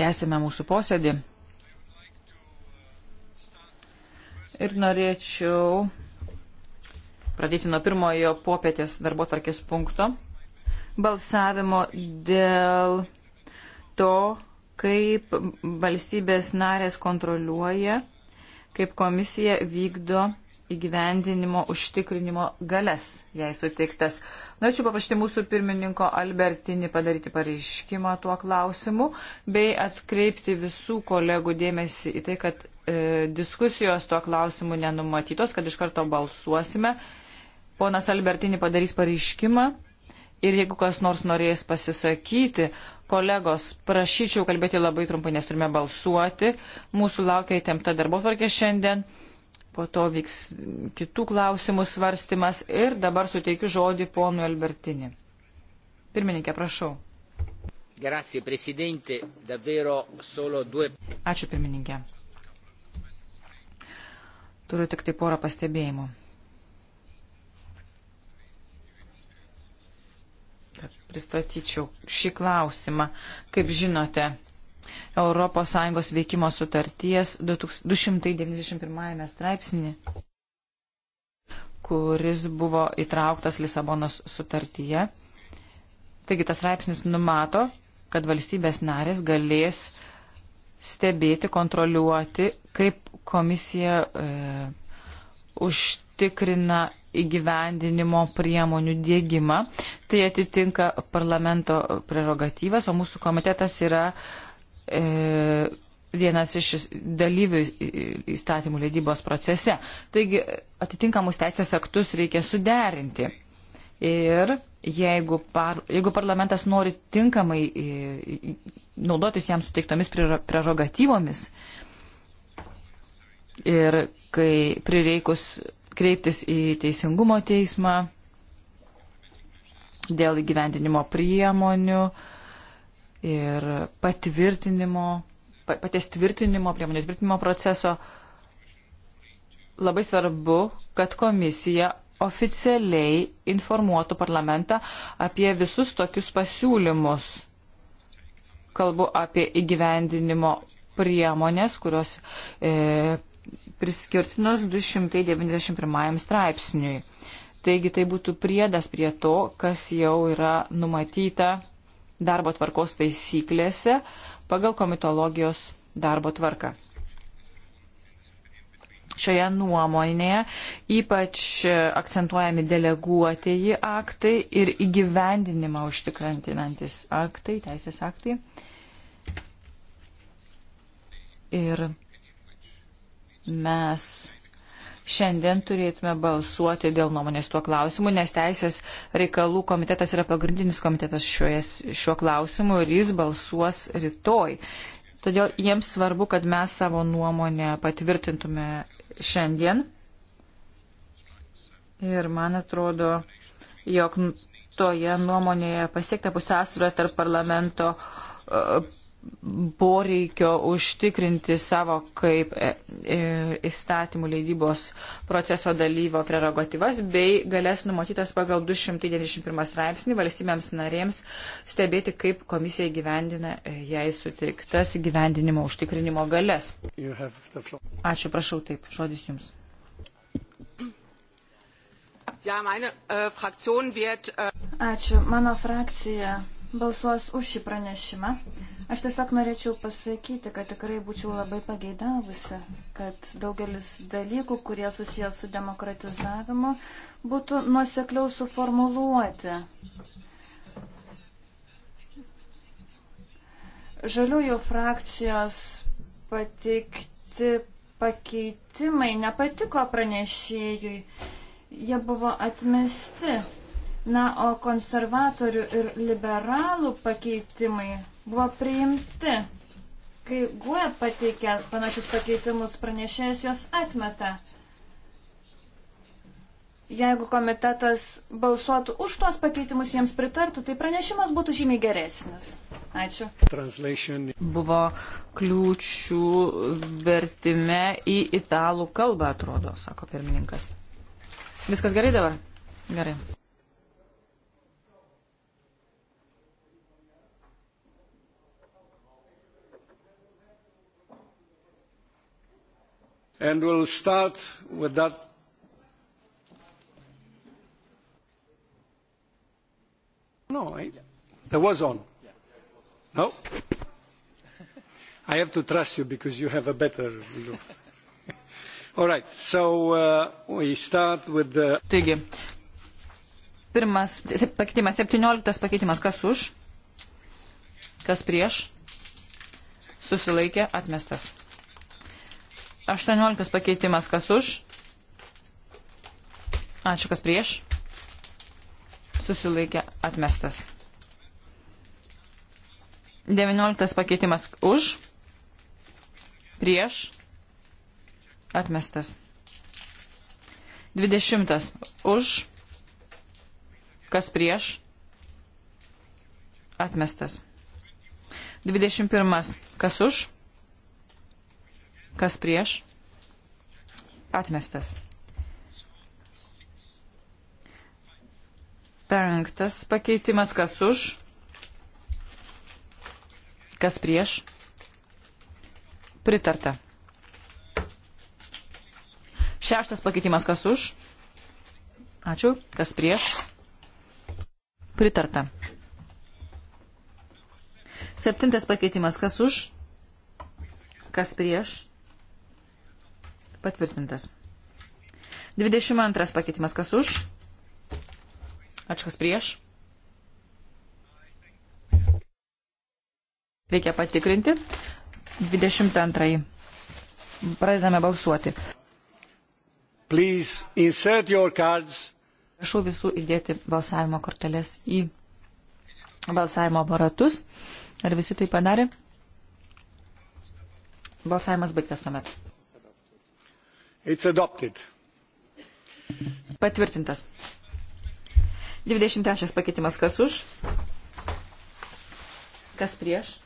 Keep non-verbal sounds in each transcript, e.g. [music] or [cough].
Tęsime mūsų posėdį. Ir norėčiau pradėti nuo pirmojo popietės darbo tvarkės punkto balsavimo dėl to, kaip valstybės narės kontroliuoja, kaip komisija vykdo įgyvendinimo užtikrinimo galės, jei suteiktas. Norėčiau paprašyti mūsų pirmininko Albertinį padaryti pareiškimą tuo klausimu, bei atkreipti visų kolegų dėmesį į tai, kad e, diskusijos tuo klausimu nenumatytos, kad iš karto balsuosime. Ponas Albertinį padarys pareiškimą ir jeigu kas nors norės pasisakyti, kolegos, prašyčiau kalbėti labai trumpai, nes turime balsuoti. Mūsų laukia įtempta darbo tvarkė šiandien po to vyks kitų klausimų svarstymas ir dabar suteikiu žodį ponui Albertini. Pirmininkė, prašau. Grazie, prezidente, davvero solo due. Ačiū, pirmininkė. Turiu tik tai porą pastebėjimų. Kad pristatyčiau šį klausimą. Kaip žinote, ES veikimo sutarties 291 straipsnį, kuris buvo įtrauktas Lisabonos sutartyje. Taigi tas straipsnis numato, kad valstybės narės galės stebėti, kontroliuoti, kaip komisija e, užtikrina įgyvendinimo priemonių dėgymą. Tai atitinka parlamento prerogatyvas, o mūsų komitetas yra e, E, vienas iš dalyvių įstatymų leidybos procese. Taigi atitinkamus teisės aktus reikia suderinti. Ir jeigu, par, jeigu parlamentas nori tinkamai e, naudotis jam suteiktomis prerogatyvomis ir kai prireikus kreiptis į teisingumo teismą dėl įgyvendinimo priemonių, ir patvirtinimo, paties tvirtinimo, priemonės tvirtinimo proceso, labai svarbu, kad komisija oficialiai informuotų parlamentą apie visus tokius pasiūlymus. Kalbu apie įgyvendinimo priemonės, kurios e, priskirtinos 291 straipsniui. Taigi tai būtų priedas prie to, kas jau yra numatyta darbo tvarkos taisyklėse pagal komitologijos darbo tvarką. Šioje nuomonėje ypač akcentuojami deleguotieji aktai ir įgyvendinimą užtikrantinantis aktai, teisės aktai. Ir mes Šiandien turėtume balsuoti dėl nuomonės tuo klausimu, nes Teisės reikalų komitetas yra pagrindinis komitetas šioje, šiuo klausimu ir jis balsuos rytoj. Todėl jiems svarbu, kad mes savo nuomonę patvirtintume šiandien. Ir man atrodo, jog toje nuomonėje pasiekta pusiausvyrą tarp parlamento poreikio užtikrinti savo kaip e, e, įstatymų leidybos proceso dalyvo prerogatyvas bei galės numatytas pagal 291 straipsnį valstybėms narėms stebėti, kaip komisija gyvendina e, jai sutiktas gyvendinimo užtikrinimo galės. Ačiū, prašau, taip, žodis jums. Äh, äh, Ačiū, mano frakcija balsuos už šį pranešimą. Aš tiesiog norėčiau pasakyti, kad tikrai būčiau labai pageidavusi, kad daugelis dalykų, kurie susijęs su demokratizavimu, būtų nuosekliau suformuluoti. Žaliųjų frakcijos pateikti pakeitimai nepatiko pranešėjui. Jie buvo atmesti. Na, o konservatorių ir liberalų pakeitimai buvo priimti. Kai GUE pateikė panašius pakeitimus, pranešėjas juos atmeta. Jeigu komitetas balsuotų už tuos pakeitimus, jiems pritartų, tai pranešimas būtų žymiai geresnis. Ačiū. Translation. Buvo kliūčių vertime į italų kalbą, atrodo, sako pirmininkas. Viskas gerai dabar? Gerai. and we'll start with that No, I, it was on. No? I have to trust you because you have a better look. [laughs] All right, so uh, we start with the... Taigi, pirmas pakeitimas, 17 pakeitimas, kas už, kas prieš, susilaikė, atmestas. 18 pakeitimas kas už. Ačiū kas prieš. Susilaikė atmestas. 19 pakeitimas už. Prieš. Atmestas. 20 už. Kas prieš? Atmestas. 21. Kas už? Kas prieš? Atmestas. Penktas pakeitimas. Kas už? Kas prieš? Pritarta. Šeštas pakeitimas. Kas už? Ačiū. Kas prieš? Pritarta. Septintas pakeitimas. Kas už? Kas prieš? Patvirtintas. 22 pakeitimas kas už? Ačkas prieš? Reikia patikrinti. 22. Pradedame balsuoti. Please insert your cards. Prašau visų įdėti balsavimo korteles į balsavimo aparatus. Ar visi tai padarė? Balsavimas baigtas tuomet. It's adopted. Patvirtintas. 23 pakeitimas kas už, kas prieš.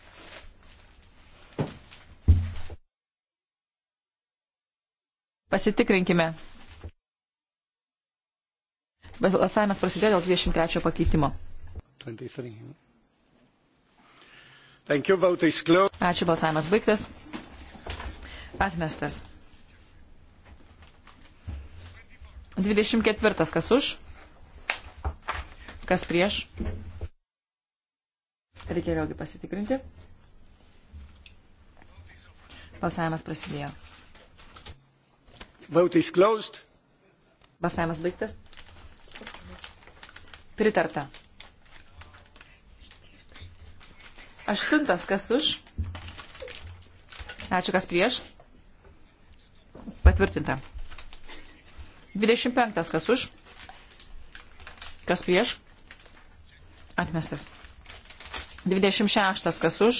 Pasitikrinkime. Balsavimas prasidėjo dėl 23 pakeitimo. 23. Thank you, Ačiū, balsavimas baigtas. Atmestas. 24. Kas už? Kas prieš? Reikia vėlgi pasitikrinti. Balsavimas prasidėjo. Vote is closed. Balsavimas baigtas. Pritarta. Aštuntas, kas už? Ačiū, kas prieš? Patvirtinta. 25. Kas už? Kas prieš? Atmestas. 26. Kas už?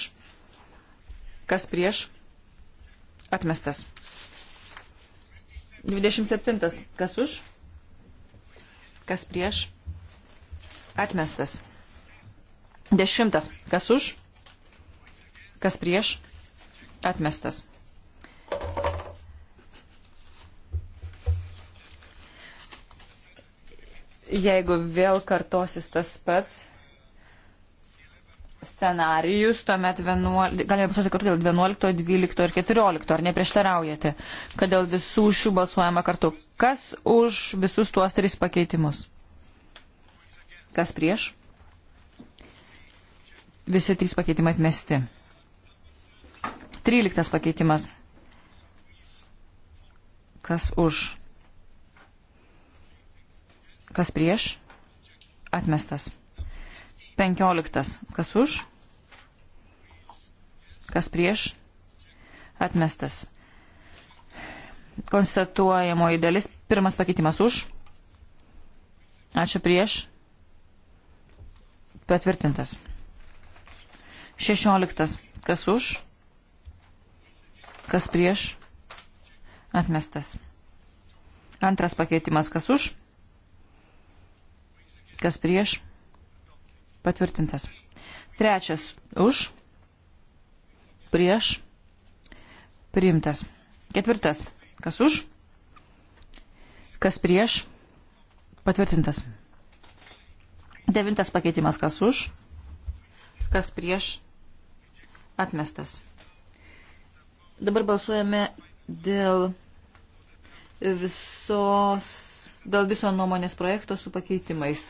Kas prieš? Atmestas. 27. Kas už? Kas prieš? Atmestas. 10. Kas už? Kas prieš? Atmestas. jeigu vėl kartosis tas pats scenarijus, tuomet 11, galime pasakyti kartu dėl 11, 12 ir 14, ar neprieštaraujate, kad dėl visų šių balsuojama kartu. Kas už visus tuos tris pakeitimus? Kas prieš? Visi trys pakeitimai atmesti. 13 pakeitimas. Kas už? Kas prieš? Atmestas. Penkioliktas. Kas už? Kas prieš? Atmestas. Konstatuojamoji dalis. Pirmas pakeitimas už. Ačiū prieš. Patvirtintas. Šešioliktas. Kas už? Kas prieš? Atmestas. Antras pakeitimas. Kas už? Kas prieš? Patvirtintas. Trečias už. Prieš. Priimtas. Ketvirtas. Kas už? Kas prieš? Patvirtintas. Devintas pakeitimas. Kas už? Kas prieš? Atmestas. Dabar balsuojame dėl visos, dėl viso nuomonės projekto su pakeitimais.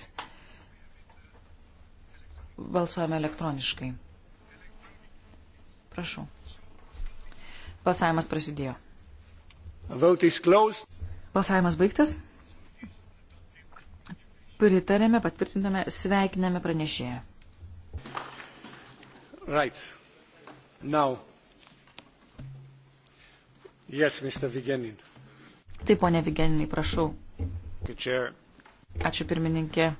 Balsuojame elektroniškai. Prašau. Balsavimas prasidėjo. Balsavimas baigtas. Pritarėme, patvirtintame, sveikiname pranešėją. Right. Now. Yes, Mr. Vigenin. Taip, ponė Vigeninai, prašau. Ačiū pirmininkė.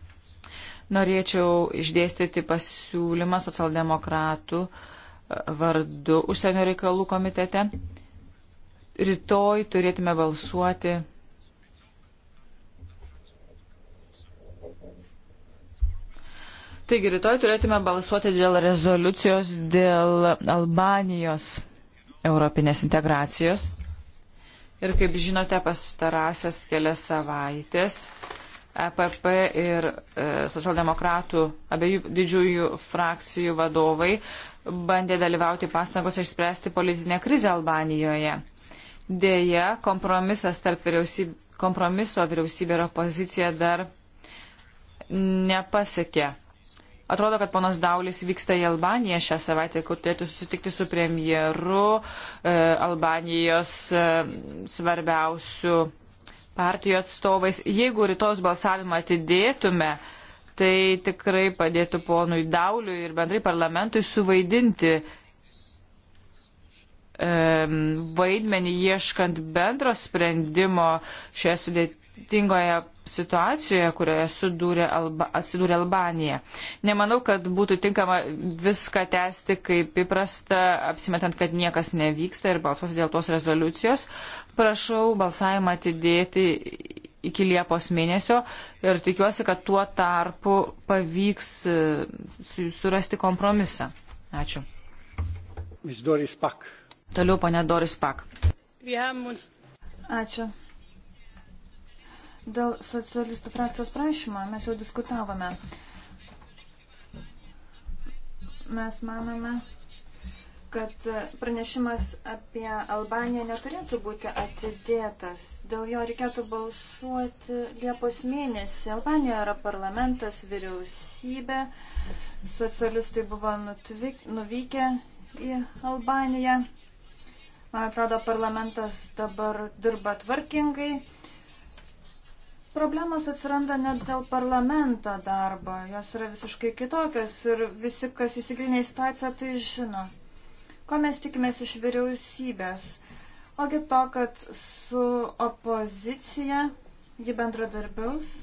Norėčiau išdėstyti pasiūlymą socialdemokratų e, vardu užsienio reikalų komitete. Rytoj turėtume balsuoti. Taigi, rytoj turėtume balsuoti dėl rezoliucijos dėl Albanijos europinės integracijos. Ir kaip žinote, pastarąsias kelias savaitės EPP ir e, socialdemokratų abiejų didžiųjų frakcijų vadovai bandė dalyvauti pastangos išspręsti politinę krizę Albanijoje. Deja, kompromisas tarp vyriausybė, kompromiso vyriausybė ir opozicija dar nepasiekė. Atrodo, kad ponas Daulis vyksta į Albaniją šią savaitę, kur turėtų susitikti su premjeru, e, Albanijos e, svarbiausių partijų atstovais. Jeigu rytos balsavimą atidėtume, tai tikrai padėtų ponui Dauliui ir bendrai parlamentui suvaidinti e, vaidmenį ieškant bendro sprendimo šioje sudėtingoje situacijoje, kurioje sudūrė Alba, atsidūrė Albanija. Nemanau, kad būtų tinkama viską tęsti kaip įprasta, apsimetant, kad niekas nevyksta ir balsuoti dėl tos rezoliucijos. Prašau balsavimą atidėti iki Liepos mėnesio ir tikiuosi, kad tuo tarpu pavyks e, surasti kompromisą. Ačiū. Toliau, ponia Doris Pak. Ačiū. Dėl socialistų frakcijos prašymo mes jau diskutavome. Mes manome, kad pranešimas apie Albaniją neturėtų būti atidėtas. Dėl jo reikėtų balsuoti Liepos mėnesį. Albanijoje yra parlamentas, vyriausybė, socialistai buvo nutvyk, nuvykę į Albaniją. Man atrodo, parlamentas dabar dirba tvarkingai. Problemos atsiranda net dėl parlamento darbo, jos yra visiškai kitokios ir visi, kas įsigilinė į situaciją, tai žino. Ko mes tikimės iš vyriausybės? Ogi to, kad su opozicija ji bendradarbiaus,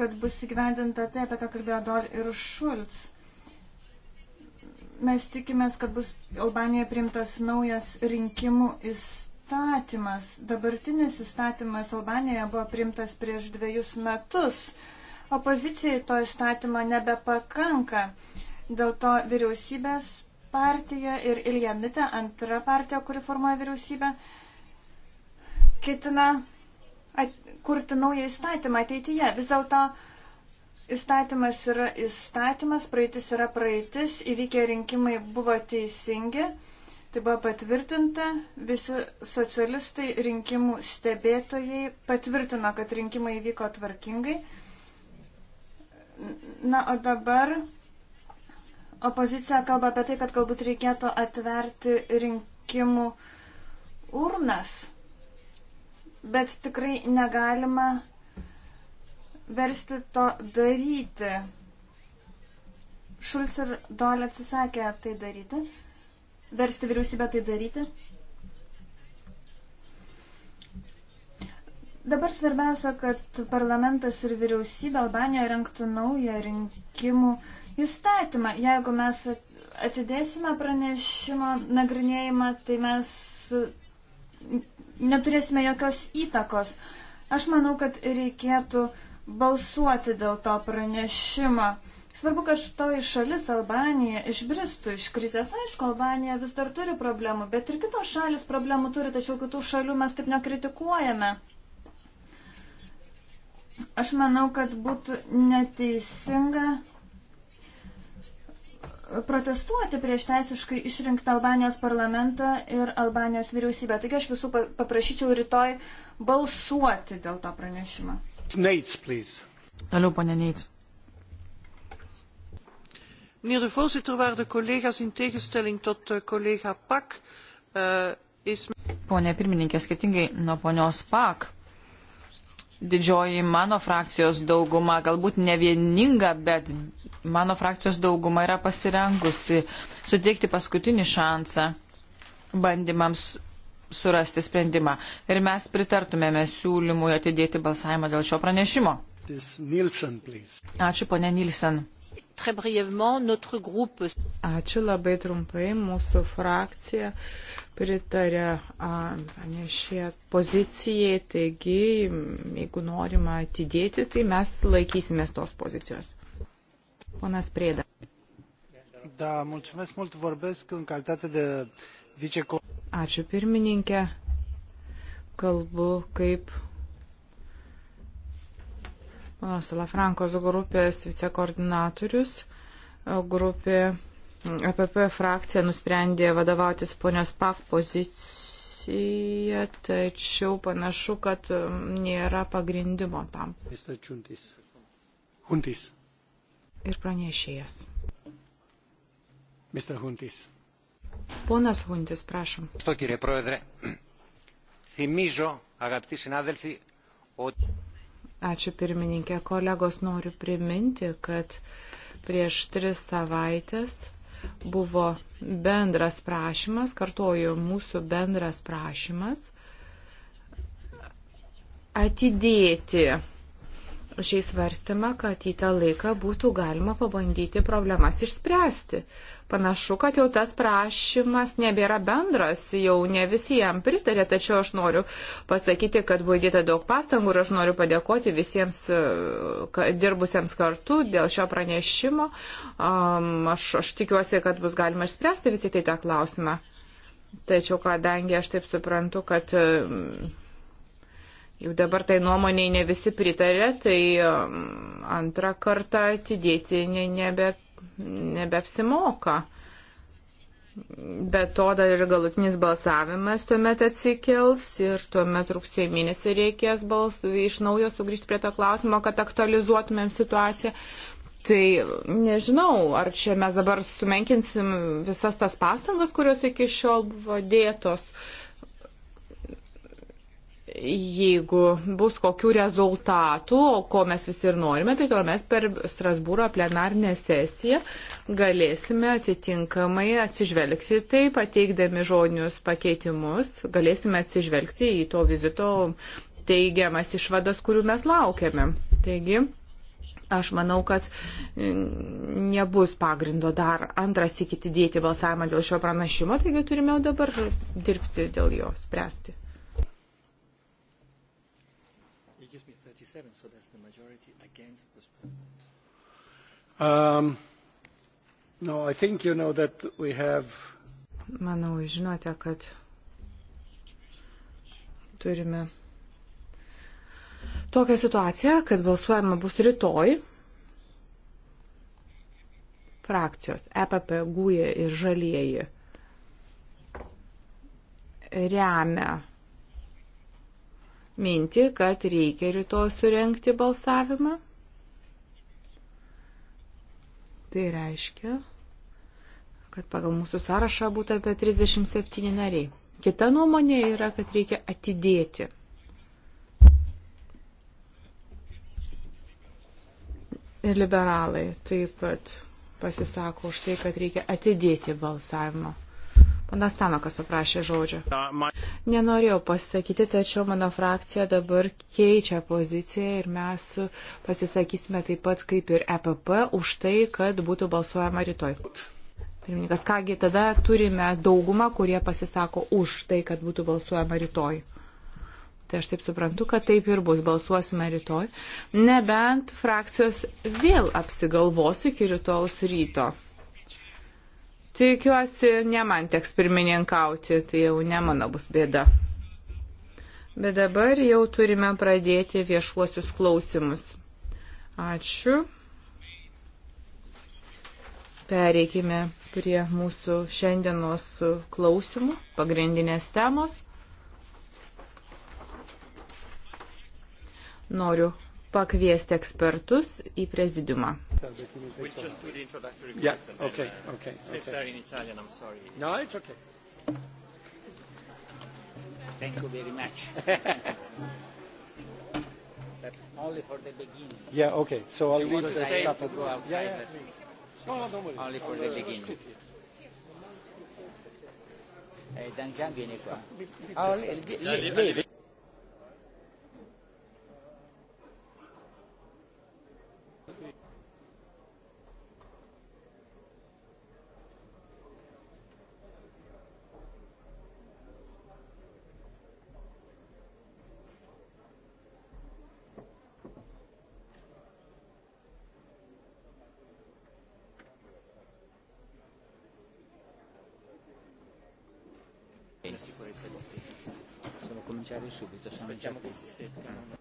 kad bus įgyvendinta tai, apie ką kalbėjo Dol ir Šulc. Mes tikimės, kad bus Albanijoje priimtas naujas rinkimų įstatymas įstatymas. Dabartinis įstatymas Albanijoje buvo priimtas prieš dviejus metus. Opozicijai to įstatymo nebepakanka. Dėl to vyriausybės partija ir Ilja Mita, antra partija, kuri formuoja vyriausybę, ketina kurti naują įstatymą ateityje. Vis dėlto įstatymas yra įstatymas, praeitis yra praeitis, įvykę rinkimai buvo teisingi. Tai buvo patvirtinta, visi socialistai rinkimų stebėtojai patvirtino, kad rinkimai vyko tvarkingai. Na, o dabar opozicija kalba apie tai, kad galbūt reikėtų atverti rinkimų urnas, bet tikrai negalima versti to daryti. Šulc ir Dolė atsisakė tai daryti versti vyriausybę tai daryti? Dabar svarbiausia, kad parlamentas ir vyriausybė Albanijoje renktų naują rinkimų įstatymą. Jeigu mes atidėsime pranešimo nagrinėjimą, tai mes neturėsime jokios įtakos. Aš manau, kad reikėtų balsuoti dėl to pranešimo. Svarbu, kad šitoji šalis Albanija išbristų iš krizės. Aišku, Albanija vis dar turi problemų, bet ir kitos šalis problemų turi, tačiau kitų šalių mes taip nekritikuojame. Aš manau, kad būtų neteisinga protestuoti prieš teisiškai išrinktą Albanijos parlamentą ir Albanijos vyriausybę. Taigi aš visų paprašyčiau rytoj balsuoti dėl to pranešimo. Neits, please. Toliau, ponė Neits mijnheer de voorzitter waarde collega's in tegenstelling tot eh, collega pak eh, is. pone pirmininke skirtingai nuo ponios pak didžioji mano frakcijos dauguma galbūt ne vieninga bet mano frakcijos dauguma yra pasirengusi suteikti paskutinį šansą bandymams surasti sprendimą ir mes pritartumėme siūlymui atidėti balsavimą dėl šio pranešimo. Nielsen, Ačiū, ponė Nilsen très brièvement, notre groupe. Ačiū labai trumpai, mūsų frakcija pritarė pranešės pozicijai, taigi jeigu norima atidėti, tai mes laikysimės tos pozicijos. Ponas Prėda. Da, mulțumesc mult, vorbesc în calitate de vicecom. Ačiū pirmininkė, kalbu kaip Manos Lafrankos grupės vicekoordinatorius. Grupė APP mm, e frakcija nusprendė vadovautis ponios PAK poziciją, tačiau panašu, kad mm, nėra pagrindimo tam. Huntis. Ir pranešėjas. Mr. Huntis. Ponas Huntis, prašom. To, kirė, Θυμίζω, αγαπητοί συνάδελφοι, ότι... Ačiū pirmininkė. Kolegos noriu priminti, kad prieš tris savaitės buvo bendras prašymas, kartuoju, mūsų bendras prašymas atidėti šį svarstymą, kad į tą laiką būtų galima pabandyti problemas išspręsti. Panašu, kad jau tas prašymas nebėra bendras, jau ne visi jam pritarė, tačiau aš noriu pasakyti, kad buvo įdėta daug pastangų ir aš noriu padėkoti visiems e, dirbusiems kartu dėl šio pranešimo. Aš, aš tikiuosi, kad bus galima išspręsti visi tai tą klausimą. Tačiau, kadangi aš taip suprantu, kad e, jau dabar tai nuomoniai ne visi pritarė, tai antrą kartą atidėti ne, nebe nebeapsimoka. Bet to dar ir galutinis balsavimas tuomet atsikels ir tuomet rugsėjo mėnesį reikės balsų iš naujo sugrįžti prie to klausimo, kad aktualizuotumėm situaciją. Tai nežinau, ar čia mes dabar sumenkinsim visas tas pastangas, kurios iki šiol buvo dėtos. Uh, jeigu bus kokių rezultatų, ko mes visi ir norime, tai tuomet per Strasbūro plenarnę sesiją galėsime atitinkamai atsižvelgti tai, pateikdami žodinius pakeitimus, galėsime atsižvelgti į to vizito teigiamas išvadas, kurių mes laukiame. Taigi, Aš manau, kad nebus pagrindo dar antras įkiti dėti balsavimą dėl šio pranašimo, taigi turime dabar dirbti dėl jo, spręsti. Um, no, I think you know that we have. Manau, žinote, kad turime tokią situaciją, kad balsuojama bus rytoj frakcijos EPP, GUJE ir Žalieji remia mintį, kad reikia rytoj surenkti balsavimą. Tai reiškia, kad pagal mūsų sąrašą būtų apie 37 nariai. Kita nuomonė yra, kad reikia atidėti. Ir liberalai taip pat pasisako už tai, kad reikia atidėti balsavimą. Panas Tanakas paprašė žodžio. Nenorėjau pasakyti, tačiau mano frakcija dabar keičia poziciją ir mes pasisakysime taip pat kaip ir EPP už tai, kad būtų balsuojama rytoj. Pirmininkas, kągi tada turime daugumą, kurie pasisako už tai, kad būtų balsuojama rytoj. Tai aš taip suprantu, kad taip ir bus, balsuosime rytoj. Nebent frakcijos vėl apsigalvos iki rytojus ryto. Tikiuosi, ne man teks pirmininkauti, tai jau ne mano bus bėda. Bet dabar jau turime pradėti viešuosius klausimus. Ačiū. Pereikime prie mūsų šiandienos klausimų, pagrindinės temos. Noriu pakviesti ekspertus į prezidiumą. Yeah, okay, okay, okay. Thank you very much. but [laughs] only for the beginning. Yeah, okay. So I'll Do you leave want to stay to go outside? Yeah, yeah, please. No, no, don't worry. Only for the beginning. Eh, Danjan viene qua. Ah, eh, lì, lì, lì. subito, se no già... che si seccano.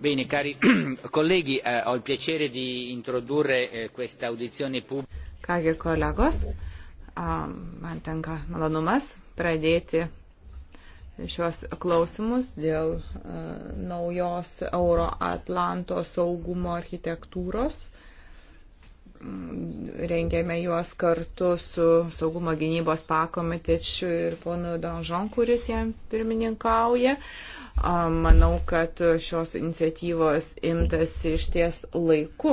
Bene, cari [clears throat] colleghi, eh, ho il piacere di introdurre eh, questa audizione pubblica. Kągi kolegos, man tenka malonumas pradėti šios klausimus dėl e, naujos Euroatlanto saugumo architektūros. Rengėme juos kartu su saugumo gynybos pakomitečiu ir ponu Danžon, kuris jam pirmininkauja. Uh, Manau, kad šios iniciatyvos imtasi iš ties laiku,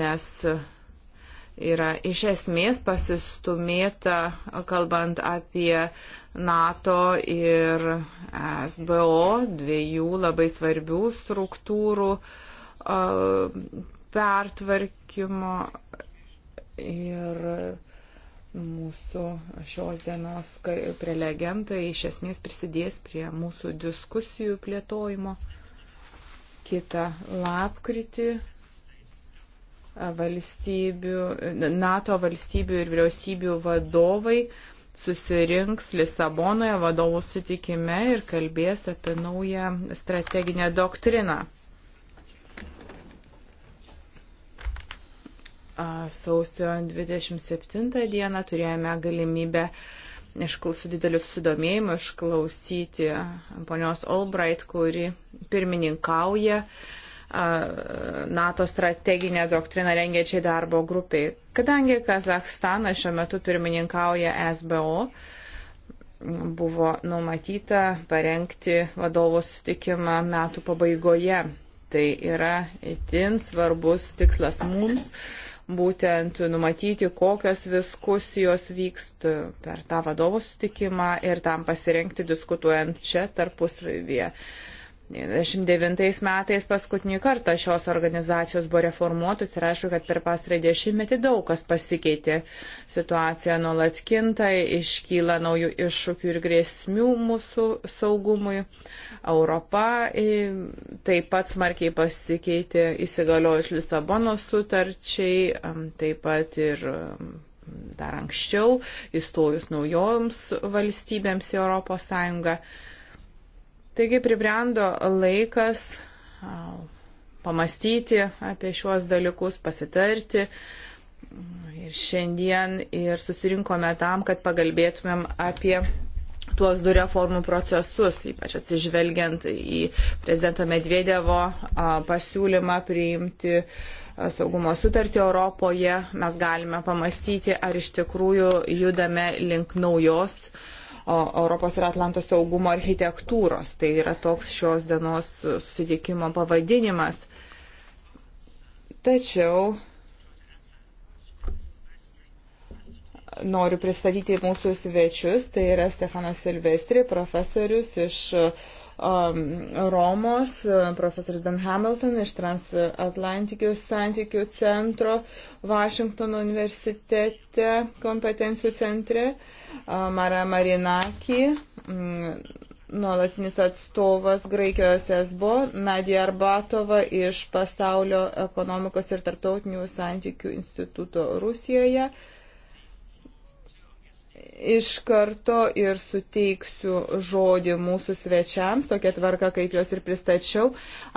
nes yra iš esmės pasistumėta, kalbant apie NATO ir SBO, dviejų labai svarbių struktūrų pertvarkymo. Ir mūsų šios dienos prelegentai iš esmės prisidės prie mūsų diskusijų plėtojimo. Kita lapkritį valstybių, NATO valstybių ir vyriausybių vadovai susirinks Lisabonoje vadovų sutikime ir kalbės apie naują strateginę doktriną. Sausio 27 dieną turėjome galimybę su dideliu susidomėjimu išklausyti ponios Albright, kuri pirmininkauja NATO strateginę doktriną rengiačiai darbo grupiai. Kadangi Kazahstanas šiuo metu pirmininkauja SBO, buvo numatyta parengti vadovų sutikimą metų pabaigoje. Tai yra itin svarbus tikslas mums, būtent numatyti, kokios diskusijos vyksta per tą vadovų sutikimą ir tam pasirengti diskutuojant čia tarpusvyje. Uh, 1999 metais paskutinį kartą šios organizacijos buvo reformuotos ir aišku, kad per pastarąjį dešimtmetį daug kas pasikeitė. Situacija nuolat kinta, iškyla naujų iššūkių ir grėsmių mūsų saugumui. Europa e, taip pat smarkiai pasikeitė įsigaliojus Lisabonos sutarčiai, taip pat ir dar anksčiau įstojus naujoms valstybėms į Europos Sąjungą. Taigi pribrendo laikas pamastyti apie šiuos dalykus, pasitarti. Ir šiandien ir susirinkome tam, kad pagalbėtumėm apie tuos du reformų procesus, ypač atsižvelgiant į prezidento Medvedevo pasiūlymą priimti saugumo sutartį Europoje, mes galime pamastyti, ar iš tikrųjų judame link naujos uh, Europos ir Atlanto saugumo architektūros. Tai yra toks šios dienos susitikimo pavadinimas. Tačiau noriu pristatyti mūsų svečius. Tai yra Stefanas Silvestri, profesorius iš um, Romos, profesorius Dan Hamilton iš Transatlantikių santykių centro, Vašingtono universitete kompetencijų centre. Uh, Mara Marinaki, nuolatinis atstovas Graikijos SBO, Nadija Arbatova iš Pasaulio ekonomikos ir tarptautinių santykių instituto Rusijoje iš karto ir suteiksiu žodį mūsų svečiams, tokia tvarka, kaip juos ir pristačiau.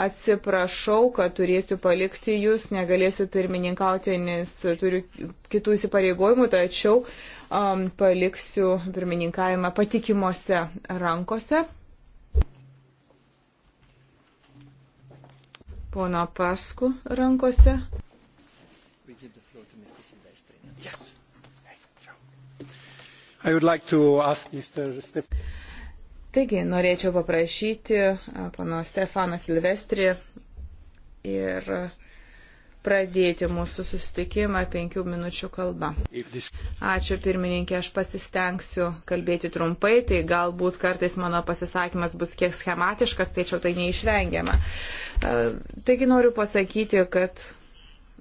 Atsiprašau, kad turėsiu palikti jūs, negalėsiu pirmininkauti, nes turiu kitų įsipareigojimų, tačiau um, paliksiu pirmininkavimą patikimose rankose. Pono Pasku rankose. Like Mr... Taigi, norėčiau paprašyti pano Stefano Silvestri ir pradėti mūsų susitikimą penkių minučių kalba. Ačiū pirmininkė, aš pasistengsiu kalbėti trumpai, tai galbūt kartais mano pasisakymas bus kiek schematiškas, tačiau tai neišvengiama. Taigi noriu pasakyti, kad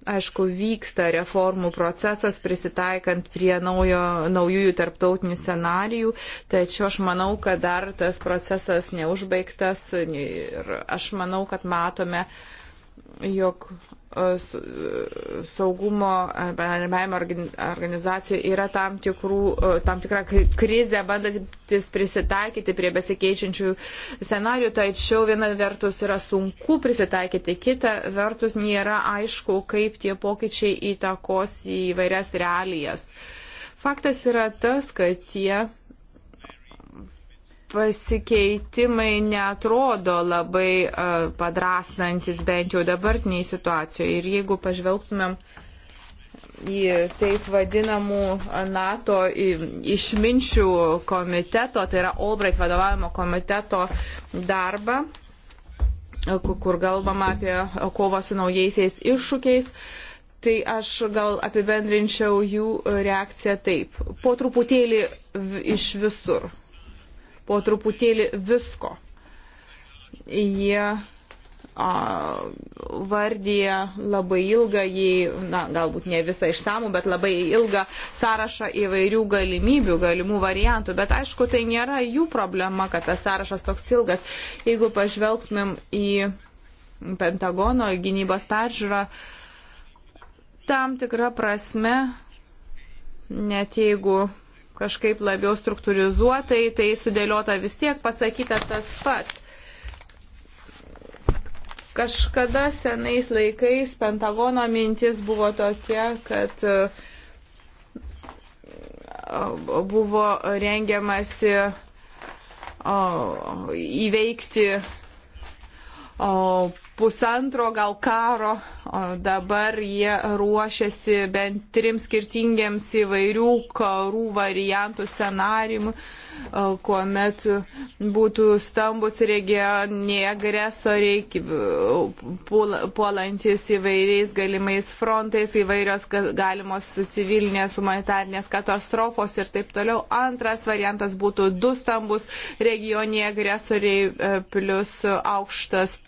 Aišku, vyksta reformų procesas prisitaikant prie naujo, naujųjų tarptautinių scenarijų, tačiau aš manau, kad dar tas procesas neužbaigtas ir aš manau, kad matome, jog E, e, saugumo e, bendradarbiavimo organizacijoje yra tam, tikrų, tam tikra krizė, bandantis prisitaikyti prie besikeičiančių scenarių, tačiau viena vertus yra sunku prisitaikyti, kita vertus nėra aišku, kaip tie pokyčiai įtakos į vairias realijas. Faktas yra tas, kad tie pasikeitimai netrodo labai e, padrasnantis bent jau dabartiniai situacijoje. Ir jeigu pažvelgtumėm į taip vadinamų NATO išminčių komiteto, tai yra Albright vadovavimo komiteto darbą, e, kur galbama apie kovą su naujaisiais iššūkiais. Tai aš gal apibendrinčiau jų reakciją taip. Po truputėlį iš visur po truputėlį visko. Jie vardyje labai ilgą, jį, na, galbūt ne visą išsamų, bet labai ilgą sąrašą įvairių galimybių, galimų variantų. Bet aišku, tai nėra jų problema, kad tas sąrašas toks ilgas. Jeigu pažvelgtumėm į Pentagono gynybos peržiūrą, tam tikrą prasme, net jeigu kažkaip labiau struktūrizuotai, tai sudėliota vis tiek pasakyta tas pats. Kažkada senais laikais Pentagono mintis buvo tokia, kad buvo rengiamasi įveikti o, pusantro gal karo, o dabar jie ruošiasi bent trim skirtingiems įvairių karų variantų scenarijų kuomet būtų stambus regioniai agresoriai, puolantis įvairiais galimais frontais, įvairios galimos civilinės humanitarnės katastrofos ir taip toliau. Antras variantas būtų du stambus regioniai agresoriai e, plus aukštas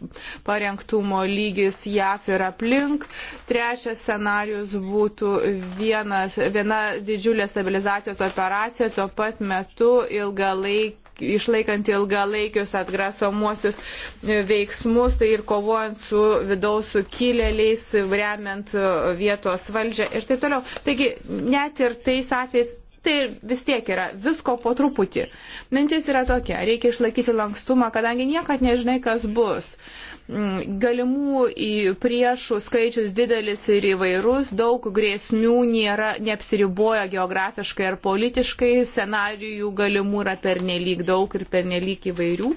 parengtumo lygis JAF ir aplink. Trečias scenarius būtų vienas, viena didžiulė stabilizacijos operacija tuo pat metu. Ir ilgalaik, išlaikant ilgalaikius atgrasomuosius e, veiksmus tai ir kovojant su vidaus sukilėliais, remiant e, vietos valdžią ir taip toliau. Taigi net ir tais atvejais, tai vis tiek yra visko po truputį. Mintis yra tokia, reikia išlaikyti lankstumą, kadangi niekad nežinai, kas bus. Mm, galimų priešų skaičius didelis ir įvairus, daug grėsmių nėra, neapsiriboja geografiškai ar politiškai, scenarijų galimų yra pernelyg daug ir pernelyg įvairių,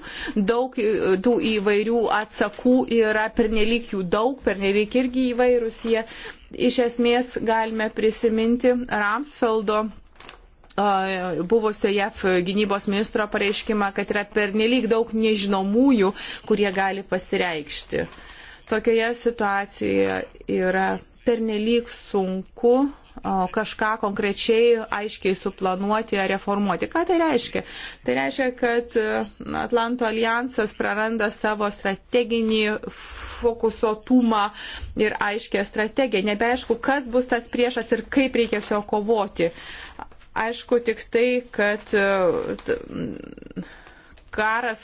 daug tų įvairių atsakų yra pernelyg jų daug, pernelyg irgi įvairūs jie. Iš esmės galime prisiminti Ramsfeldo buvusio JAF gynybos ministro pareiškimą, kad yra pernelyg daug nežinomųjų, kurie gali pasireikšti. Tokioje situacijoje yra pernelyg sunku kažką konkrečiai aiškiai suplanuoti ar reformuoti. Ką tai reiškia? Tai reiškia, kad Atlanto alijansas praranda savo strateginį fokusuotumą ir aiškę strategiją. Nebeaišku, kas bus tas priešas ir kaip reikia su juo kovoti. Uh, Aišku tik tai, kad e, karas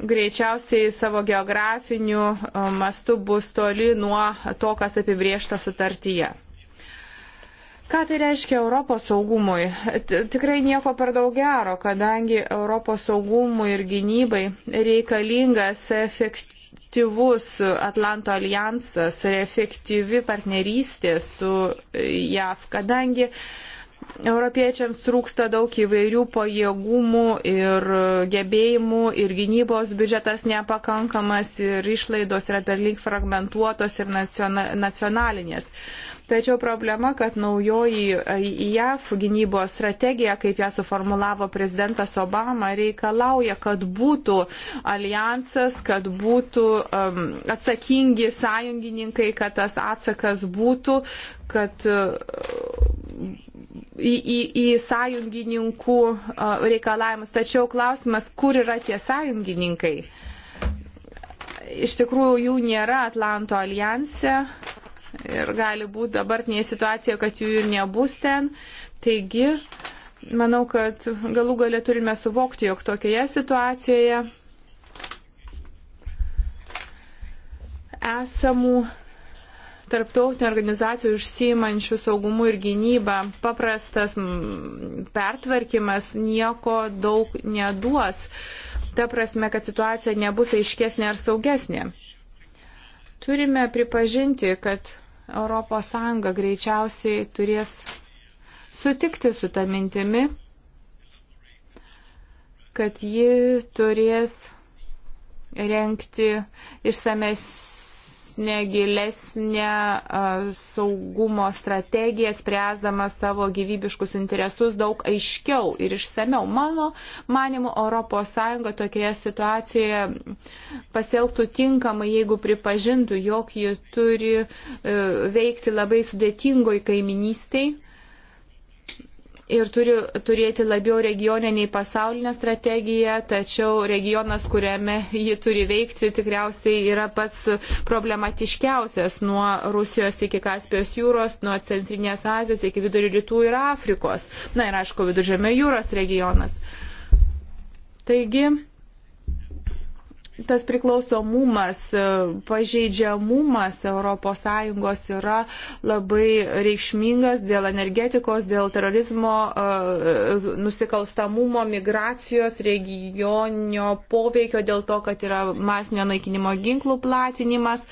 greičiausiai savo geografiniu e, mastu bus toli nuo to, kas apibriešta sutartyje. Ką tai reiškia Europos saugumui? Tikrai nieko per daug gero, kadangi Europos saugumui ir gynybai reikalingas efektyvus Atlanto alijansas ir efektyvi partnerystė su JAV, kadangi uh, Europiečiams trūksta daug įvairių pajėgumų ir gebėjimų ir gynybos biudžetas nepakankamas ir išlaidos yra perlink fragmentuotos ir nacionalinės. Tačiau problema, kad naujoji JAF gynybos strategija, kaip ją suformulavo prezidentas Obama, reikalauja, kad būtų alijansas, kad būtų um, atsakingi sąjungininkai, kad tas atsakas būtų, kad uh, į, į, į sąjungininkų reikalavimus. Tačiau klausimas, kur yra tie sąjungininkai? Iš tikrųjų, jų nėra Atlanto alijanse ir gali būti dabartinė situacija, kad jų ir nebus ten. Taigi, manau, kad galų galę turime suvokti, jog tokioje situacijoje esamų tarptautinių organizacijų užsiimančių saugumu ir gynyba paprastas pertvarkymas nieko daug neduos. Ta prasme, kad situacija nebus aiškesnė ar saugesnė. Turime pripažinti, kad ES greičiausiai turės sutikti su tą mintimi, kad ji turės renkti išsames platesnę, gilesnę saugumo strategiją, spręsdamas savo gyvybiškus interesus daug aiškiau ir išsameu. Mano manimu, ES tokioje situacijoje pasielgtų tinkamai, jeigu pripažintų, jog ji turi e, veikti labai sudėtingoj kaiminystėje ir turi turėti labiau regioninį pasaulinę strategiją, tačiau regionas, kuriame ji turi veikti, tikriausiai yra pats problematiškiausias nuo Rusijos iki Kaspijos jūros, nuo Centrinės Azijos iki Vidurio Rytų ir Afrikos. Na ir aišku, Viduržėmio jūros regionas. Taigi, tas priklausomumas, e, pažeidžiamumas ES yra labai reikšmingas dėl energetikos, dėl terorizmo, e, nusikalstamumo, migracijos, regioninio poveikio, dėl to, kad yra masinio naikinimo ginklų platinimas,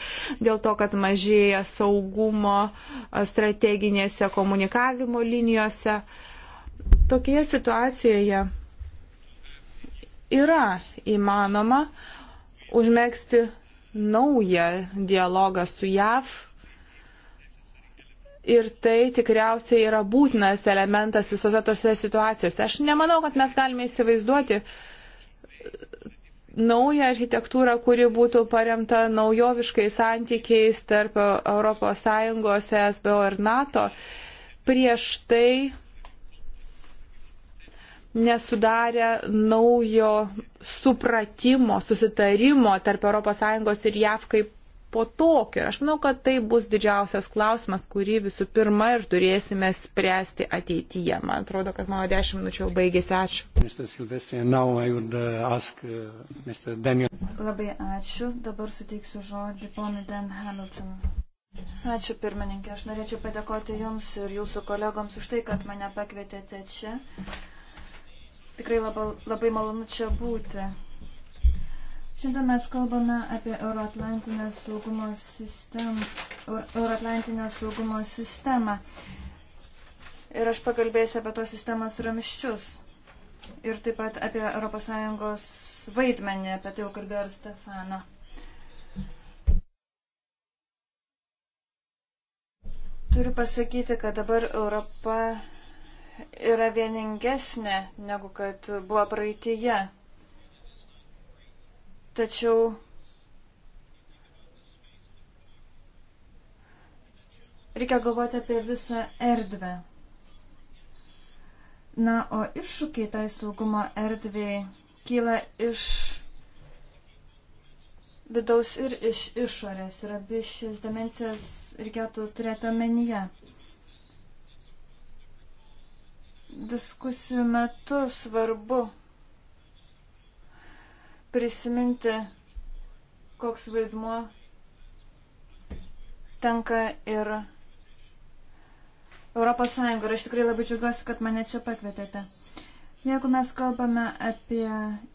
dėl to, kad mažėja saugumo e, strateginėse komunikavimo linijose. Tokioje situacijoje yra įmanoma uh, užmėgsti naują dialogą su JAV. Ir tai tikriausiai yra būtinas elementas visose tose situacijose. Aš nemanau, kad mes galime įsivaizduoti naują architektūrą, kuri būtų paremta naujoviškais santykiais tarp ES, SBO ir NATO. Prieš tai nesudarę naujo supratimo, susitarimo tarp ES ir JAV kaip po tokio. Aš manau, kad tai bus didžiausias klausimas, kurį visų pirma ir turėsime spręsti ateityje. Man atrodo, kad mano dešimt minučių jau baigėsi. Ačiū. Uh, uh, Labai ačiū. Dabar suteiksiu žodį ponui Dan Hamiltonui. Ačiū pirmininkė. Aš norėčiau padėkoti Jums ir Jūsų kolegoms už tai, kad mane pakvietėte čia. Tikrai labai, labai malonu čia būti. Šiandien mes kalbame apie Euroatlantinę saugumo sistemą. Euroatlantinę saugumo sistemą. Ir aš pakalbėsiu apie tos sistemos ramiščius. Ir taip pat apie ES vaidmenį, apie tai jau kalbėjo ir Stefano. Turiu pasakyti, kad dabar Europa yra vieningesnė negu kad buvo praeitėje. Tačiau reikia galvoti apie visą erdvę. Na, o iššūkiai tai saugumo erdvėjai kyla iš vidaus ir iš išorės. Ir abi šias dimencijas reikėtų turėti omenyje. diskusijų metu svarbu prisiminti, koks vaidmuo tenka ir Europos Sąjunga. Ir aš tikrai labai džiaugiuosi, kad mane čia pakvietėte. Jeigu mes kalbame apie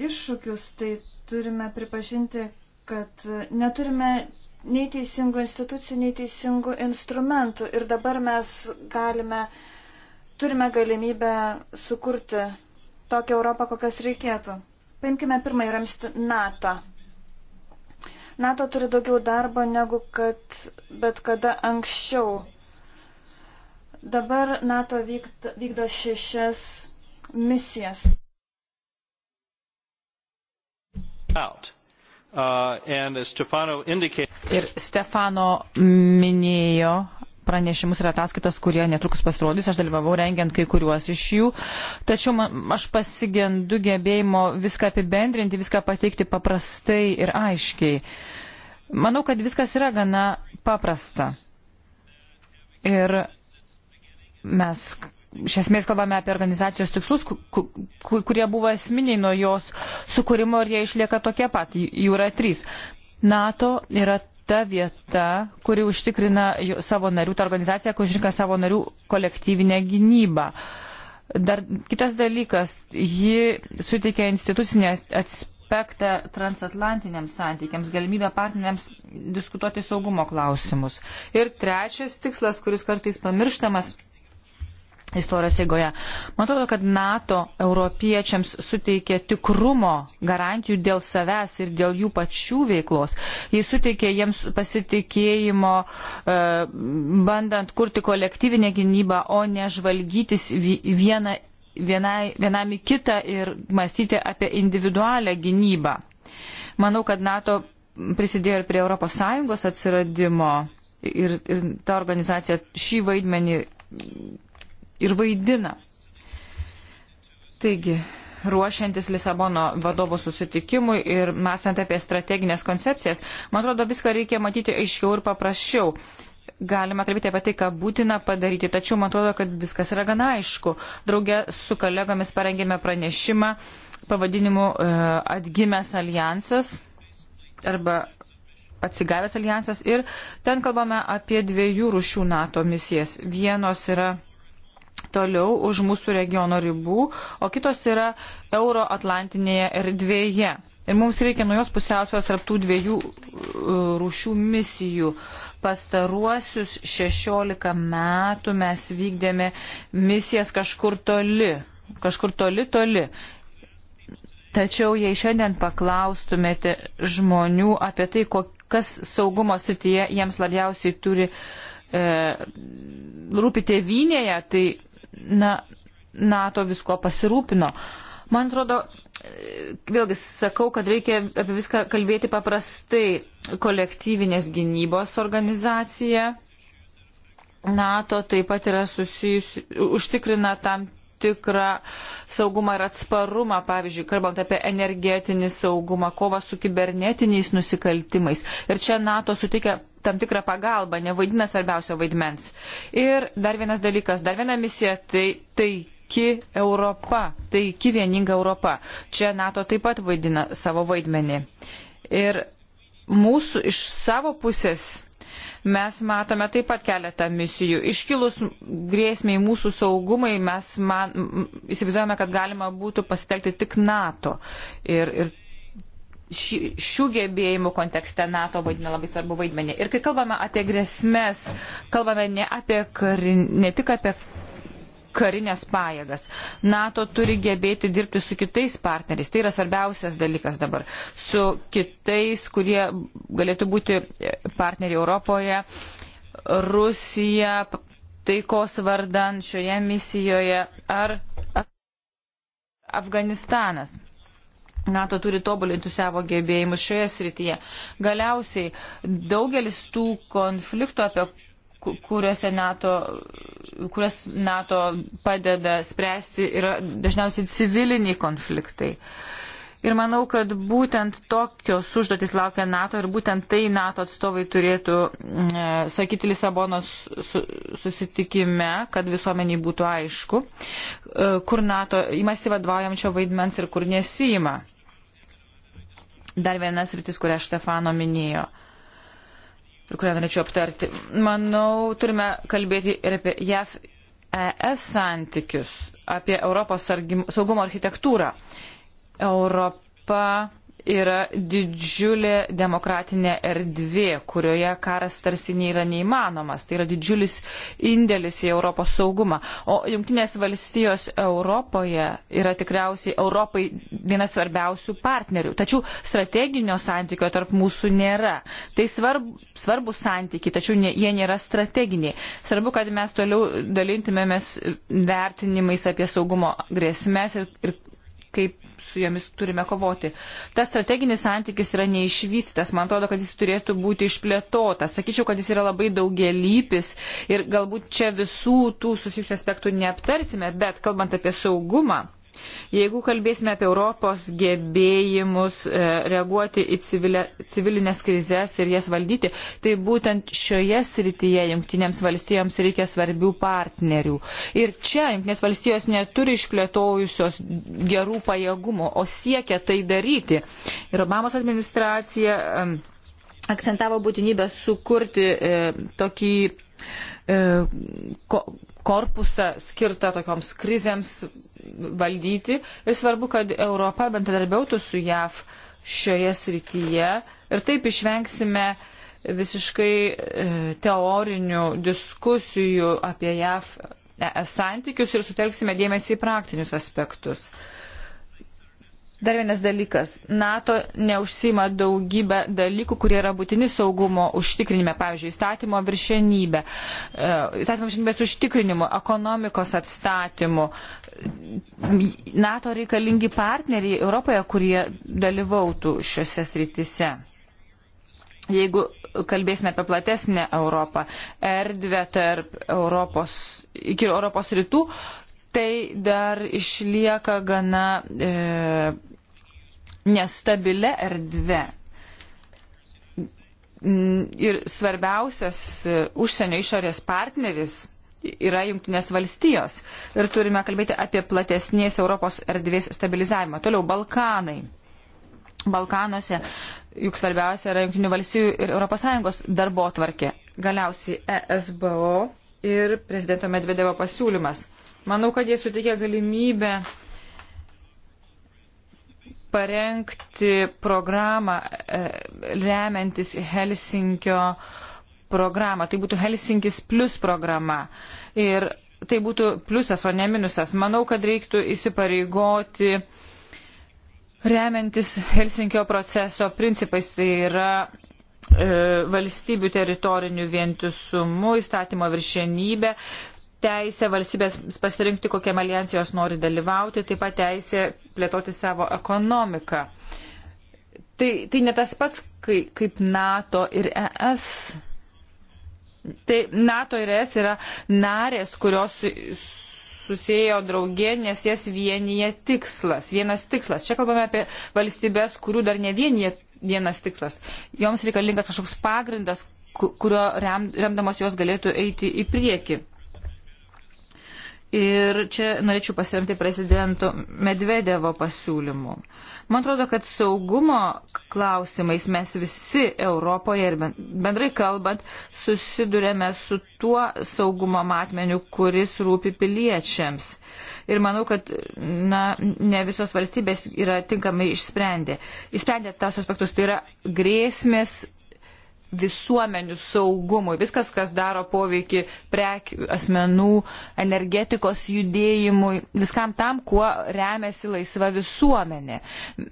iššūkius, tai turime pripažinti, kad neturime nei teisingų institucijų, nei teisingų instrumentų. Ir dabar mes galime uh, turime galimybę sukurti tokią Europą, kokias reikėtų. Paimkime pirmąjį ramstį NATO. NATO turi daugiau darbo negu kad bet kada anksčiau. Dabar NATO vykdo, vykdo šešias misijas. Out. Uh, ir Stefano minėjo pranešimus ir ataskaitas, kurie netrukus pasirodys. Aš dalyvavau rengiant kai kuriuos iš jų. Tačiau man, aš pasigendu gebėjimo viską apibendrinti, viską pateikti paprastai ir aiškiai. Manau, kad viskas yra gana paprasta. Ir mes iš esmės kalbame apie organizacijos tikslus, kurie buvo esminiai nuo jos sukūrimo ir jie išlieka tokie pat. Jų yra trys. NATO yra ta vieta, kuri užtikrina savo narių, ta organizacija, kuri užtikrina savo narių kolektyvinę gynybą. Dar kitas dalykas, ji suteikia institucinę aspektą transatlantiniams santykiams, galimybę partneriams diskutuoti saugumo klausimus. Ir trečias tikslas, kuris kartais pamirštamas, istorijos eigoje. Man atrodo, kad NATO europiečiams suteikė tikrumo garantijų dėl savęs ir dėl jų pačių veiklos. Jis suteikė jiems pasitikėjimo, e, bandant kurti kolektyvinę gynybą, o ne žvalgytis vieną, vienai, vienam į kitą ir mąstyti apie individualią gynybą. Manau, kad NATO prisidėjo ir prie ES atsiradimo ir, ir ta organizacija šį vaidmenį ir vaidina. Taigi, ruošiantis Lisabono vadovo susitikimui ir mąstant apie strateginės koncepcijas, man atrodo, viską reikia matyti aiškiau ir paprasčiau. Galima kalbėti apie tai, ką būtina padaryti, tačiau man atrodo, kad viskas yra gana aišku. Draugė su kolegomis parengėme pranešimą pavadinimu e, Atgimęs alijansas arba Atsigavęs alijansas ir ten kalbame apie dviejų rušių NATO misijas. Vienos yra toliau už mūsų regiono ribų, o kitos yra euroatlantinėje erdvėje. Ir mums reikia nuo jos pusiausvės raptų dviejų e, rūšių misijų. Pastaruosius 16 metų mes vykdėme misijas kažkur toli, kažkur toli, toli. Tačiau jei šiandien paklaustumėte žmonių apie tai, kas saugumo srityje jiems labiausiai turi e, rūpi tėvynėje, tai na, NATO visko pasirūpino. Man atrodo, vėlgi sakau, kad reikia apie viską kalbėti paprastai. Kolektyvinės gynybos organizacija NATO taip pat yra susijusi, užtikrina tam tikrą saugumą ir atsparumą, pavyzdžiui, kalbant apie energetinį saugumą, kovą su kibernetiniais nusikaltimais. Ir čia NATO suteikia tam tikrą pagalbą, nevaidina svarbiausio vaidmens. Ir dar vienas dalykas, dar viena misija tai taiki Europa, taiki vieninga Europa. Čia NATO taip pat vaidina savo vaidmenį. Ir mūsų iš savo pusės mes matome taip pat keletą misijų. Iškilus grėsmiai mūsų saugumai, mes man, įsivaizduojame, kad galima būtų pasitelkti tik NATO. Ir, ir ši, šių gebėjimų kontekste NATO vaidina labai svarbu vaidmenį. Ir kai kalbame apie grėsmės, kalbame ne, apie karin, ne tik apie karinės pajėgas. NATO turi gebėti dirbti su kitais partneriais. Tai yra svarbiausias dalykas dabar. Su kitais, kurie galėtų būti partneriai Europoje, Rusija, taikos vardan šioje misijoje ar Afganistanas. NATO turi tobulinti savo gebėjimus šioje srityje. Galiausiai daugelis tų konfliktų, apie kuriuose NATO, kurias NATO padeda spręsti, yra dažniausiai civiliniai konfliktai. Ir manau, kad būtent tokios užduotis laukia NATO ir būtent tai NATO atstovai turėtų mm, e, sakyti Lisabonos su, susitikime, kad visuomeniai būtų aišku, e, kur NATO imasi vadovaujančio vaidmens ir kur nesima. Dar vienas rytis, kurią Štefano minėjo ir kurią norėčiau aptarti. Manau, turime kalbėti ir apie JAF ES santykius, apie Europos saugumo architektūrą. Europa yra didžiulė demokratinė erdvė, kurioje karas tarsi nėra neįmanomas. Tai yra didžiulis indėlis į Europos saugumą. O Junktinės valstijos Europoje yra tikriausiai Europai vienas svarbiausių partnerių. Tačiau strateginio santykio tarp mūsų nėra. Tai svarb, svarbus santykiai, tačiau ne, jie nėra strateginiai. Svarbu, kad mes toliau dalintumėmės vertinimais apie saugumo grėsmės ir, ir kaip su jomis turime kovoti. Tas strateginis santykis yra neišvystytas, man atrodo, kad jis turėtų būti išplėtotas. Sakyčiau, kad jis yra labai daugelypis ir galbūt čia visų tų susijusių aspektų neaptarsime, bet kalbant apie saugumą, Jeigu kalbėsime apie Europos gebėjimus e, reaguoti į civilė, civilinės krizės ir jas valdyti, tai būtent šioje srityje jungtinėms valstijoms reikia svarbių partnerių. Ir čia jungtinės valstijos neturi išplėtojusios gerų pajėgumų, o siekia tai daryti. Ir Obamos administracija akcentavo būtinybę sukurti e, tokį E, korpusą skirtą tokioms krizėms valdyti. Ir svarbu, kad Europa bendradarbiautų su JAV šioje srityje ir taip išvengsime visiškai e, teorinių diskusijų apie JAV e, santykius ir sutelksime dėmesį į praktinius aspektus. Uh, Dar vienas dalykas. NATO neužsima daugybę dalykų, kurie yra būtini saugumo užtikrinime, pavyzdžiui, įstatymo viršenybė, e, įstatymo viršenybės užtikrinimu, ekonomikos atstatymu. NATO reikalingi partneriai Europoje, kurie dalyvautų šiuose srityse. Jeigu kalbėsime apie platesnę Europą, erdvę tarp Europos, iki Europos rytų, tai dar išlieka gana e, nestabilia erdve. Ir svarbiausias e, užsienio išorės partneris yra Junktinės valstijos. Ir turime kalbėti apie platesnės Europos erdvės stabilizavimą. Toliau Balkanai. Balkanuose juk svarbiausia yra Junktinių valstijų ir ES darbo tvarkė. Galiausiai ESBO ir prezidento Medvedevo pasiūlymas. Manau, kad jie suteikia galimybę parengti programą e, remiantis Helsinkio programą. Tai būtų Helsinkis plus programa. Ir tai būtų pliusas, o ne minusas. Manau, kad reiktų įsipareigoti remiantis Helsinkio proceso principais. Tai yra e, valstybių teritorinių vientisumu, įstatymo viršienybė, teisę valstybės pasirinkti, kokiam alijansijos nori dalyvauti, taip pat teisę plėtoti savo ekonomiką. Tai, tai ne tas pats kaip, kaip NATO ir ES. Tai NATO ir ES yra narės, kurios susijėjo draugė, nes jas vienyje tikslas, vienas tikslas. Čia kalbame apie valstybės, kurių dar ne vienyje vienas tikslas. Joms reikalingas kažkoks pagrindas, kurio rem, remdamos jos galėtų eiti į priekį. Ir čia norėčiau pasiremti prezidento Medvedevo pasiūlymu. Man atrodo, kad saugumo klausimais mes visi Europoje ir bendrai kalbant susidurėme su tuo saugumo matmeniu, kuris rūpi piliečiams. Ir manau, kad na, ne visos valstybės yra tinkamai išsprendę. Išsprendę tos aspektus, tai yra grėsmės visuomenių saugumui. Viskas, kas daro poveikį prekių, asmenų, energetikos judėjimui, viskam tam, kuo remiasi laisva visuomenė.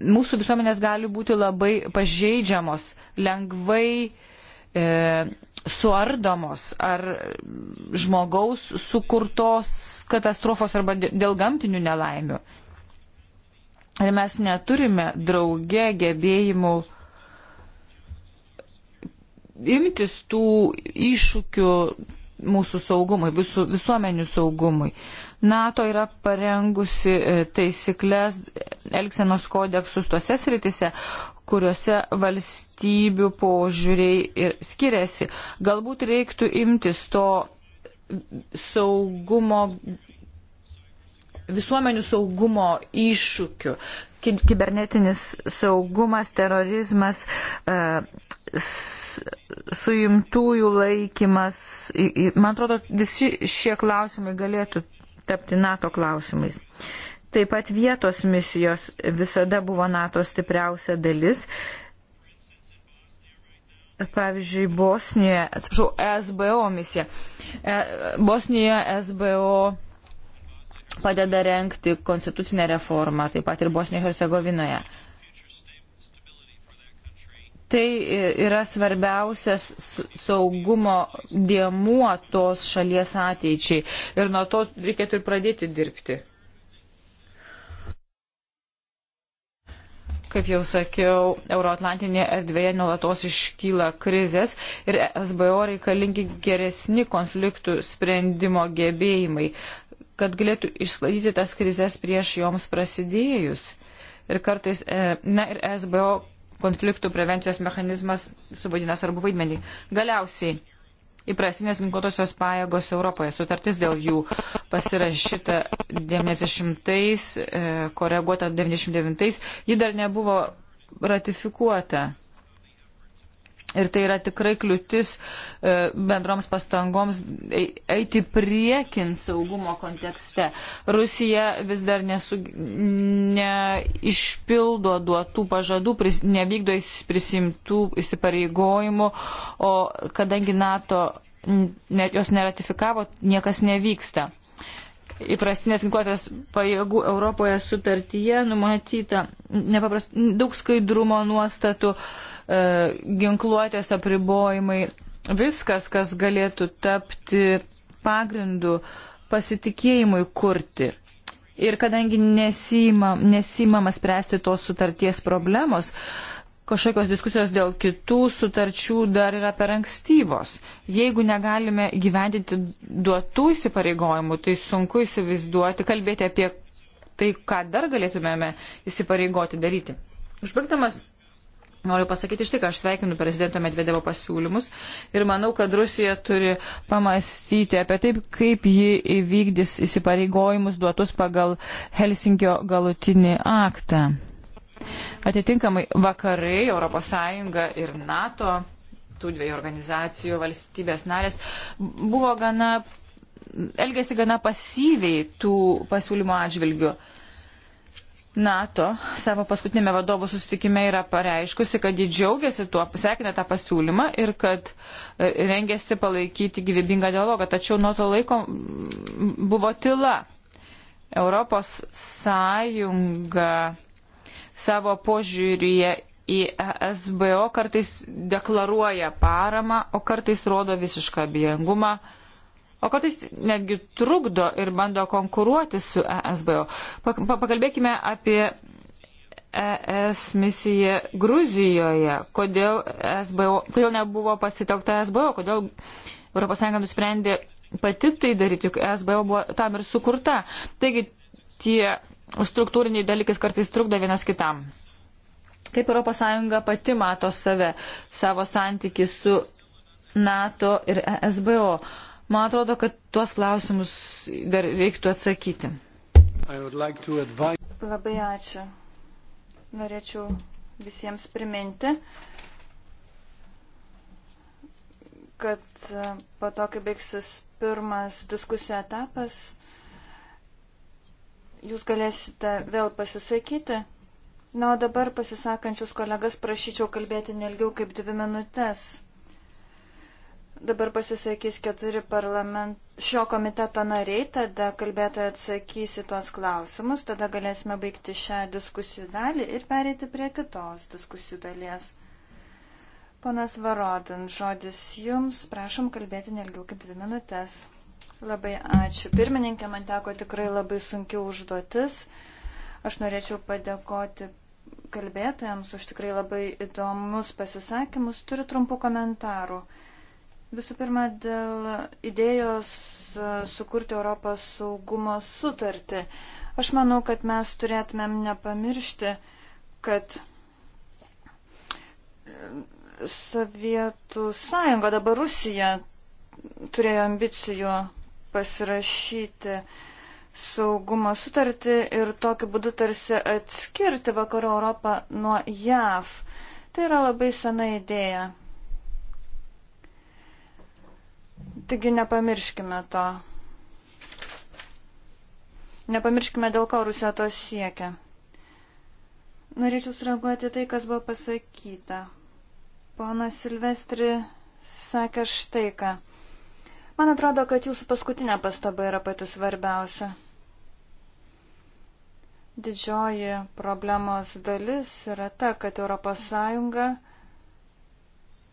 Mūsų visuomenės gali būti labai pažeidžiamos, lengvai e, suardomos ar žmogaus sukurtos katastrofos arba dėl gamtinių nelaimių. Ar mes neturime drauge gebėjimų imtis tų iššūkių mūsų saugumui, visų, visuomenių saugumui. NATO yra parengusi e, taisyklės Elksenos kodeksus tose sritise, kuriuose valstybių požiūriai skiriasi. Galbūt reiktų imtis to saugumo, visuomenių saugumo iššūkių. Kibernetinis saugumas, terorizmas, e, suimtųjų laikymas, man atrodo, visi šie klausimai galėtų tapti NATO klausimais. Taip pat vietos misijos visada buvo NATO stipriausia dalis. Pavyzdžiui, Bosnijoje, atsiprašau, SBO misija. E, Bosnijoje SBO padeda renkti konstitucinę reformą, taip pat ir Bosnijoje Hercegovinoje tai yra svarbiausias saugumo diemuo tos šalies ateičiai. Ir nuo to reikėtų ir pradėti dirbti. Kaip jau sakiau, Euroatlantinėje erdvėje nuolatos iškyla krizės ir SBO reikalingi geresni konfliktų sprendimo gebėjimai, kad galėtų išsklaidyti tas krizės prieš joms prasidėjus. Ir kartais, e, na ir SBO konfliktų prevencijos mechanizmas suvaidina svarbu vaidmenį. Galiausiai įprasinės ginkluotosios pajėgos Europoje. Sutartis dėl jų pasirašyta 90-ais, e, koreguota 99-ais, ji dar nebuvo ratifikuota. Ir tai yra tikrai kliūtis e, bendroms pastangoms e, eiti priekin saugumo kontekste. Rusija vis dar nesu, neišpildo duotų pažadų, pris, nevykdo prisimtų įsipareigojimų, o kadangi NATO net jos neratifikavo, niekas nevyksta. Įprastinės ginkluotės pajėgų Europoje sutartyje numatyta nepaprast, daug skaidrumo nuostatų. Uh, E, ginkluotės apribojimai, viskas, kas galėtų tapti pagrindu pasitikėjimui kurti. Ir kadangi nesima, nesimama spręsti tos sutarties problemos, kažkokios diskusijos dėl kitų sutarčių dar yra per ankstyvos. Jeigu negalime gyvendinti duotų įsipareigojimų, tai sunku įsivaizduoti, kalbėti apie tai, ką dar galėtumėme įsipareigoti daryti. Užbaigdamas Noriu pasakyti štai, ką aš sveikinu prezidento Medvedevo pasiūlymus ir manau, kad Rusija turi pamastyti apie taip, kaip ji įvykdys įsipareigojimus duotus pagal Helsinkio galutinį aktą. Atitinkamai vakarai, ES ir NATO, tų dviejų organizacijų valstybės narės, buvo gana, elgėsi gana pasyviai tų pasiūlymų atžvilgių. NATO savo paskutinėme vadovų susitikime yra pareiškusi, kad ji džiaugiasi tuo, sveikina tą pasiūlymą ir kad e, rengėsi palaikyti gyvybingą dialogą. Tačiau nuo to laiko mm, buvo tyla. Europos Sąjunga savo požiūrėje į ESBO kartais deklaruoja paramą, o kartais rodo visišką abejingumą o kartais netgi trukdo ir bando konkuruoti su ESBO. Pakalbėkime apie ES misiją Gruzijoje. Kodėl, e SBO, kodėl nebuvo pasitelkta e SBO, kodėl ES nusprendė pati tai daryti, juk e SBO buvo tam ir sukurta. Taigi tie struktūriniai dalykai kartais trukdo vienas kitam. Kaip ES pati mato save, savo santyki su NATO ir ESBO. Man atrodo, kad tuos klausimus dar reiktų atsakyti. Like advise... Labai ačiū. Norėčiau visiems priminti, kad e, po to, kai baigsis pirmas diskusijų etapas, jūs galėsite vėl pasisakyti. Na, o dabar pasisakančius kolegas prašyčiau kalbėti nelgiau kaip dvi minutės. Dabar pasisakys keturi parlament... šio komiteto nariai, tada kalbėtojai atsakys į tuos klausimus, tada galėsime baigti šią diskusijų dalį ir pereiti prie kitos diskusijų dalies. Ponas Varodin, žodis jums, prašom kalbėti nelgiau kaip dvi minutės. Labai ačiū. Pirmininkė, man teko tikrai labai sunki užduotis. Aš norėčiau padėkoti kalbėtojams už tikrai labai įdomus pasisakymus. Turiu trumpų komentarų. Visų pirma, dėl idėjos e, sukurti Europos saugumo sutartį. Aš manau, kad mes turėtumėm nepamiršti, kad e, Sovietų sąjunga, dabar Rusija, turėjo ambicijų pasirašyti saugumo sutartį ir tokiu būdu tarsi atskirti vakarų Europą nuo JAV. Tai yra labai sena idėja. Taigi nepamirškime to. Nepamirškime, dėl ko Rusija to siekia. Norėčiau sureaguoti tai, kas buvo pasakyta. Ponas Silvestri sakė štai ką. Man atrodo, kad jūsų paskutinė pastaba yra pati svarbiausia. Didžioji problemos dalis yra ta, kad ES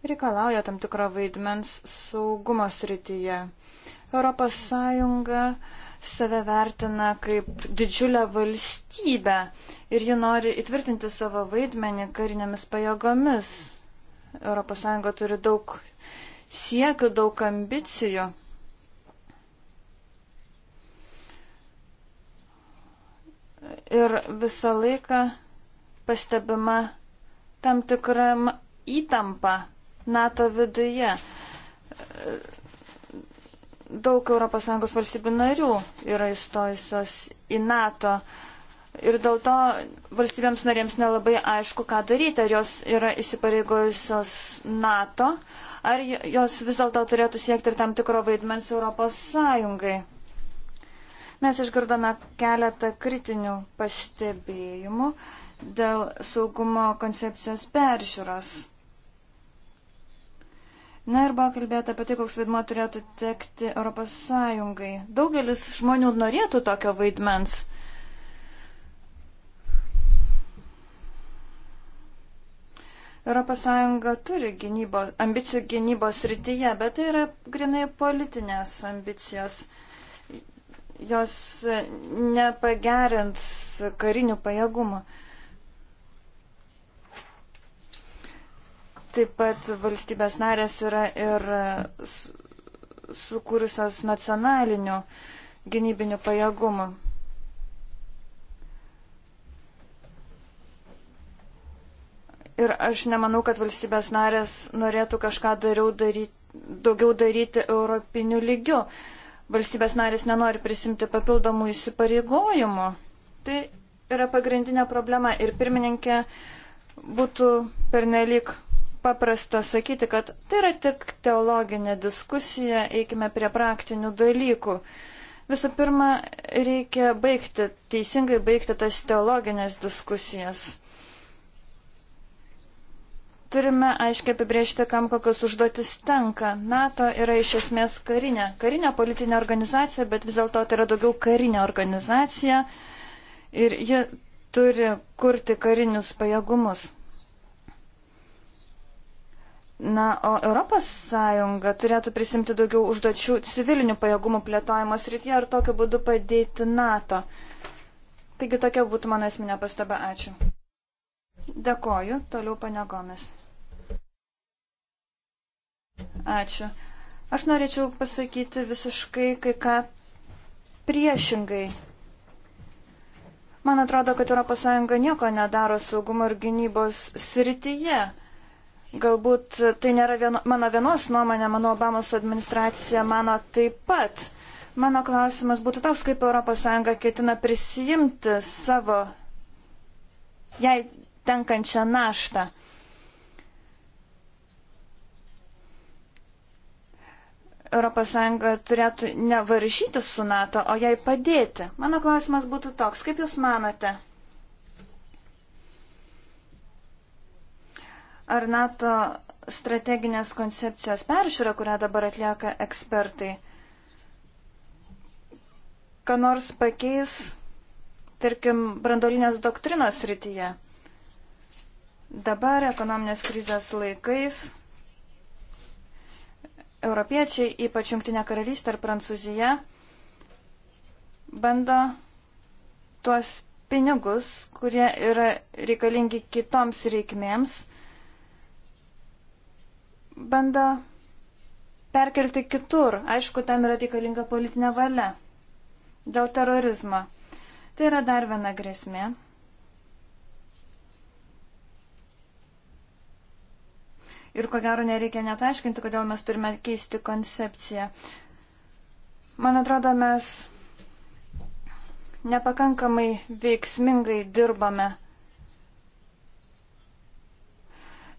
reikalauja tam tikro vaidmens saugumo srityje. ES save vertina kaip didžiulę valstybę ir ji nori įtvirtinti savo vaidmenį karinėmis pajėgomis. ES turi daug siekių, daug ambicijų. Ir visą laiką pastebima tam tikra įtampa NATO viduje. Daug ES valstybių narių yra įstojusios į NATO. Ir dėl to valstybėms narėms nelabai aišku, ką daryti, ar jos yra įsipareigojusios NATO, ar jos vis dėlto turėtų siekti ir tam tikro vaidmens Europos Sąjungai. Mes išgirdome keletą kritinių pastebėjimų dėl saugumo koncepcijos peržiūros. Na ir buvo kalbėta apie tai, koks vaidmo turėtų tekti Europos Sąjungai. Daugelis žmonių norėtų tokio vaidmens. Europos Sąjunga turi gynybo, ambicijų gynybos rytyje, bet tai yra grinai politinės ambicijos. Jos nepagerins karinių pajėgumų. Taip pat valstybės narės yra ir sukūrusios nacionalinių gynybinių pajėgumų. Ir aš nemanau, kad valstybės narės norėtų kažką daryti, daugiau daryti europiniu lygiu. Valstybės narės nenori prisimti papildomų įsipareigojimų. Tai yra pagrindinė problema ir pirmininkė būtų pernelyg paprasta sakyti, kad tai yra tik teologinė diskusija, eikime prie praktinių dalykų. Visų pirma, reikia baigti, teisingai baigti tas teologinės diskusijas. Turime aiškiai apibriežti, kam kokios užduotis tenka. NATO yra iš esmės karinė, karinė politinė organizacija, bet vis dėlto tai yra daugiau karinė organizacija ir ji turi kurti karinius pajėgumus. Na, o ES turėtų prisimti daugiau užduočių civilinių pajėgumų plėtojimo srityje ir tokiu būdu padėti NATO. Taigi tokia būtų mano esminė pastaba. Ačiū. Dėkoju. Toliau panegomis. Ačiū. Aš norėčiau pasakyti visiškai kai ką priešingai. Man atrodo, kad ES nieko nedaro saugumo ir gynybos srityje. Galbūt tai nėra vieno, mano vienos nuomonė, mano Obamos administracija mano taip pat. Mano klausimas būtų toks, kaip ES ketina prisijimti savo jai tenkančią naštą. ES turėtų nevaržyti su NATO, o jai padėti. Mano klausimas būtų toks, kaip Jūs manote, Ar NATO strateginės koncepcijos peržiūra, kurią dabar atlieka ekspertai, ką nors pakeis, tarkim, brandolinės doktrinos rytyje? Dabar ekonominės krizės laikais europiečiai, ypač Junktinė karalystė ir Prancūzija, bando tuos pinigus, kurie yra reikalingi kitoms reikmėms, bando perkelti kitur. Aišku, tam yra reikalinga politinė valia dėl terorizmo. Tai yra dar viena grėsmė. Ir ko gero nereikia net aiškinti, kodėl mes turime keisti koncepciją. Man atrodo, mes nepakankamai veiksmingai dirbame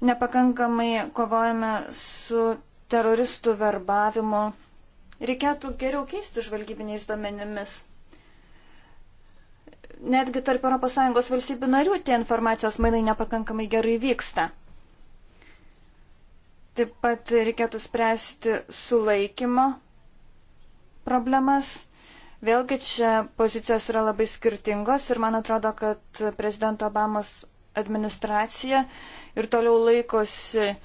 nepakankamai kovojame su teroristų verbavimu. Reikėtų geriau keisti žvalgybiniais duomenimis. Netgi tarp ES valstybių narių tie informacijos mainai nepakankamai gerai vyksta. Taip pat reikėtų spręsti sulaikymo problemas. Vėlgi čia pozicijos yra labai skirtingos ir man atrodo, kad prezidento Obamos administracija ir toliau laikosi e,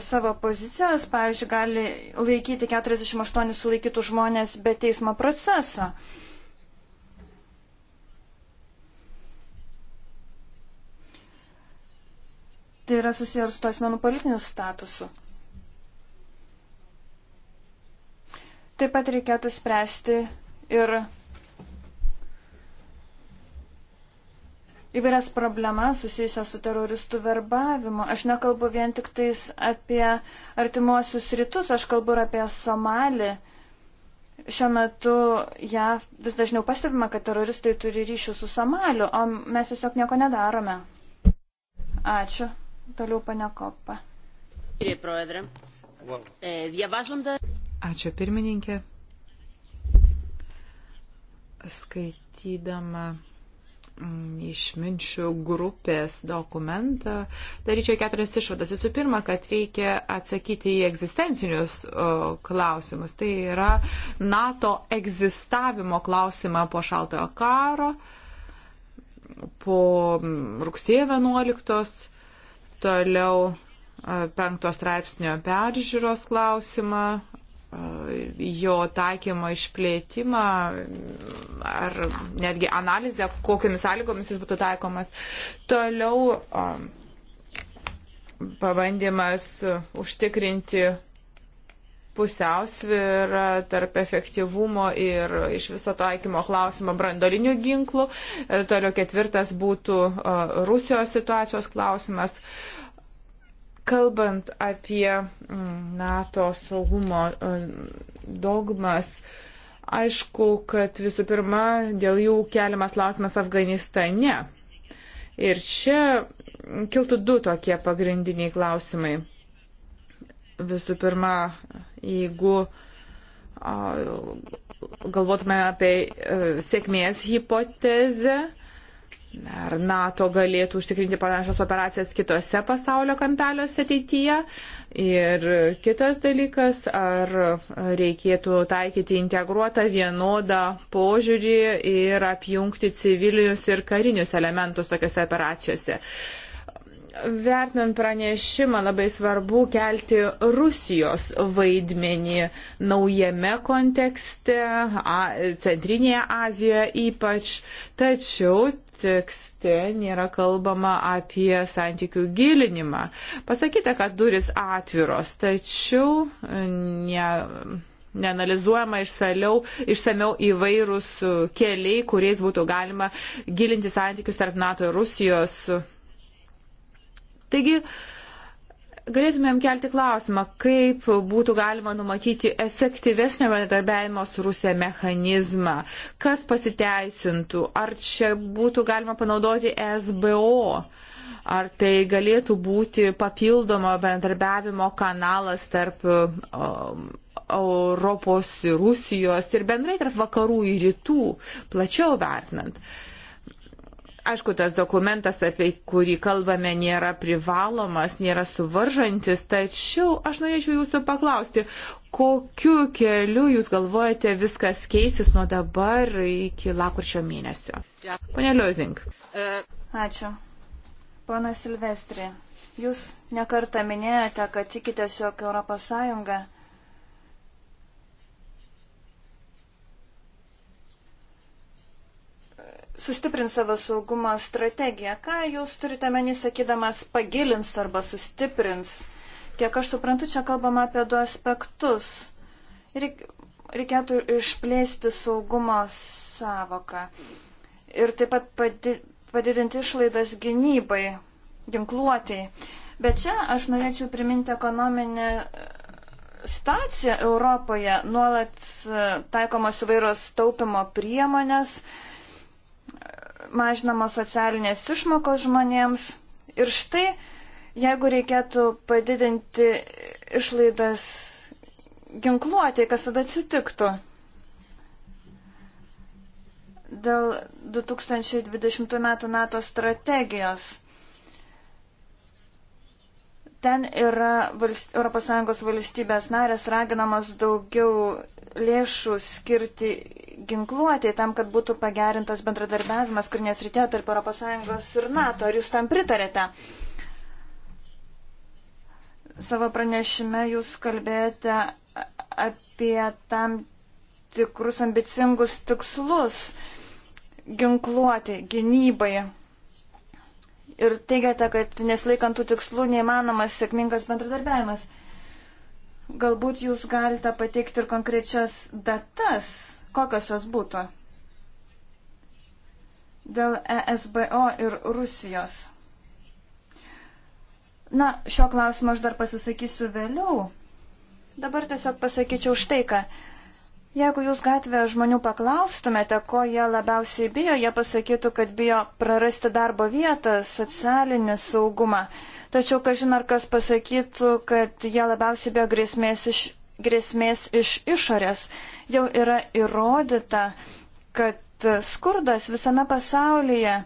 savo pozicijos, pavyzdžiui, gali laikyti 48 sulaikytų žmonės be teismo proceso. Tai yra susijęs su to asmenų politiniu statusu. Taip pat reikėtų spręsti ir įvairias problemas susijusias su teroristų verbavimu. Aš nekalbu vien tik tais apie artimuosius rytus, aš kalbu ir apie Somalį. Šiuo metu JAV vis dažniau pastebima, kad teroristai turi ryšių su Somaliu, o mes tiesiog nieko nedarome. Ačiū. Toliau panekopa. E, Ačiū pirmininkė. Skaitydama Mm, išminčių grupės dokumentą, daryčiau keturias išvadas. Visų pirma, kad reikia atsakyti į egzistencinius klausimus. Tai yra NATO egzistavimo klausimą po šaltojo karo, po mm, rugsėjo 11, toliau e, penktos straipsnio peržiūros klausimą, jo taikymo išplėtimą ar netgi analizę, kokiamis sąlygomis jis būtų taikomas. Toliau um, pabandymas užtikrinti pusiausvyrą tarp efektyvumo ir iš viso taikymo klausimo brandolinių ginklų. E, toliau ketvirtas būtų uh, Rusijos situacijos klausimas. Uh, Kalbant apie mm, NATO saugumo e, dogmas, aišku, kad visų pirma dėl jų keliamas klausimas Afganistane. Ir čia kiltų du tokie pagrindiniai klausimai. Visų pirma, jeigu galvotume apie e, sėkmės hipotezę, Ar NATO galėtų užtikrinti panašias operacijas kitose pasaulio kampeliuose ateityje? Ir kitas dalykas, ar reikėtų taikyti integruotą vienodą požiūrį ir apjungti civilinius ir karinius elementus tokiuose operacijose? vertinant pranešimą labai svarbu kelti Rusijos vaidmenį naujame kontekste, Centrinėje Azijoje ypač, tačiau tekste nėra kalbama apie santykių gilinimą. Pasakyta, kad duris atviros, tačiau e, ne neanalizuojama išsaliau, išsameu įvairūs keliai, kuriais būtų galima gilinti santykius tarp NATO ir Rusijos. Taigi, uh, galėtumėm kelti klausimą, kaip būtų galima numatyti efektyvesnio bendradarbiavimo su Rusija mechanizmą, kas pasiteisintų, ar čia būtų galima panaudoti SBO, ar tai galėtų būti papildomo bendradarbiavimo kanalas tarp um, Europos, Rusijos ir bendrai tarp vakarų ir rytų, plačiau vertinant. Uh, Aišku, tas dokumentas, apie kurį kalbame, nėra privalomas, nėra suvaržantis, tačiau aš norėčiau jūsų paklausti, kokiu keliu jūs galvojate viskas keisis nuo dabar iki lakurčio mėnesio? Pone Liozink. Ačiū. Pana Silvestri, jūs nekartą minėjote, kad tikitės, jog ES sustiprins savo saugumo strategiją. Ką jūs turite menį sakydamas pagilins arba sustiprins? Kiek aš suprantu, čia kalbama apie du aspektus. Reik, reikėtų išplėsti saugumo savoką ir taip pat padi, padidinti išlaidas gynybai, ginkluotėjai. Bet čia aš norėčiau priminti ekonominę e, situaciją Europoje. Nuolat e, taikomos įvairios taupimo priemonės, uh, mažinamos socialinės išmokos žmonėms. Ir štai, jeigu reikėtų padidinti išlaidas ginkluotė, kas tada atsitiktų? Dėl 2020 m. NATO strategijos. Ten yra valst... ES valstybės narės raginamas daugiau lėšų skirti ginkluotė tam, kad būtų pagerintas bendradarbiavimas karinės rytėje tarp ES ir NATO. Ar jūs tam pritarėte? Savo pranešime jūs kalbėjote apie tam tikrus ambicingus tikslus ginkluoti, gynybai. Ir teigiate, kad nesilaikant tų tikslų neįmanomas sėkmingas bendradarbiavimas. Galbūt jūs galite pateikti ir konkrečias datas, kokios jos būtų dėl ESBO ir Rusijos. Na, šio klausimo aš dar pasisakysiu vėliau. Dabar tiesiog pasakyčiau štai ką. Jeigu jūs gatvę žmonių paklaustumėte, ko jie labiausiai bijo, jie pasakytų, kad bijo prarasti darbo vietą, socialinį saugumą. Tačiau, kažin ar kas pasakytų, kad jie labiausiai bijo grėsmės iš, grėsmės iš išorės. Jau yra įrodyta, kad skurdas visame pasaulyje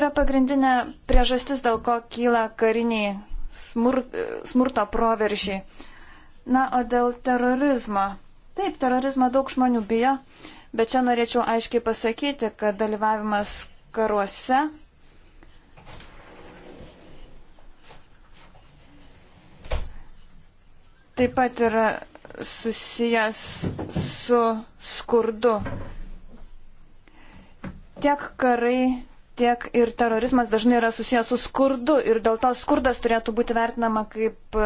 yra pagrindinė priežastis, dėl ko kyla kariniai smur, smurto proveržiai. Na, o dėl terorizmo Taip, terorizmo daug žmonių bijo, bet čia norėčiau aiškiai pasakyti, kad dalyvavimas karuose taip pat yra susijęs su skurdu. Tiek karai, tiek ir terorizmas dažnai yra susijęs su skurdu ir dėl to skurdas turėtų būti vertinama kaip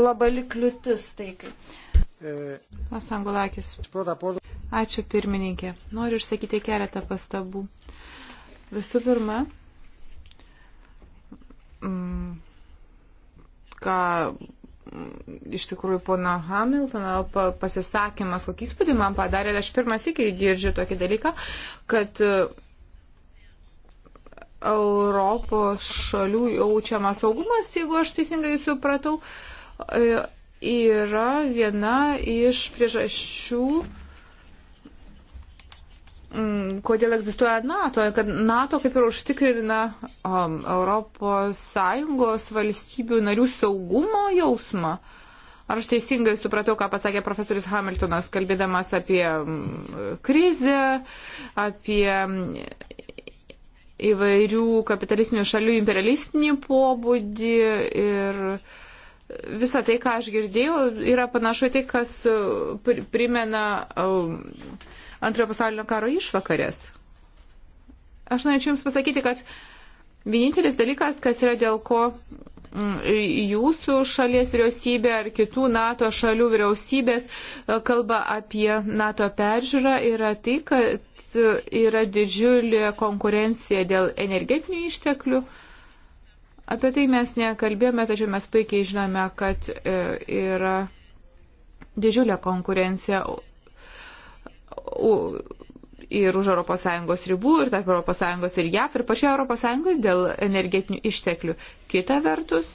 globali kliūtis taikai. Masangulakis. Ačiū pirmininkė. Noriu išsakyti keletą pastabų. Visų pirma, mm, ką mm, iš tikrųjų pono Hamiltono pasisakymas, kokį įspūdį man padarė, aš pirmas iki girdžiu tokį dalyką, kad e, Europos šalių jaučiamas saugumas, jeigu aš teisingai supratau, e, yra viena iš priežasčių, mm, kodėl egzistuoja NATO, kad NATO kaip ir užtikrina um, ES valstybių narių saugumo jausmą. Ar aš teisingai supratau, ką pasakė profesorius Hamiltonas, kalbėdamas apie mm, krizę, apie mm, įvairių kapitalistinių šalių imperialistinį pobūdį ir uh, Visą tai, ką aš girdėjau, yra panašu tai, kas e, primena e, antrojo pasaulinio karo išvakarės. Aš norėčiau Jums pasakyti, kad vienintelis dalykas, kas yra dėl ko jūsų šalies vyriausybė ar kitų NATO šalių vyriausybės e, kalba apie NATO peržiūrą yra tai, kad yra didžiulė konkurencija dėl energetinių išteklių. Uh, Apie tai mes nekalbėjome, tačiau mes puikiai žinome, kad e, yra didžiulė konkurencija ir už ES ribų, ir tarp ES ir JAF, ir pačioje ES dėl energetinių išteklių. Kita vertus,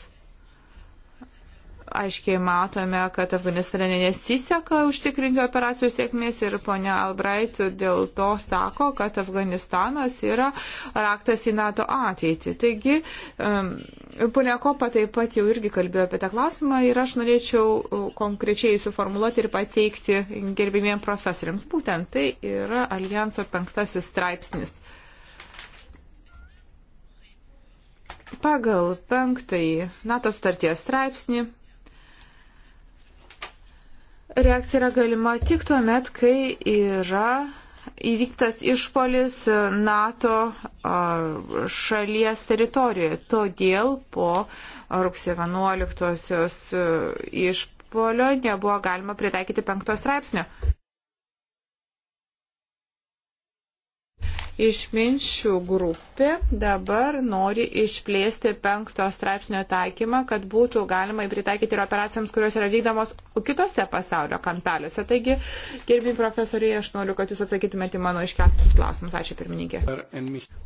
aiškiai matome, kad Afganistane nesiseka užtikrinti operacijų sėkmės ir ponia Albrait dėl to sako, kad Afganistanas yra raktas į NATO ateitį. Taigi, um, ponia Kopa taip pat jau irgi kalbėjo apie tą klausimą ir aš norėčiau konkrečiai suformuoluoti ir pateikti gerbimiem profesoriams. Būtent tai yra alijanso penktasis straipsnis. Pagal penktąjį NATO starties straipsnį Reakcija yra galima tik tuo met, kai yra įvyktas išpolis NATO šalies teritorijoje. Todėl po rugsėjo 11-osios išpolio nebuvo galima pritaikyti penktos straipsnio. išminčių grupė dabar nori išplėsti penkto straipsnio taikymą, kad būtų galima pritaikyti ir operacijoms, kurios yra vykdomos kitose pasaulio kampeliuose. Taigi, gerbimi profesoriai, aš noriu, kad jūs atsakytumėte mano iškeltus klausimus. Ačiū, pirmininkė.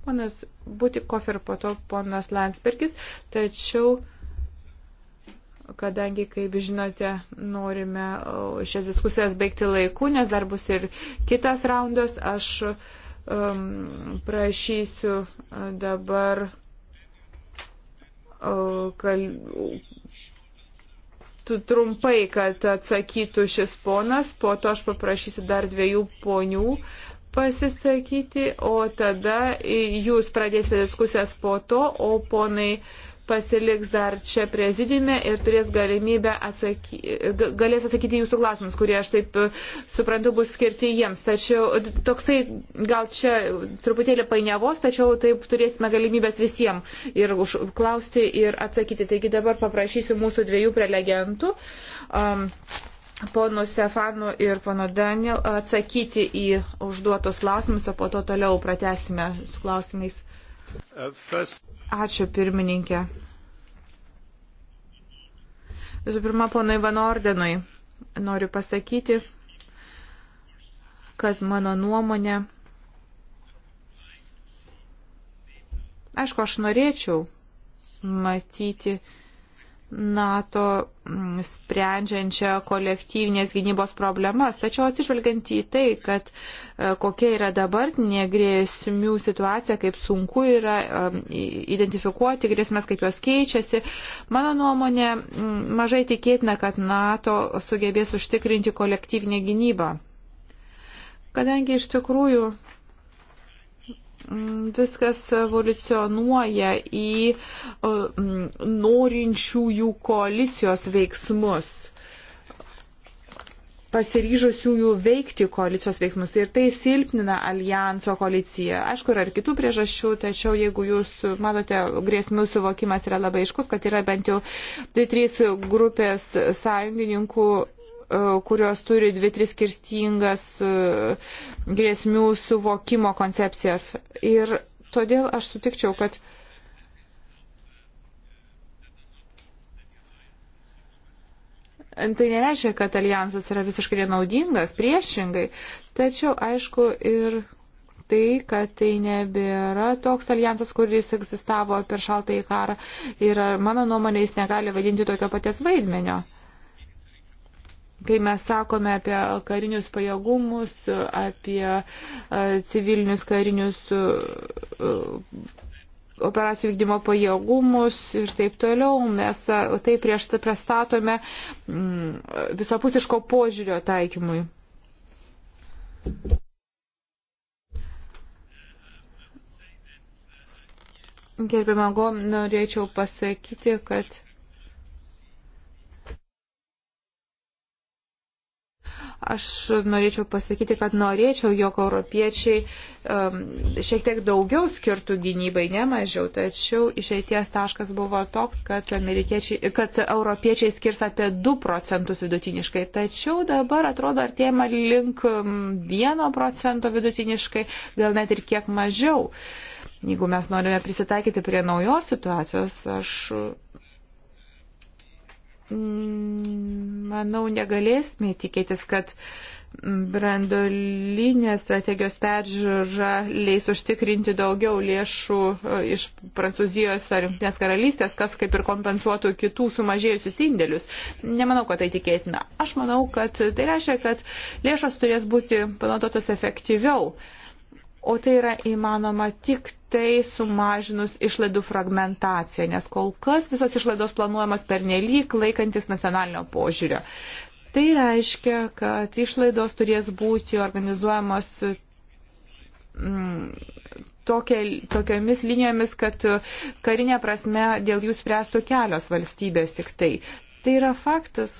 Ponas Butikov ir po to ponas Landsbergis. Tačiau kadangi, kaip žinote, norime šias diskusijas baigti laiku, nes dar bus ir kitas raundas. Aš um, prašysiu dabar um, kal... trumpai, kad atsakytų šis ponas, po to aš paprašysiu dar dviejų ponių pasisakyti, o tada jūs pradėsite diskusijas po to, o ponai uh, pasiliks dar čia prezidime ir turės galimybę atsaky, galės atsakyti jūsų klausimus, kurie aš taip suprantu bus skirti jiems. Tačiau toksai gal čia truputėlį painiavos, tačiau taip turėsime galimybės visiems ir klausti ir atsakyti. Taigi dabar paprašysiu mūsų dviejų prelegentų. Um, Pono Stefano ir pono Daniel atsakyti į užduotus klausimus, o po to toliau pratesime su klausimais. Uh, first... Ačiū pirmininkė. Visų pirma, ponui Van Ordenui noriu pasakyti, kad mano nuomonė. Aišku, aš norėčiau matyti NATO mm, sprendžiančią kolektyvinės gynybos problemas. Tačiau atsižvelgiant į tai, kad e, kokia yra dabartinė grėsmių situacija, kaip sunku yra e, identifikuoti grėsmės, kaip jos keičiasi, mano nuomonė mm, mažai tikėtina, kad NATO sugebės užtikrinti kolektyvinę gynybą. Kadangi iš tikrųjų Mm, viskas evoliucionuoja į mm, norinčiųjų koalicijos veiksmus pasiryžusiųjų veikti koalicijos veiksmus. Ir tai silpnina alijanso koaliciją. Aišku, yra ir kitų priežasčių, tačiau jeigu jūs matote, grėsmių suvokimas yra labai iškus, kad yra bent jau tai trys grupės sąjungininkų E, kurios turi dvi, tris skirtingas e, grėsmių suvokimo koncepcijas. Ir todėl aš sutikčiau, kad Tai nereiškia, kad alijansas yra visiškai nenaudingas, priešingai, tačiau aišku ir tai, kad tai nebėra toks alijansas, kuris egzistavo per šaltąjį karą ir mano nuomonė jis negali vadinti tokio paties vaidmenio kai mes sakome apie karinius pajėgumus, apie e, civilinius karinius e, operacijų vykdymo pajėgumus ir taip toliau, mes e, tai prieš tai pristatome mm, visapusiško požiūrio taikymui. Gerbiamą Gom, norėčiau pasakyti, kad Aš norėčiau pasakyti, kad norėčiau, jog europiečiai um, šiek tiek daugiau skirtų gynybai, ne mažiau, tačiau išeities taškas buvo toks, kad, kad europiečiai skirs apie 2 procentus vidutiniškai, tačiau dabar atrodo artėjama link 1 um, procento vidutiniškai, gal net ir kiek mažiau. Jeigu mes norime prisitaikyti prie naujos situacijos, aš Mm, manau, negalėsime tikėtis, kad brandolinės strategijos peržiūra leis užtikrinti daugiau lėšų e, iš Prancūzijos ar Junktinės karalystės, kas kaip ir kompensuotų kitų sumažėjusius indėlius. Nemanau, kad tai tikėtina. Aš manau, kad tai reiškia, kad lėšos turės būti panaudotos efektyviau. O tai yra įmanoma tik tai sumažinus išlaidų fragmentaciją, nes kol kas visos išlaidos planuojamas per nelyg laikantis nacionalinio požiūrio. Tai reiškia, kad išlaidos turės būti organizuojamos mm, tokia, tokiamis linijomis, kad karinė prasme dėl jų spręstų kelios valstybės tik tai. Tai yra faktas,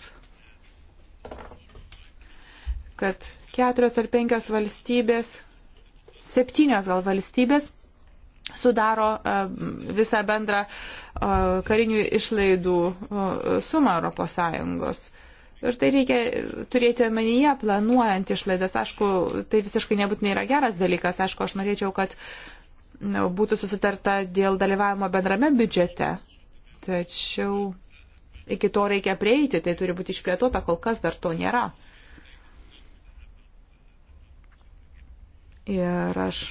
kad keturios ar penkios valstybės, septynios gal valstybės sudaro e, visą bendrą e, karinių išlaidų e, sumą ES. Ir tai reikia turėti omenyje, planuojant išlaidas. Aišku, tai visiškai nebūtinai yra geras dalykas. Aišku, aš norėčiau, kad būtų susitarta dėl dalyvavimo bendrame biudžete. Tačiau iki to reikia prieiti, tai turi būti išplėtota, kol kas dar to nėra. Ir aš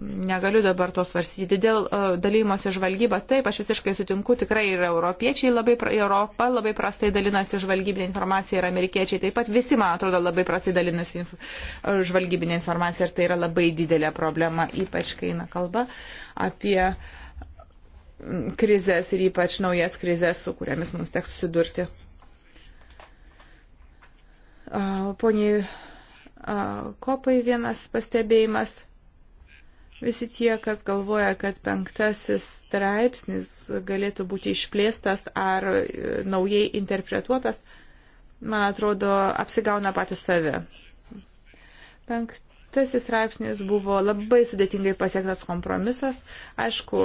negaliu dabar to svarstyti. Dėl e, dalymosi žvalgyba, taip, aš visiškai sutinku, tikrai ir europiečiai labai, Europa labai prastai dalinasi žvalgybinė informacija ir amerikiečiai taip pat visi, man atrodo, labai prastai dalinasi inf e, žvalgybinė informacija ir tai yra labai didelė problema, ypač kai eina kalba apie krizės ir ypač naujas krizės, su kuriamis mums teks susidurti. Poniai Kopai vienas pastebėjimas. Visi tie, kas galvoja, kad penktasis straipsnis galėtų būti išplėstas ar e, naujai interpretuotas, man atrodo, apsigauna patį save. Penktasis straipsnis buvo labai sudėtingai pasiektas kompromisas. Aišku,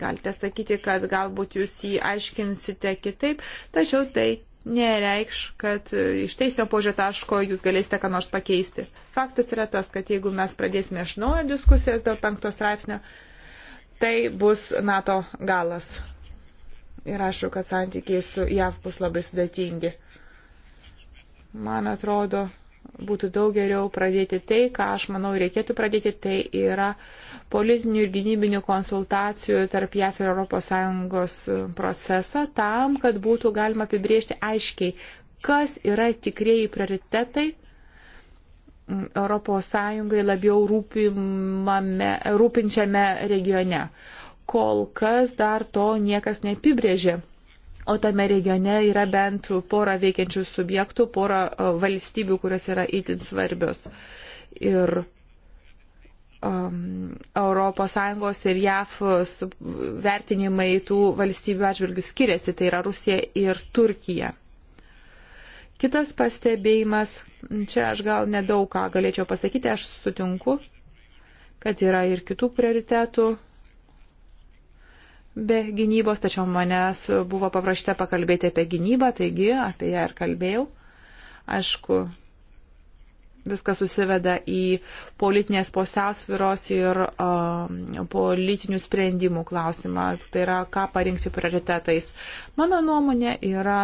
galite sakyti, kad galbūt jūs jį aiškinsite kitaip, tačiau tai nereikš, kad iš teisinio požiūrio taško jūs galėsite ką nors pakeisti. Faktas yra tas, kad jeigu mes pradėsime iš naujo diskusijas dėl penktos straipsnio, tai bus NATO galas. Ir aišku, kad santykiai su JAV bus labai sudėtingi. Man atrodo, būtų daug geriau pradėti tai, ką aš manau reikėtų pradėti, tai yra politinių ir gynybinių konsultacijų tarp JAF ir ES procesą tam, kad būtų galima apibriežti aiškiai, kas yra tikrieji prioritetai ES labiau rūpinčiame regione. Kol kas dar to niekas neapibrėžė. O tame regione yra bent pora veikiančių subjektų, pora e, valstybių, kurios yra itin svarbios. Ir um, ES ir JAF vertinimai tų valstybių atžvilgių skiriasi, tai yra Rusija ir Turkija. Kitas pastebėjimas, čia aš gal nedaug ką galėčiau pasakyti, aš sutinku, kad yra ir kitų prioritetų be gynybos, tačiau manęs buvo paprašyta pakalbėti apie gynybą, taigi apie ją ir kalbėjau. Aišku, viskas susiveda į politinės pusiausviros ir uh, politinių sprendimų klausimą. Tai yra, ką parinkti prioritetais. Mano nuomonė yra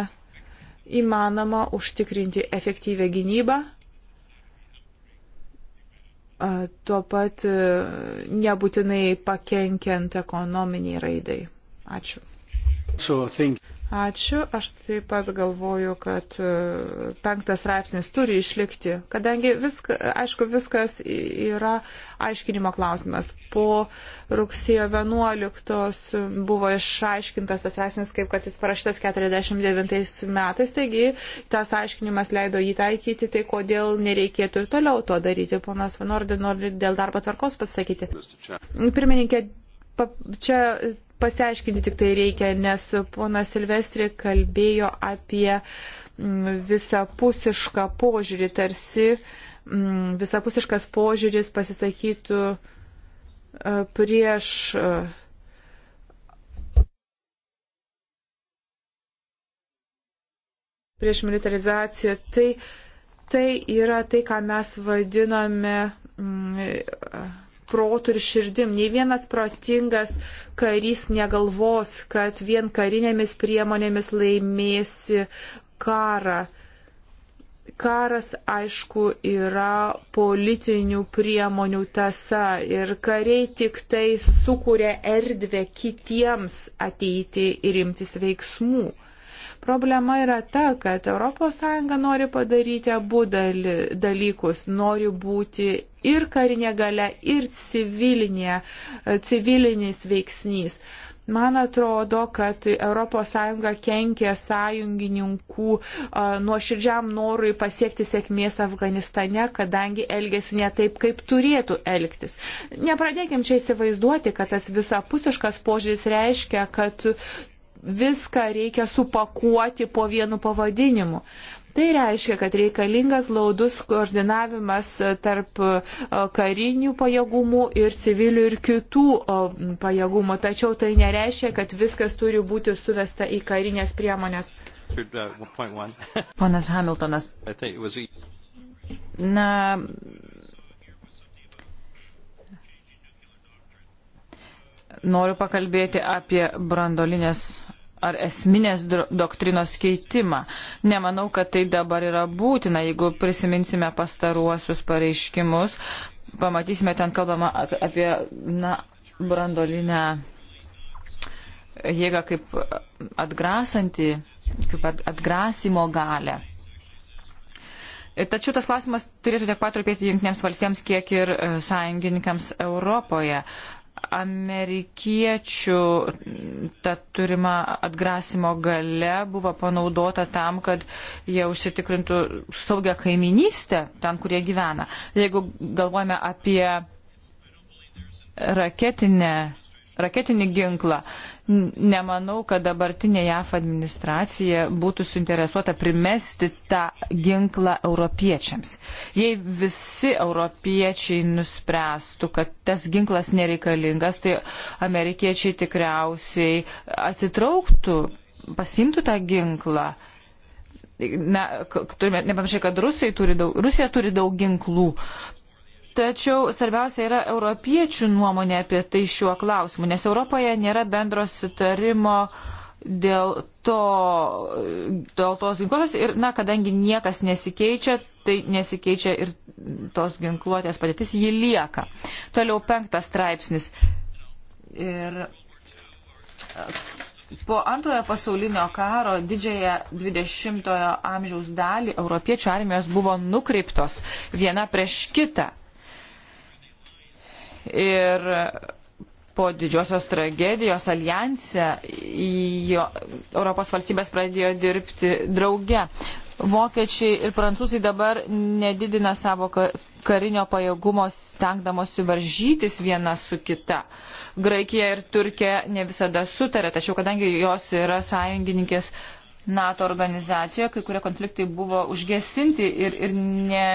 įmanoma užtikrinti efektyvę gynybą tuo pat nebūtinai pakenkiant ekonominiai raidai. Ačiū. So, think... Ačiū. Aš taip pat galvoju, kad e, penktas straipsnis turi išlikti, kadangi viska, aišku, viskas yra aiškinimo klausimas. Po rugsėjo 11 buvo išaiškintas tas straipsnis, kaip kad jis parašytas 49 metais, taigi tas aiškinimas leido jį taikyti, tai kodėl nereikėtų ir toliau to daryti. Ponas Vanordė nori dėl darbo tvarkos pasakyti. Pirmininkė, čia pasiaiškinti tik tai reikia, nes ponas Silvestri kalbėjo apie mm, visapusišką požiūrį, tarsi mm, visapusiškas požiūris pasisakytų e, prieš e, prieš militarizaciją. Tai, tai yra tai, ką mes vadiname mm, protų ir širdim. Nei vienas protingas karys negalvos, kad vien karinėmis priemonėmis laimėsi karą. Karas, aišku, yra politinių priemonių tasa ir kariai tik tai sukuria erdvę kitiems ateiti ir imtis veiksmų. Problema yra ta, kad ES nori padaryti abu dalykus, nori būti ir karinė gale, ir civilinė, civilinis veiksnys. Man atrodo, kad ES kenkia sąjungininkų nuoširdžiam norui pasiekti sėkmės Afganistane, kadangi elgesi ne taip, kaip turėtų elgtis. Nepradėkim čia įsivaizduoti, kad tas visapusiškas požiūris reiškia, kad viską reikia supakuoti po vienu pavadinimu. Tai reiškia, kad reikalingas laudus koordinavimas tarp e, karinių pajėgumų ir civilių ir kitų e, pajėgumų. Tačiau tai nereiškia, kad viskas turi būti suvesta į karinės priemonės. Ponas Hamiltonas. Na. Noriu pakalbėti apie brandolinės ar esminės doktrinos keitimą. Nemanau, kad tai dabar yra būtina, jeigu prisiminsime pastaruosius pareiškimus, pamatysime ten kalbama apie na, brandolinę jėgą kaip atgrasanti, kaip atgrasimo galę. E, tačiau tas klausimas turėtų tiek pat rūpėti jungtinėms valstybėms, kiek ir e, sąjungininkams Europoje amerikiečių ta turima atgrasimo gale buvo panaudota tam, kad jie užsitikrintų saugią kaiminystę ten, kurie gyvena. Jeigu galvojame apie raketinę, raketinį ginklą, nemanau, kad dabartinė JAF administracija būtų suinteresuota primesti tą ginklą europiečiams. Jei visi europiečiai nuspręstų, kad tas ginklas nereikalingas, tai amerikiečiai tikriausiai atitrauktų, pasimtų tą ginklą. Na, turime, nepamiršai, kad turi daug, Rusija turi daug ginklų, Tačiau svarbiausia yra europiečių nuomonė apie tai šiuo klausimu, nes Europoje nėra bendro sutarimo dėl, to, dėl tos ginkluotės ir, na, kadangi niekas nesikeičia, tai nesikeičia ir tos ginkluotės padėtis, ji lieka. Toliau penktas straipsnis. Ir po antrojo pasaulinio karo didžiąją 20-ojo amžiaus dalį europiečių armijos buvo nukreiptos viena prieš kitą ir po didžiosios tragedijos alijanse jo, Europos valstybės pradėjo dirbti drauge. Vokiečiai ir prancūzai dabar nedidina savo karinio pajėgumo stengdamosi varžytis viena su kita. Graikija ir Turkija ne visada sutarė, tačiau kadangi jos yra sąjungininkės NATO organizacijoje, kai kurie konfliktai buvo užgesinti ir, ir ne,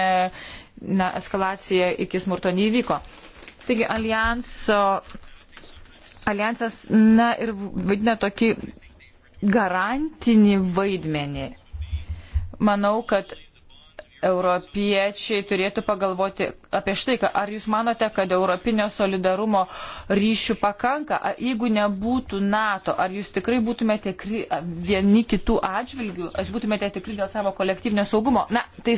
na, eskalacija iki smurto neįvyko. Taigi alijanso, alijansas na, ir vaidina tokį garantinį vaidmenį. Manau, kad europiečiai turėtų pagalvoti apie štai, ar jūs manote, kad europinio solidarumo ryšių pakanka, ar jeigu nebūtų NATO, ar jūs tikrai būtumėte tikri vieni kitų atžvilgių, ar jūs būtumėte tikri dėl savo kolektyvinio saugumo. Na, tai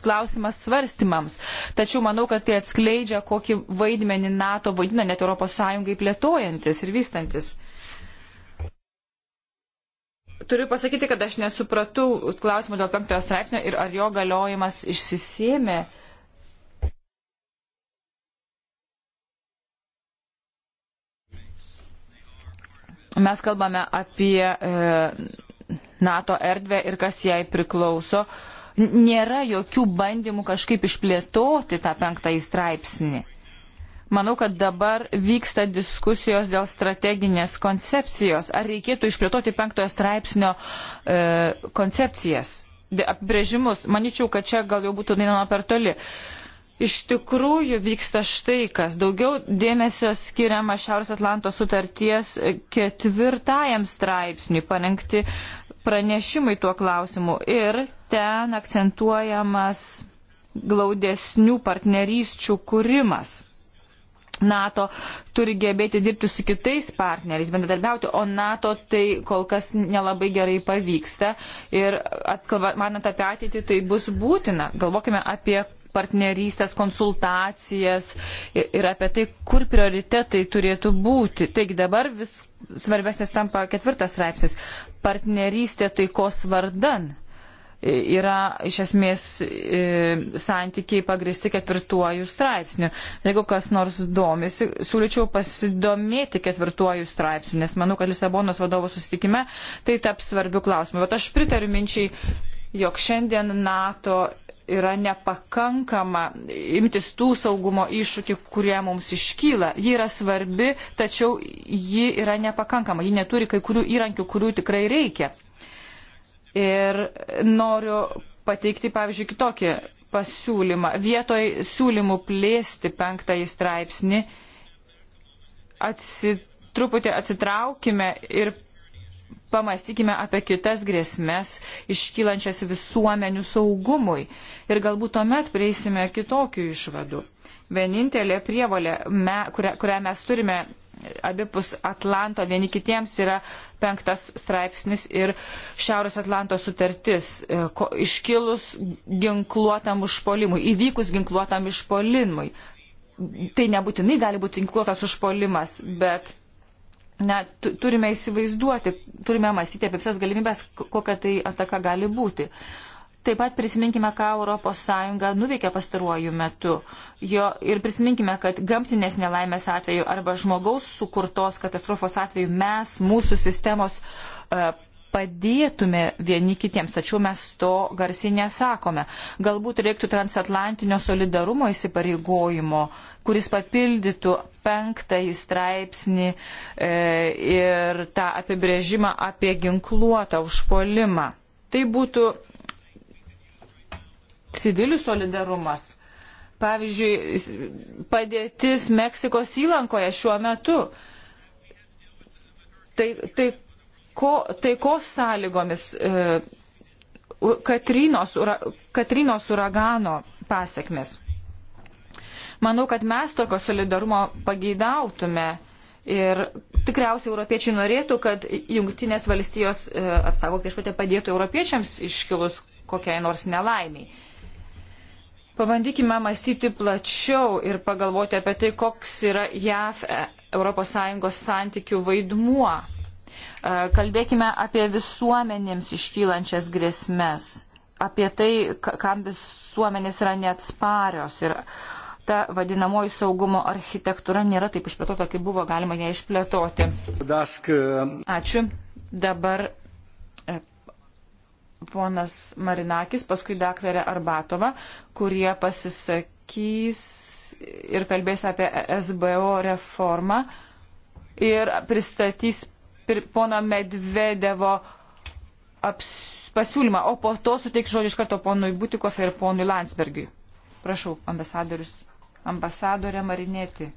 klausimas svarstymams. Tačiau manau, kad tai atskleidžia, kokį vaidmenį NATO vaidina net ES plėtojantis ir vystantis. Turiu pasakyti, kad aš nesupratau klausimų dėl penktojo straipsnio ir ar jo galiojimas išsisėmė. Mes kalbame apie e, NATO erdvę ir kas jai priklauso. E, nėra jokių bandymų kažkaip išplėtoti tą penktąjį straipsnį. Manau, kad dabar vyksta diskusijos dėl strateginės koncepcijos. Ar reikėtų išplėtoti penktojo straipsnio e, koncepcijas, apibrėžimus? Manyčiau, kad čia gal jau būtų einama per toli. Iš tikrųjų vyksta štai kas. Daugiau dėmesio skiriama Šiaurės Atlanto sutarties ketvirtajam straipsniui, parengti pranešimai tuo klausimu ir ten akcentuojamas glaudesnių partnerysčių kūrimas. NATO turi gebėti dirbti su kitais partneriais, bendradarbiauti, o NATO tai kol kas nelabai gerai pavyksta. Ir manant apie ateitį, tai bus būtina. Galvokime apie partnerystės, konsultacijas ir, ir apie tai, kur prioritetai turėtų būti. Taigi dabar vis svarbesnis tampa ketvirtas straipsnis partnerystė taikos vardan yra iš esmės santykiai pagristi ketvirtuoju straipsniu. Jeigu kas nors domisi, siūlyčiau pasidomėti ketvirtuoju straipsniu, nes manau, kad Lisabonos vadovų susitikime tai taps svarbių klausimų. Bet aš pritariu minčiai jog šiandien NATO yra nepakankama imtis tų saugumo iššūkių, kurie mums iškyla. Ji yra svarbi, tačiau ji yra nepakankama. Ji neturi kai kurių įrankių, kurių tikrai reikia. Ir noriu pateikti, pavyzdžiui, kitokį pasiūlymą. Vietoj siūlymų plėsti penktąjį straipsnį, atsi, truputį atsitraukime ir pamastykime apie kitas grėsmės iškylančias visuomenių saugumui ir galbūt tuomet prieisime kitokių išvadų. Vienintelė prievalė, me, kurią, kurią mes turime abipus Atlanto vieni kitiems yra penktas straipsnis ir Šiaurės Atlanto sutartis e, ko, iškilus ginkluotam užpolimui, įvykus ginkluotam išpolimui. Tai nebūtinai gali būti ginkluotas užpolimas, bet na, turime įsivaizduoti, turime mąstyti apie visas galimybės, kokia tai ataka gali būti. Taip pat prisiminkime, ką ES nuveikė pastaruoju metu. Jo, ir prisiminkime, kad gamtinės nelaimės atveju arba žmogaus sukurtos katastrofos atveju mes, mūsų sistemos e, padėtume vieni kitiems, tačiau mes to garsiai nesakome. Galbūt reiktų transatlantinio solidarumo įsipareigojimo, kuris papildytų penktąjį straipsnį e, ir tą apibrėžimą apie ginkluotą užpolimą. Tai būtų civilių solidarumas. Pavyzdžiui, padėtis Meksikos įlankoje šiuo metu. Tai, tai ko, taikos sąlygomis e, Katrinos, ura, Katrinos uragano pasiekmes. Manau, kad mes tokio solidarumo pageidautume ir tikriausiai europiečiai norėtų, kad jungtinės valstijos e, apsaugok viešpatė padėtų europiečiams iškilus kokiai nors nelaimiai. Pabandykime mąstyti plačiau ir pagalvoti apie tai, koks yra JAV ES santykių vaidmuo E, kalbėkime apie visuomenėms iškylančias grėsmes, apie tai, kam visuomenės yra neatsparios ir ta vadinamoji saugumo architektūra nėra taip išplėtota, kaip buvo galima ją išplėtoti. E, Ačiū. Dabar e, ponas Marinakis, paskui daktarė Arbatova, kurie pasisakys ir kalbės apie SBO reformą ir pristatys pono Medvedevo aps, pasiūlymą, o po to suteiks žodį iš karto ponui Butikofe ir ponui Landsbergiui. Prašau, ambasadorius, ambasadorė Marinėti.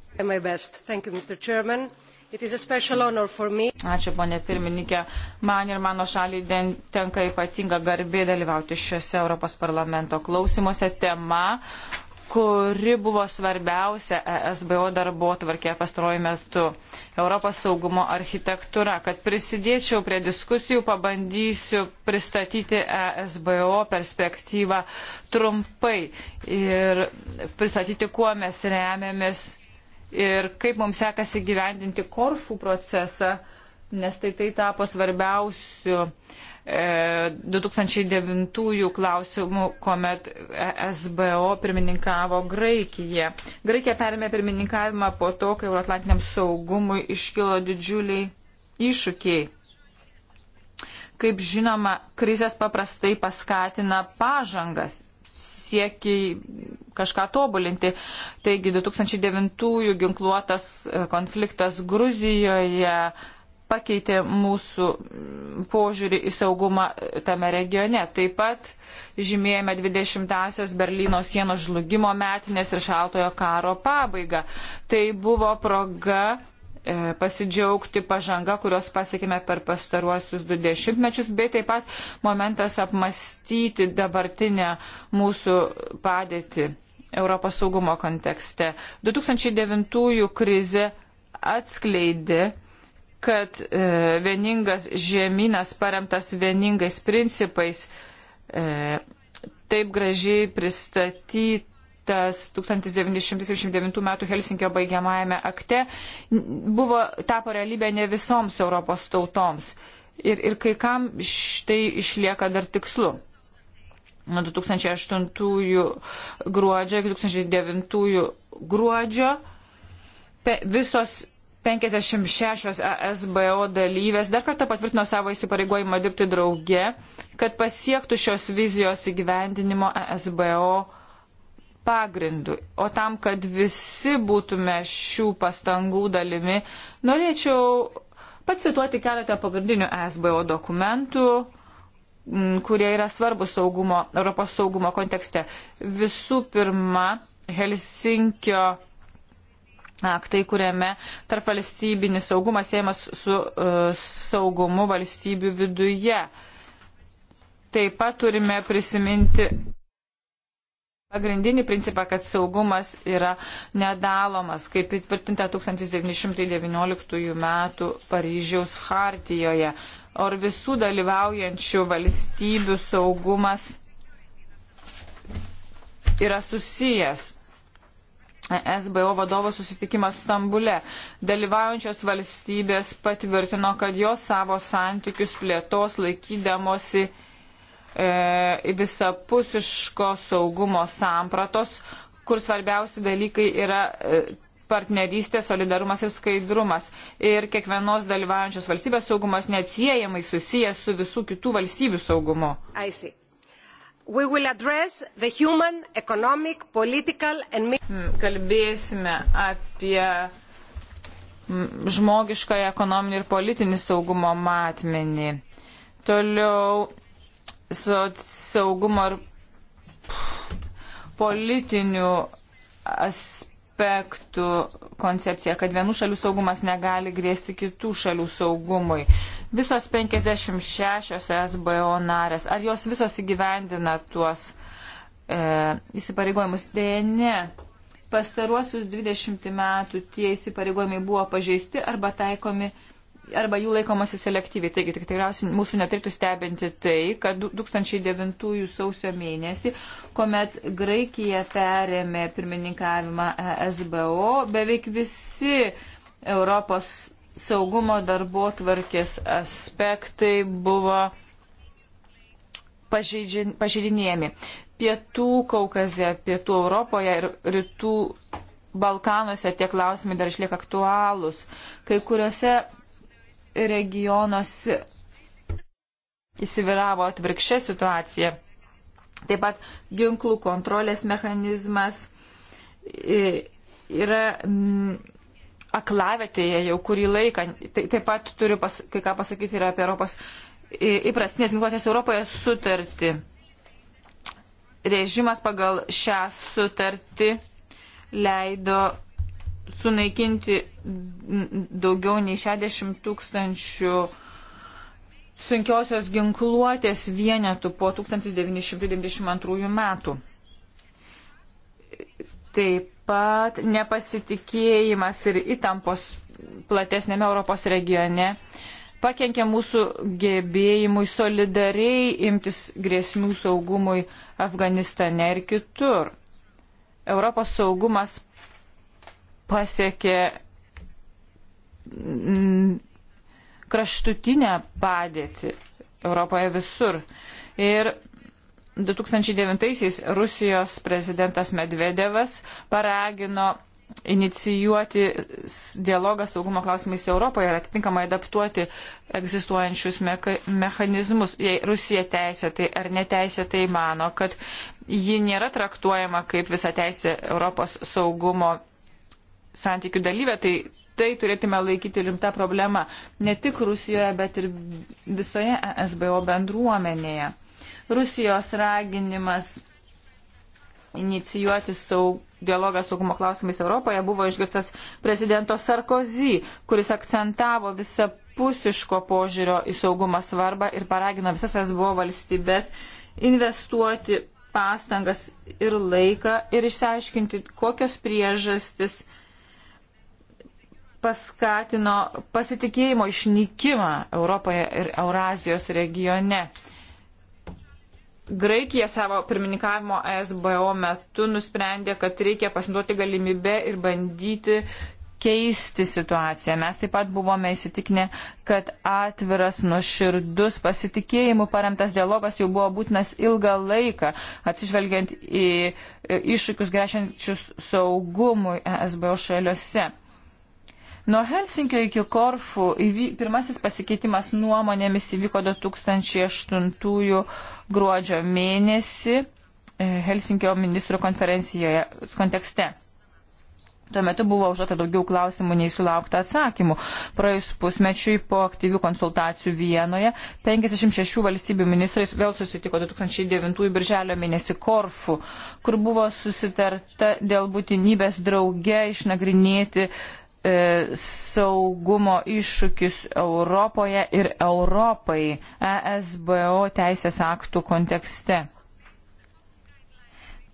Ačiū, ponė pirmininkė. Man ir mano šaliai tenka ypatinga garbė dalyvauti šiuose Europos parlamento klausimuose tema, kuri buvo svarbiausia ESBO darbo tvarkė pastaruoju metu - Europos saugumo architektūra. Kad prisidėčiau prie diskusijų, pabandysiu pristatyti ESBO perspektyvą trumpai ir pristatyti, kuo mes remiamės ir kaip mums sekasi gyvendinti Korfų procesą, nes tai tai tapo svarbiausiu uh, 2009 e, klausimų, kuomet e SBO pirmininkavo Graikija. Graikija perėmė pirmininkavimą po to, kai Euroatlantiniam saugumui iškilo didžiuliai iššūkiai. Kaip žinoma, krizės paprastai paskatina pažangas siekiai kažką tobulinti. Taigi 2009 ginkluotas konfliktas Gruzijoje pakeitė mūsų požiūrį į saugumą tame regione. Taip pat žymėjame 20-asias Berlyno sienos žlugimo metinės ir šaltojo karo pabaigą. Tai buvo proga e, pasidžiaugti pažanga, kurios pasiekime per pastaruosius du dešimtmečius, bei taip pat momentas apmastyti dabartinę mūsų padėtį Europos saugumo kontekste. 2009 krizė atskleidė, kad e, vieningas žemynas paremtas vieningais principais, e, taip gražiai pristatytas 1979 m. Helsinkio baigiamajame akte, buvo tapo realybė ne visoms Europos tautoms. Ir, ir kai kam štai išlieka dar tikslu nuo 2008 gruodžio iki 2009 gruodžio pe, visos 56 ESBO dalyvės dar kartą patvirtino savo įsipareigojimą dirbti drauge, kad pasiektų šios vizijos įgyvendinimo ESBO pagrindu. O tam, kad visi būtume šių pastangų dalimi, norėčiau pacituoti keletą pagrindinių ESBO dokumentų kurie yra svarbus saugumo, Europos saugumo kontekste. Visų pirma, Helsinkio aktai, kuriame tarp valstybinis saugumas siejamas su uh, saugumu valstybių viduje. Taip pat turime prisiminti pagrindinį principą, kad saugumas yra nedalomas, kaip įtvirtinta 1919 m. Paryžiaus hartijoje. O visų dalyvaujančių valstybių saugumas yra susijęs SBO vadovo susitikimas Stambule. Dalyvaujančios valstybės patvirtino, kad jos savo santykius plėtos laikydamosi e, visapusiško saugumo sampratos, kur svarbiausi dalykai yra e, partnerystė, solidarumas ir skaidrumas. Ir kiekvienos dalyvaujančios valstybės saugumas neatsiejamai susijęs su visų kitų valstybių saugumu. Aisai. We will address the human, economic, political and... Hmm, kalbėsime apie žmogiškąją ekonominį ir politinį saugumo matmenį. Toliau saugumo ir politinių aspektų koncepcija, kad vienų šalių saugumas negali grėsti kitų šalių saugumui. Visos 56 SBO narės, ar jos visos įgyvendina tuos e, įsipareigojimus? Dėja, ne. Pastaruosius 20 metų tie įsipareigojimai buvo pažeisti arba taikomi arba jų laikomasi selektyviai. Taigi, tik tikriausiai mūsų neturėtų stebinti tai, kad 2009 sausio mėnesį, kuomet Graikija perėmė pirmininkavimą ESBO, beveik visi Europos saugumo darbo tvarkės aspektai buvo pažeidinėjami. Pietų Kaukaze, Pietų Europoje ir Rytų Balkanuose tie klausimai dar išlieka aktualūs. Kai kuriuose regionuose įsiviravo atvirkščia situacija. Taip pat ginklų kontrolės mechanizmas yra aklavėtėje jau kurį laiką. Ta, taip pat turiu pas, kai ką pasakyti ir apie Europos įprastinės ginkluotės Europoje sutartį. Režimas pagal šią sutartį leido sunaikinti daugiau nei 60 tūkstančių sunkiosios ginkluotės vienetų po 1992 metų. Taip pat nepasitikėjimas ir įtampos platesnėme Europos regione pakenkia mūsų gebėjimui solidariai imtis grėsmių saugumui Afganistane ir kitur. Europos saugumas pasiekė mm, kraštutinę padėtį Europoje visur. Ir 2009-aisiais Rusijos prezidentas Medvedevas paragino inicijuoti dialogą saugumo klausimais Europoje ir atitinkamai adaptuoti egzistuojančius meka mechanizmus. Jei Rusija teisė tai ar neteisė tai mano, kad ji nėra traktuojama kaip visa teisė Europos saugumo santykių dalyvė, tai tai turėtume laikyti rimta problema ne tik Rusijoje, bet ir visoje e SBO bendruomenėje. Rusijos raginimas inicijuoti saug, dialogą saugumo klausimais Europoje buvo išgirstas prezidento Sarkozy, kuris akcentavo visapusiško požiūrio į saugumą svarbą ir paragino visas SBO valstybės investuoti pastangas ir laiką ir išsiaiškinti, kokios priežastis paskatino pasitikėjimo išnykimą Europoje ir Eurazijos regione. Graikija savo pirmininkavimo SBO metu nusprendė, kad reikia pasinduoti galimybę ir bandyti keisti situaciją. Mes taip pat buvome įsitikinę, kad atviras, nuoširdus, pasitikėjimų paremtas dialogas jau buvo būtinas ilgą laiką, atsižvelgiant į iššūkius grešiančius saugumui SBO šaliuose. Nuo Helsinkio iki Korfų įvy, pirmasis pasikeitimas nuomonėmis įvyko 2008 gruodžio mėnesį e, Helsinkio ministrų konferencijoje kontekste. Tuo metu buvo užduota daugiau klausimų nei sulaukta atsakymų. Praėjus pusmečiui po aktyvių konsultacijų Vienoje 56 valstybių ministrais vėl susitiko 2009 birželio mėnesį Korfu, kur buvo susitarta dėl būtinybės drauge išnagrinėti uh, E, saugumo iššūkius Europoje ir Europai ESBO teisės aktų kontekste.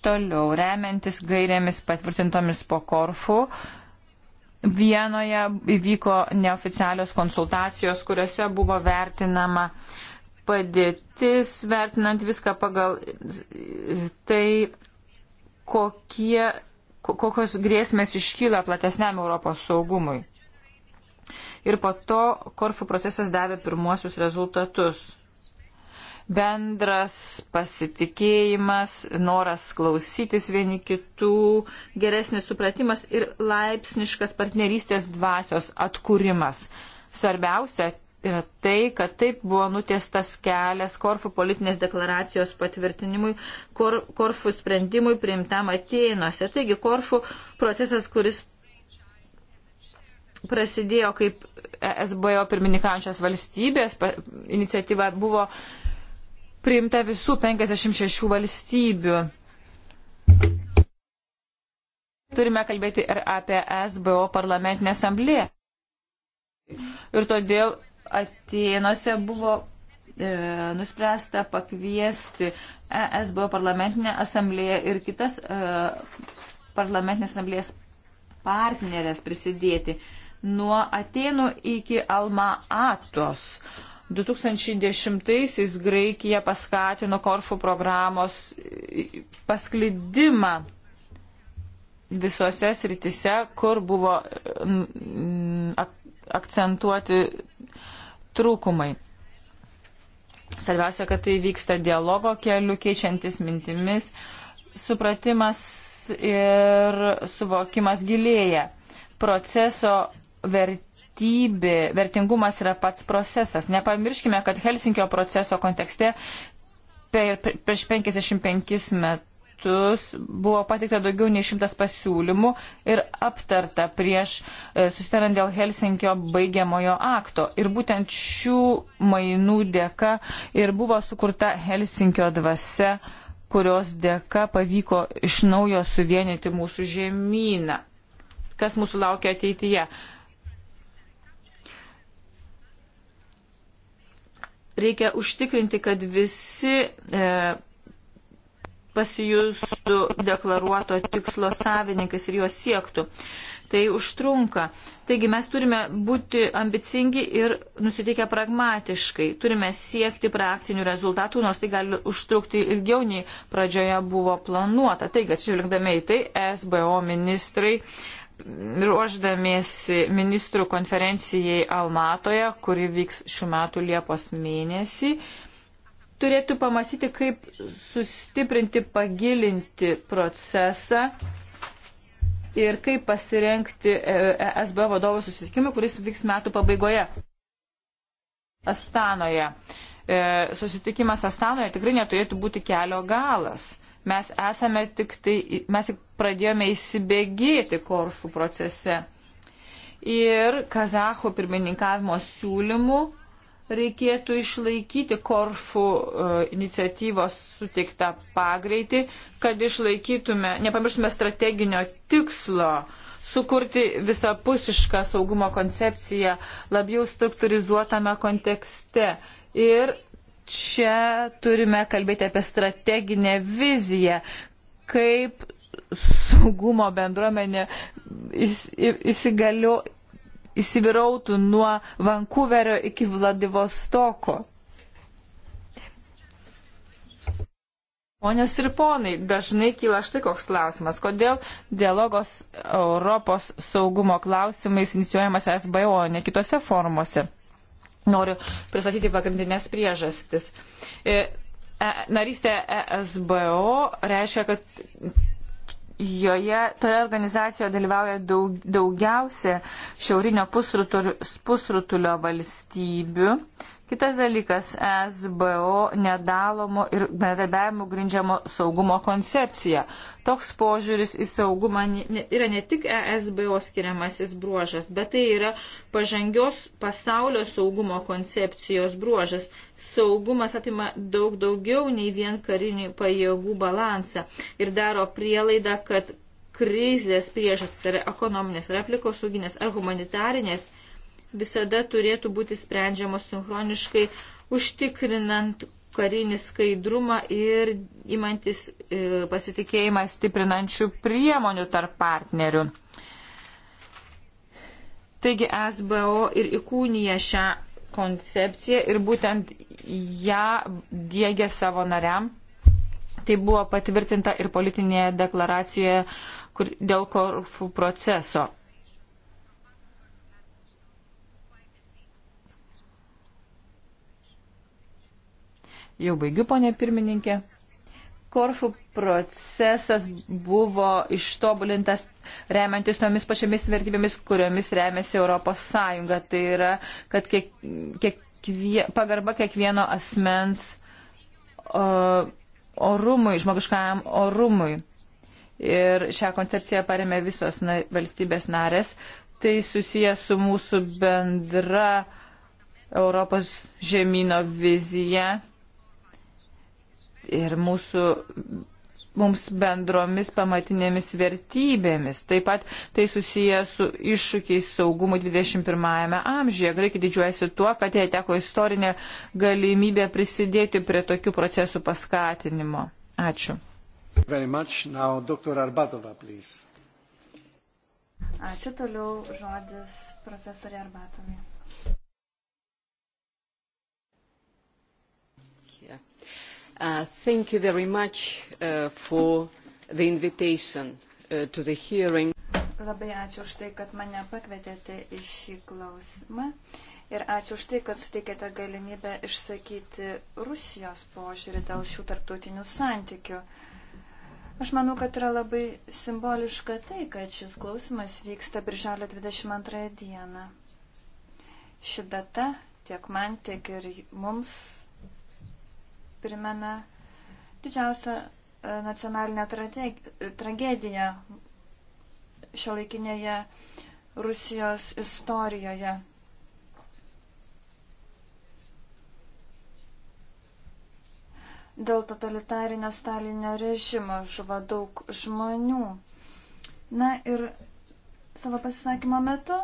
Toliau, remiantis gairėmis patvirtintomis po Korfu, Vienoje įvyko neoficialios konsultacijos, kuriuose buvo vertinama padėtis, vertinant viską pagal tai, kokie kokios grėsmės iškyla platesniam Europos saugumui. Ir po to Korfų procesas davė pirmuosius rezultatus. Bendras pasitikėjimas, noras klausytis vieni kitų, geresnis supratimas ir laipsniškas partnerystės dvasios atkūrimas. Svarbiausia yra tai, kad taip buvo nutiestas kelias Korfų politinės deklaracijos patvirtinimui, kor, Korfų sprendimui priimtam Atėnuose. Taigi Korfų procesas, kuris prasidėjo kaip e SBO pirmininkančios valstybės iniciatyva, buvo priimta visų 56 valstybių. Turime kalbėti ir apie e SBO parlamentinę asamblėją. Ir todėl Atėnuose buvo e, nuspręsta pakviesti ESBO parlamentinę asamblėją ir kitas e, parlamentinės asamblėjas partnerės prisidėti nuo Atenų iki Alma Atos. 2010-aisiais Graikija paskatino Korfų programos e, pasklidimą visose sritise, kur buvo akcentuoti trūkumai. Svarbiausia, kad tai vyksta dialogo keliu, keičiantis mintimis, supratimas ir suvokimas gilėja. Proceso vertybė, vertingumas yra pats procesas. Nepamirškime, kad Helsinkio proceso kontekste per, prieš 55 metus metus buvo patikta daugiau nei šimtas pasiūlymų ir aptarta prieš e, susitarant dėl Helsinkio baigiamojo akto. Ir būtent šių mainų dėka ir buvo sukurta Helsinkio dvasia, kurios dėka pavyko iš naujo suvienyti mūsų žemyną. Kas mūsų laukia ateityje? reikia užtikrinti, kad visi e, pasijustų deklaruoto tikslo savininkais ir jo siektų. Tai užtrunka. Taigi mes turime būti ambicingi ir nusiteikę pragmatiškai. Turime siekti praktinių rezultatų, nors tai gali užtrukti ilgiau nei pradžioje buvo planuota. Taigi, atsižvelgdami į tai, SBO ministrai ruoždamiesi ministrų konferencijai Almatoje, kuri vyks šių metų Liepos mėnesį, turėtų pamastyti, kaip sustiprinti, pagilinti procesą ir kaip pasirenkti ESB e vadovų susitikimui, kuris vyks metų pabaigoje Astanoje. E, susitikimas Astanoje tikrai neturėtų būti kelio galas. Mes esame tik tai, mes tik pradėjome įsibėgėti Korfų procese. Ir Kazachų pirmininkavimo siūlymų reikėtų išlaikyti Korfų e, iniciatyvos suteiktą pagreitį, kad išlaikytume, nepamirštume strateginio tikslo sukurti visapusišką saugumo koncepciją labiau struktūrizuotame kontekste. Ir čia turime kalbėti apie strateginę viziją, kaip saugumo bendruomenė įsigalio, įsivyrautų nuo Vankuverio iki Vladivostoko. Ponios ir ponai, dažnai kyla štai koks klausimas, kodėl dialogos Europos saugumo klausimais inicijuojamas FBO, o ne kitose formuose. Noriu pristatyti pagrindinės priežastis. E, e, narystė ESBO reiškia, kad joje, toje organizacijoje dalyvauja daug, daugiausia šiaurinio pusrutulio valstybių. Kitas dalykas - SBO nedalomo ir bendradarbiavimų grindžiamo saugumo koncepcija. Toks požiūris į saugumą yra ne tik ESBO skiriamasis bruožas, bet tai yra pažangios pasaulio saugumo koncepcijos bruožas saugumas apima daug daugiau nei vien karinių pajėgų balansą ir daro prielaidą, kad krizės priežastis yra ekonominės, ar aplikosauginės, ar humanitarinės visada turėtų būti sprendžiamos sinchroniškai, užtikrinant karinį skaidrumą ir imantis e, pasitikėjimą stiprinančių priemonių tarp partnerių. Taigi SBO ir įkūnija šią koncepciją ir būtent ją dėgė savo nariam. Tai buvo patvirtinta ir politinėje deklaracijoje kur, dėl korfų proceso. Jau baigiu, ponė pirmininkė. Korfų procesas buvo ištobulintas remiantis tomis pačiamis vertybėmis, kuriomis remiasi Europos Sąjunga. Tai yra, kad kiek, kiekvie, pagarba kiekvieno asmens uh, orumui, žmogiškajam orumui. Ir šią koncepciją paremė visos na, valstybės narės. Tai susijęs su mūsų bendra Europos žemynų vizija ir mūsų mums bendromis pamatinėmis vertybėmis. Taip pat tai susiję su iššūkiais saugumų 21-ame amžiuje. Graikiai didžiuojasi tuo, kad jie teko istorinė galimybė prisidėti prie tokių procesų paskatinimo. Ačiū. Now, Arbatova, please. Ačiū toliau žodis profesorė Arbatovai. Uh, thank you very much uh, for the invitation uh, to the hearing. Labai ačiū už tai, kad mane pakvietėte į šį klausimą ir ačiū už tai, kad suteikėte galimybę išsakyti Rusijos požiūrį dėl šių tarptautinių santykių. Aš manau, kad yra labai simboliška tai, kad šis klausimas vyksta birželio 22 dieną. Ši data tiek man, tiek ir mums primena didžiausią e, nacionalinę tragediją šiolaikinėje Rusijos istorijoje. Dėl totalitarinio Stalinio režimo žuvo daug žmonių. Na ir savo pasisakymo metu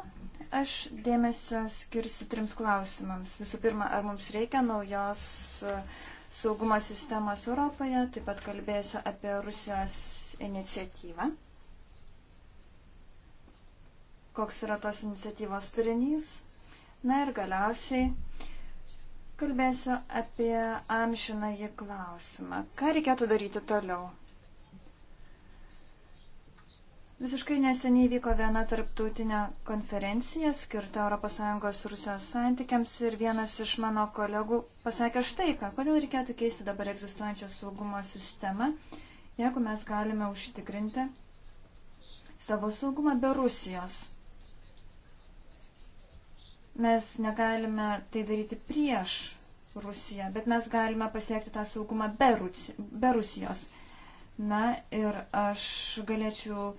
aš dėmesio skirsiu trims klausimams. Visų pirma, ar mums reikia naujos uh, saugumo sistemos Europoje, taip pat kalbėsiu apie Rusijos iniciatyvą. Koks yra tos iniciatyvos turinys? Na ir galiausiai kalbėsiu apie amžinąjį klausimą. Ką reikėtų daryti toliau? Visiškai neseniai vyko viena tarptautinė konferencija skirta ES ir Rusijos santykiams ir vienas iš mano kolegų pasakė štai ką, kodėl reikėtų keisti dabar egzistuojančią saugumo sistemą, jeigu mes galime užtikrinti savo saugumą be Rusijos. Mes negalime tai daryti prieš Rusiją, bet mes galime pasiekti tą saugumą be, Rusi, be Rusijos. Na ir aš galėčiau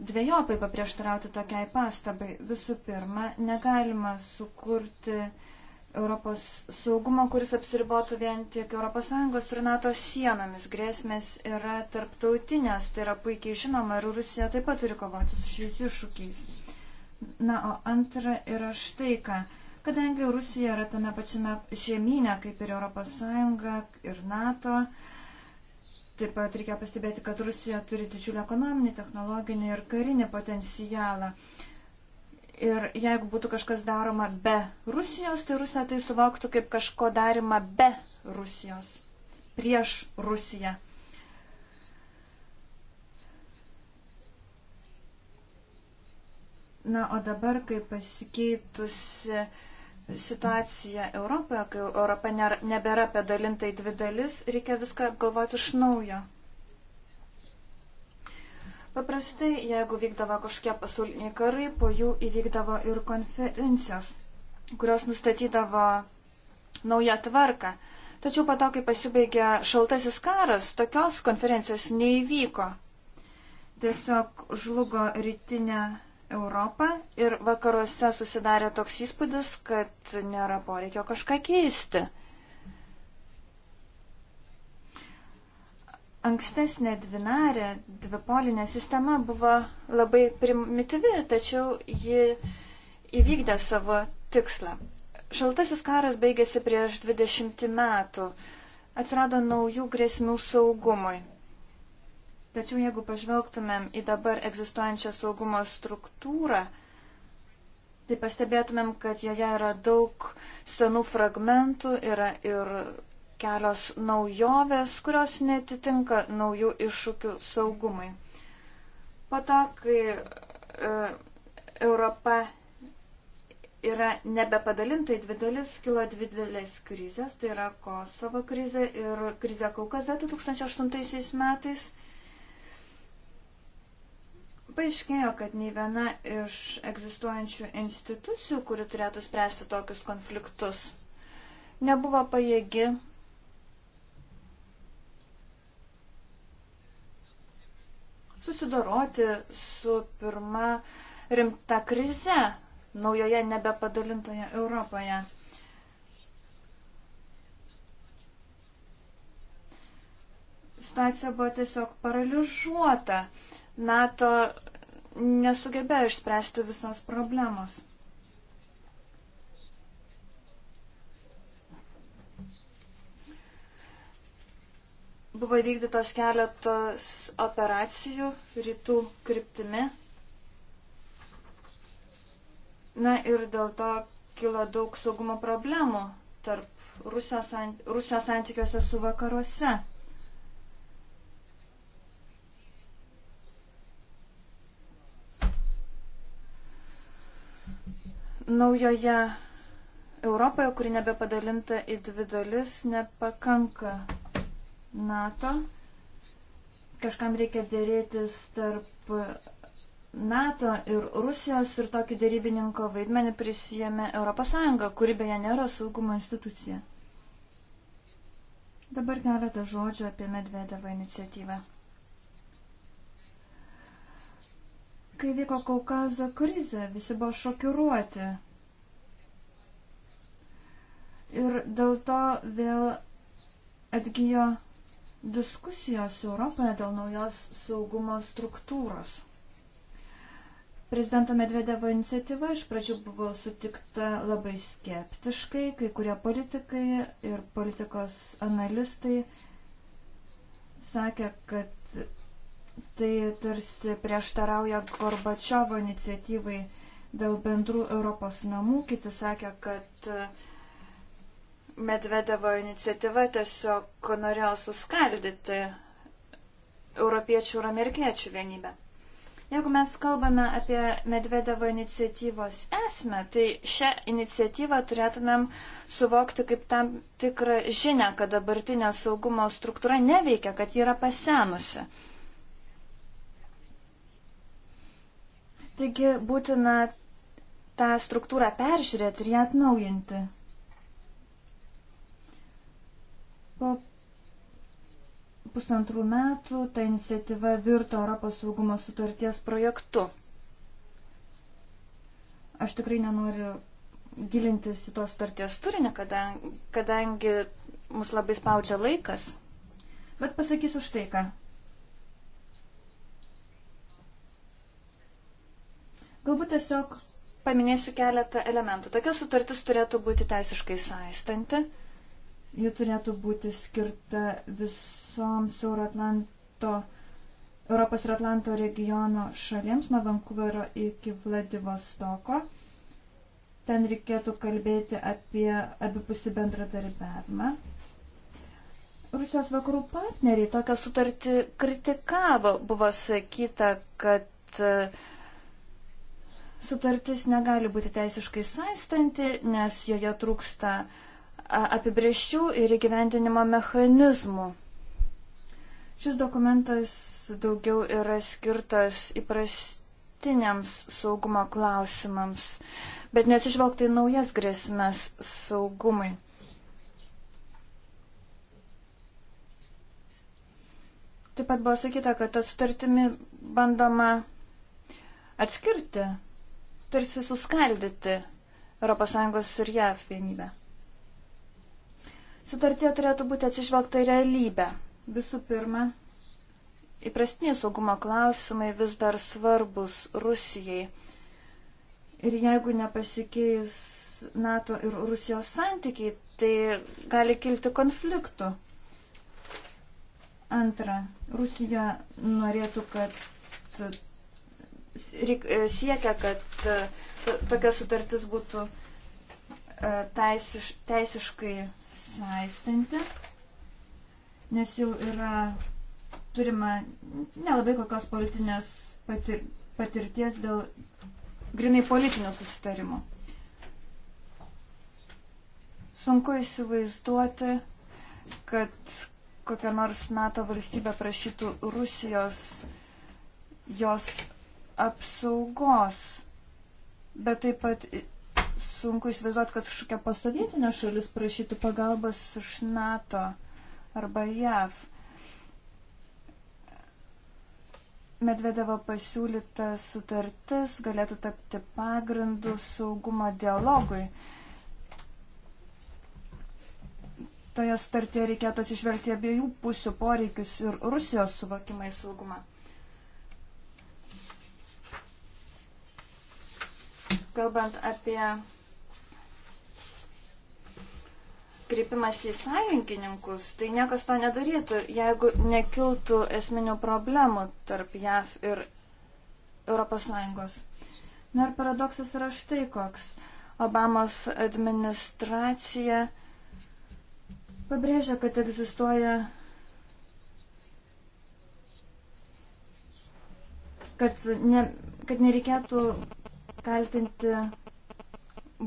dviejopai paprieštarauti tokiai pastabai. Visų pirma, negalima sukurti Europos saugumo, kuris apsiribotų vien tik ES ir NATO sienomis. Grėsmės yra tarptautinės, tai yra puikiai žinoma ir Rusija taip pat turi kovoti su šiais iššūkiais. Na, o antra yra štai ką. Kadangi Rusija yra tame pačiame žemynė, kaip ir ES ir NATO, uh, Taip pat reikia pastebėti, kad Rusija turi didžiulį ekonominį, technologinį ir karinį potencialą. Ir jeigu būtų kažkas daroma be Rusijos, tai Rusija tai suvoktų kaip kažko darima be Rusijos, prieš Rusiją. Na, o dabar, kai pasikeitusi situacija Europoje, kai Europa nebėra pedalinta į dvi dalis, reikia viską apgalvoti iš naujo. Paprastai, jeigu vykdavo kažkokie pasauliniai karai, po jų įvykdavo ir konferencijos, kurios nustatydavo naują tvarką. Tačiau po to, kai pasibaigė šaltasis karas, tokios konferencijos neįvyko. Tiesiog žlugo rytinė Europą ir vakaruose susidarė toks įspūdis, kad nėra poreikio kažką keisti. Ankstesnė dvinarė, dvipolinė sistema buvo labai primityvi, tačiau ji įvykdė savo tikslą. Šaltasis karas baigėsi prieš 20 metų. Atsirado naujų grėsmių saugumui. Tačiau jeigu pažvelgtumėm į dabar egzistuojančią saugumo struktūrą, tai pastebėtumėm, kad joje yra daug senų fragmentų, yra ir kelios naujovės, kurios netitinka naujų iššūkių saugumui. Po to, kai e, Europa yra nebepadalinta į dvi dalis, kilo dvi didelės krizės, tai yra Kosovo krizė ir krizė Kaukaze 2008 metais paaiškėjo, kad nei viena iš egzistuojančių institucijų, kuri turėtų spręsti tokius konfliktus, nebuvo pajėgi susidoroti su pirma rimta krize naujoje nebepadalintoje Europoje. situacija buvo tiesiog paralyžuota. NATO nesugebėjo išspręsti visos problemos. Buvo vykdytos keletos operacijų rytų kryptimi. Na ir dėl to kilo daug saugumo problemų tarp Rusijos, Rusijos santykiuose su vakaruose. Naujoje Europoje, kuri nebepadalinta į dvi dalis, nepakanka NATO. Kažkam reikia dėrėtis tarp NATO ir Rusijos ir tokį dėrybininko vaidmenį prisijėmė ES, kuri beje nėra saugumo institucija. Dabar keletą žodžių apie Medvedevą iniciatyvą. Kai vyko Kaukazo krizė, visi buvo šokiruoti. Ir dėl to vėl atgyjo diskusijos Europoje dėl naujos saugumo struktūros. Prezidento Medvedevo iniciatyva iš pradžių buvo sutikta labai skeptiškai, kai kurie politikai ir politikos analistai sakė, kad Tai tarsi prieštarauja Gorbačiovo iniciatyvai dėl bendrų Europos namų. Kiti sakė, kad Medvedevo iniciatyva tiesiog norėjo suskaldyti europiečių ir amerikiečių vienybę. Jeigu mes kalbame apie Medvedevo iniciatyvos esmę, tai šią iniciatyvą turėtumėm suvokti kaip tam tikrą žinę, kad dabartinė saugumo struktūra neveikia, kad ji yra pasenusi. Taigi būtina tą struktūrą peržiūrėti ir ją atnaujinti. Po pusantrų metų ta iniciatyva virto Europos saugumo sutarties projektu. Aš tikrai nenoriu gilintis į tos sutarties turinį, kadangi, kadangi mus labai spaudžia laikas. Bet pasakysiu štai ką. Galbūt tiesiog paminėsiu keletą elementų. Tokia sutartis turėtų būti teisiškai saistanti. Ji turėtų būti skirta visoms Euroatlanto, Europos ir Atlanto regiono šalims nuo Vancouvero iki Vladivostoko. Ten reikėtų kalbėti apie abipusį bendradarbiavimą. Rusijos vakarų partneriai tokią sutartį kritikavo. Buvo sakyta, kad uh, sutartis negali būti teisiškai saistanti, nes joje trūksta apibrieščių ir įgyventinimo mechanizmų. Šis dokumentas daugiau yra skirtas įprastiniams saugumo klausimams, bet nesižvelgti į naujas grėsmės saugumui. Taip pat buvo sakyta, kad tą sutartimi bandoma atskirti tarsi suskaldyti ES ir JAV vienybę. Sutartie turėtų būti atsižvelgta į realybę. Visų pirma, įprastiniai saugumo klausimai vis dar svarbus Rusijai. Ir jeigu nepasikeis NATO ir Rusijos santykiai, tai gali kilti konfliktų. Antra, Rusija norėtų, kad E, siekia, kad e, tokia sutartis būtų e, teisiš, teisiškai saistanti, nes jau yra turima nelabai kokios politinės patir, patirties dėl grinai politinio susitarimo. Sunku įsivaizduoti, kad kokia nors NATO valstybė prašytų Rusijos jos apsaugos, bet taip pat sunku įsivaizduoti, kad kažkokia posovietinė šalis prašytų pagalbos iš NATO arba JAV. Medvedevo pasiūlyta sutartis galėtų tapti pagrindu saugumo dialogui. Toje sutartyje reikėtų atsižvelgti abiejų pusių poreikius ir Rusijos suvokimą į saugumą. kalbant apie kreipimas į sąjungininkus, tai niekas to nedarytų, jeigu nekiltų esminių problemų tarp JAV ir ES. Na ir paradoksas yra štai koks. Obamos administracija pabrėžia, kad egzistuoja kad, ne, kad nereikėtų kaltinti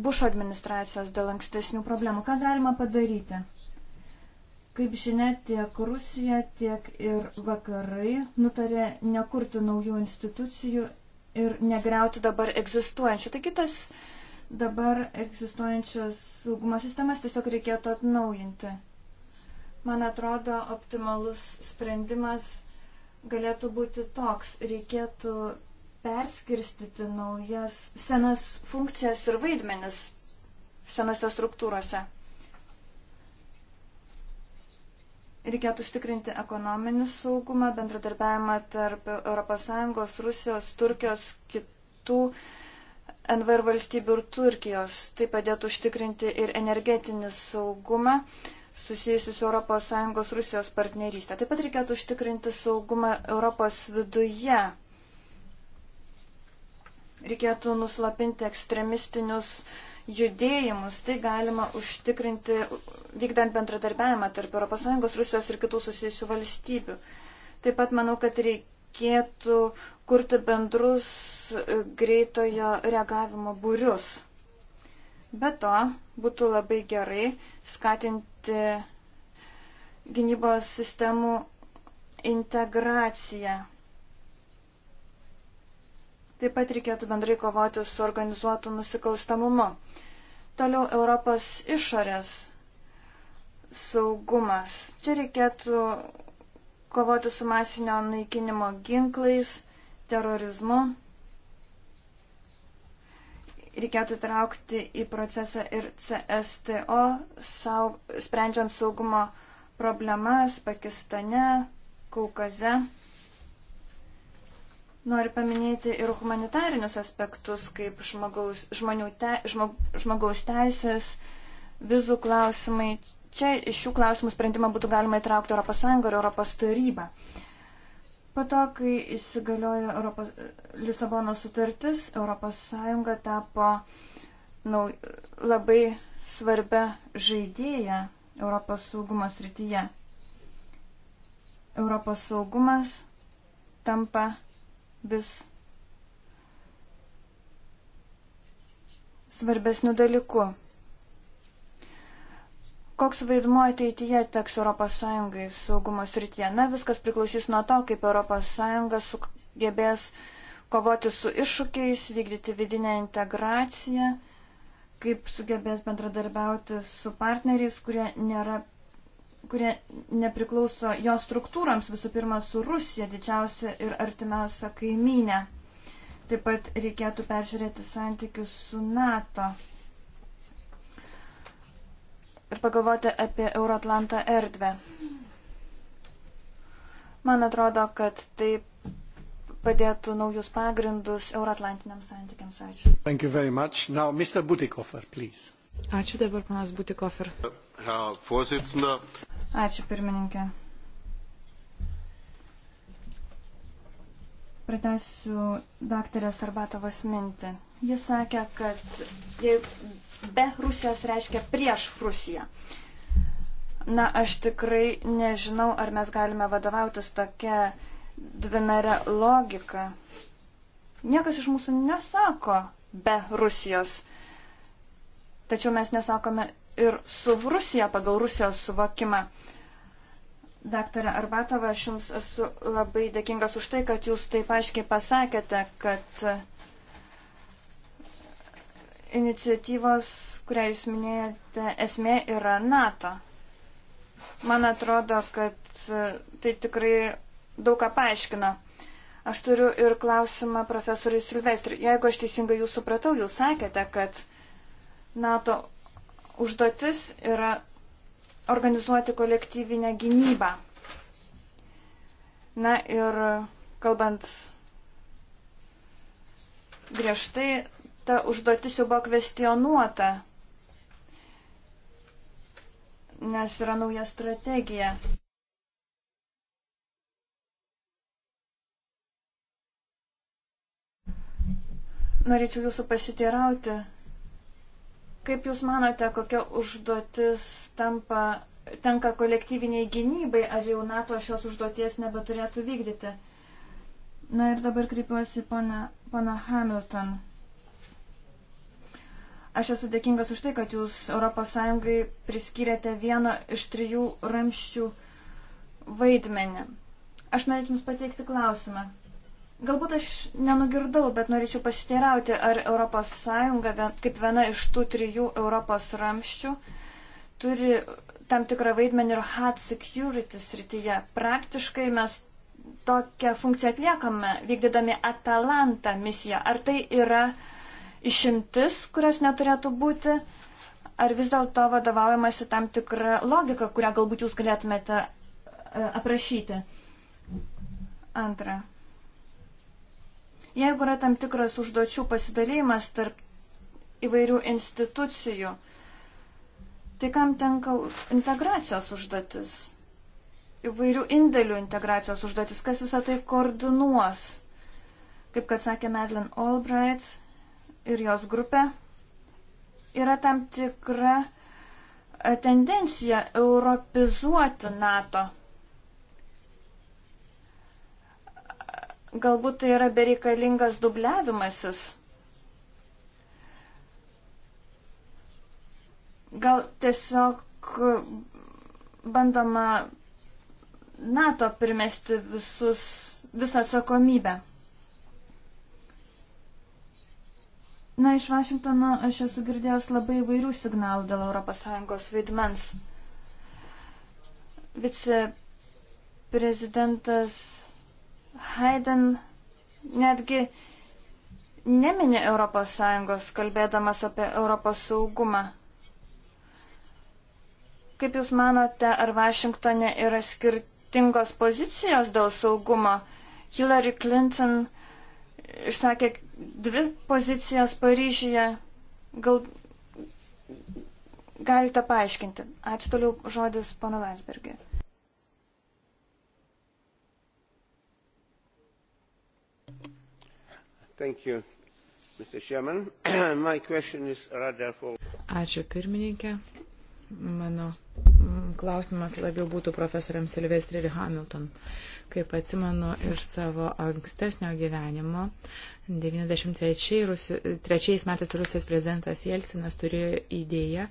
Bušo administracijos dėl ankstesnių problemų. Ką galima padaryti? Kaip žinia, tiek Rusija, tiek ir vakarai nutarė nekurti naujų institucijų ir negriauti dabar egzistuojančių. Tai kitas dabar egzistuojančias saugumo sistemas tiesiog reikėtų atnaujinti. Man atrodo, optimalus sprendimas galėtų būti toks. Reikėtų perskirstyti naujas senas funkcijas ir vaidmenis senose struktūrose. Reikėtų užtikrinti ekonominį saugumą, bendradarbiavimą tarp ES, Rusijos, Turkijos, kitų NVR valstybių ir Turkijos. Tai padėtų užtikrinti ir energetinį saugumą susijusius su ES Rusijos partnerystė. Taip pat reikėtų užtikrinti saugumą Europos viduje reikėtų nuslapinti ekstremistinius judėjimus. Tai galima užtikrinti, vykdant bendradarbiavimą tarp ES, Rusijos ir kitų susijusių valstybių. Taip pat manau, kad reikėtų kurti bendrus e, greitojo reagavimo būrius. Be to, būtų labai gerai skatinti gynybos sistemų integraciją Taip pat reikėtų bendrai kovoti su organizuotu nusikalstamumu. Toliau Europos išorės saugumas. Čia reikėtų kovoti su masinio naikinimo ginklais, terorizmu. Reikėtų traukti į procesą ir CSTO, saug, sprendžiant saugumo problemas Pakistane, Kaukaze. Noriu paminėti ir humanitarinius aspektus, kaip žmogaus, žmonių te, žmog, žmogaus teisės, vizų klausimai. Čia iš šių klausimų sprendimą būtų galima įtraukti ES ir ES tarybą. Po to, kai įsigaliojo Europos, Lisabono sutartis, ES tapo nau, labai svarbia žaidėja Europos saugumo srityje. Europos saugumas tampa vis svarbesniu dalyku. Koks vaidmuo ateityje teks ES saugumo srityje? Na, viskas priklausys nuo to, kaip ES sugebės kovoti su iššūkiais, vykdyti vidinę integraciją, kaip sugebės bendradarbiauti su partneriais, kurie nėra kurie nepriklauso jo struktūroms, visų pirma, su Rusija didžiausia ir artimiausia kaimynė. Taip pat reikėtų peržiūrėti santykius su NATO ir pagalvoti apie Euroatlantą erdvę. Man atrodo, kad tai padėtų naujus pagrindus euroatlantiniams santykiams. Ačiū. Thank you very much. Now, Mr. Butikofer, please. Ačiū dabar, panas Butikofer. Ačiū pirmininkė. Pratesiu daktarės Arbatovas mintį. Jis sakė, kad be Rusijos reiškia prieš Rusiją. Na, aš tikrai nežinau, ar mes galime vadovautis tokia dvinare logika. Niekas iš mūsų nesako be Rusijos. Tačiau mes nesakome ir su Rusija pagal Rusijos suvokimą. Daktarė Arbatova, aš Jums esu labai dėkingas už tai, kad Jūs taip aiškiai pasakėte, kad iniciatyvos, kurią Jūs minėjote, esmė yra NATO. Man atrodo, kad tai tikrai daug ką paaiškina. Aš turiu ir klausimą profesoriui Silvestriui. Jeigu aš teisingai jūs supratau, jūs sakėte, kad NATO užduotis yra organizuoti kolektyvinę gynybą. Na ir kalbant griežtai, ta užduotis jau buvo kvestionuota, nes yra nauja strategija. Norėčiau jūsų pasiteirauti, Kaip Jūs manote, kokia užduotis tampa, tenka kolektyviniai gynybai, ar jau NATO šios užduoties nebeturėtų vykdyti? Na ir dabar kreipiuosi pana Hamilton. Aš esu dėkingas už tai, kad jūs ES priskiriate vieną iš trijų ramščių vaidmenį. Aš norėčiau Jums pateikti klausimą. Galbūt aš nenugirdau, bet norėčiau pasiteirauti, ar ES kaip viena iš tų trijų Europos ramščių turi tam tikrą vaidmenį ir hard security srityje. Praktiškai mes tokią funkciją atliekame, vykdydami Atalanta misiją. Ar tai yra išimtis, kurios neturėtų būti, ar vis dėlto vadovaujamasi tam tikrą logiką, kurią galbūt jūs galėtumėte e, aprašyti? Antra. Jeigu yra tam tikras užduočių pasidalėjimas tarp įvairių institucijų, tai kam tenka integracijos užduotis? Įvairių indėlių integracijos užduotis, kas visą tai koordinuos? Kaip kad sakė Madeleine Albright ir jos grupė, yra tam tikra tendencija europizuoti NATO Galbūt tai yra bereikalingas dubliavimasis. Gal tiesiog bandoma NATO primesti visus, visą atsakomybę. Na, iš Vašingtono aš esu girdėjęs labai įvairių signalų dėl ES vaidmens. Viceprezidentas Haydn netgi nemini ES, kalbėdamas apie Europos saugumą. Kaip Jūs manote, ar Vašingtone yra skirtingos pozicijos dėl saugumo? Hillary Clinton išsakė dvi pozicijas Paryžyje. Gal galite paaiškinti? Ačiū toliau žodis pana Landsbergiai. Thank you, Mr. Chairman. [clears throat] My question is rather for... Ačiū pirmininkė. Mano mm, klausimas labiau būtų profesoriams Silvestri ir Hamilton. Kaip atsimenu iš savo ankstesnio gyvenimo, 93 Rusi, metais Rusijos prezidentas Jelsinas turėjo idėją,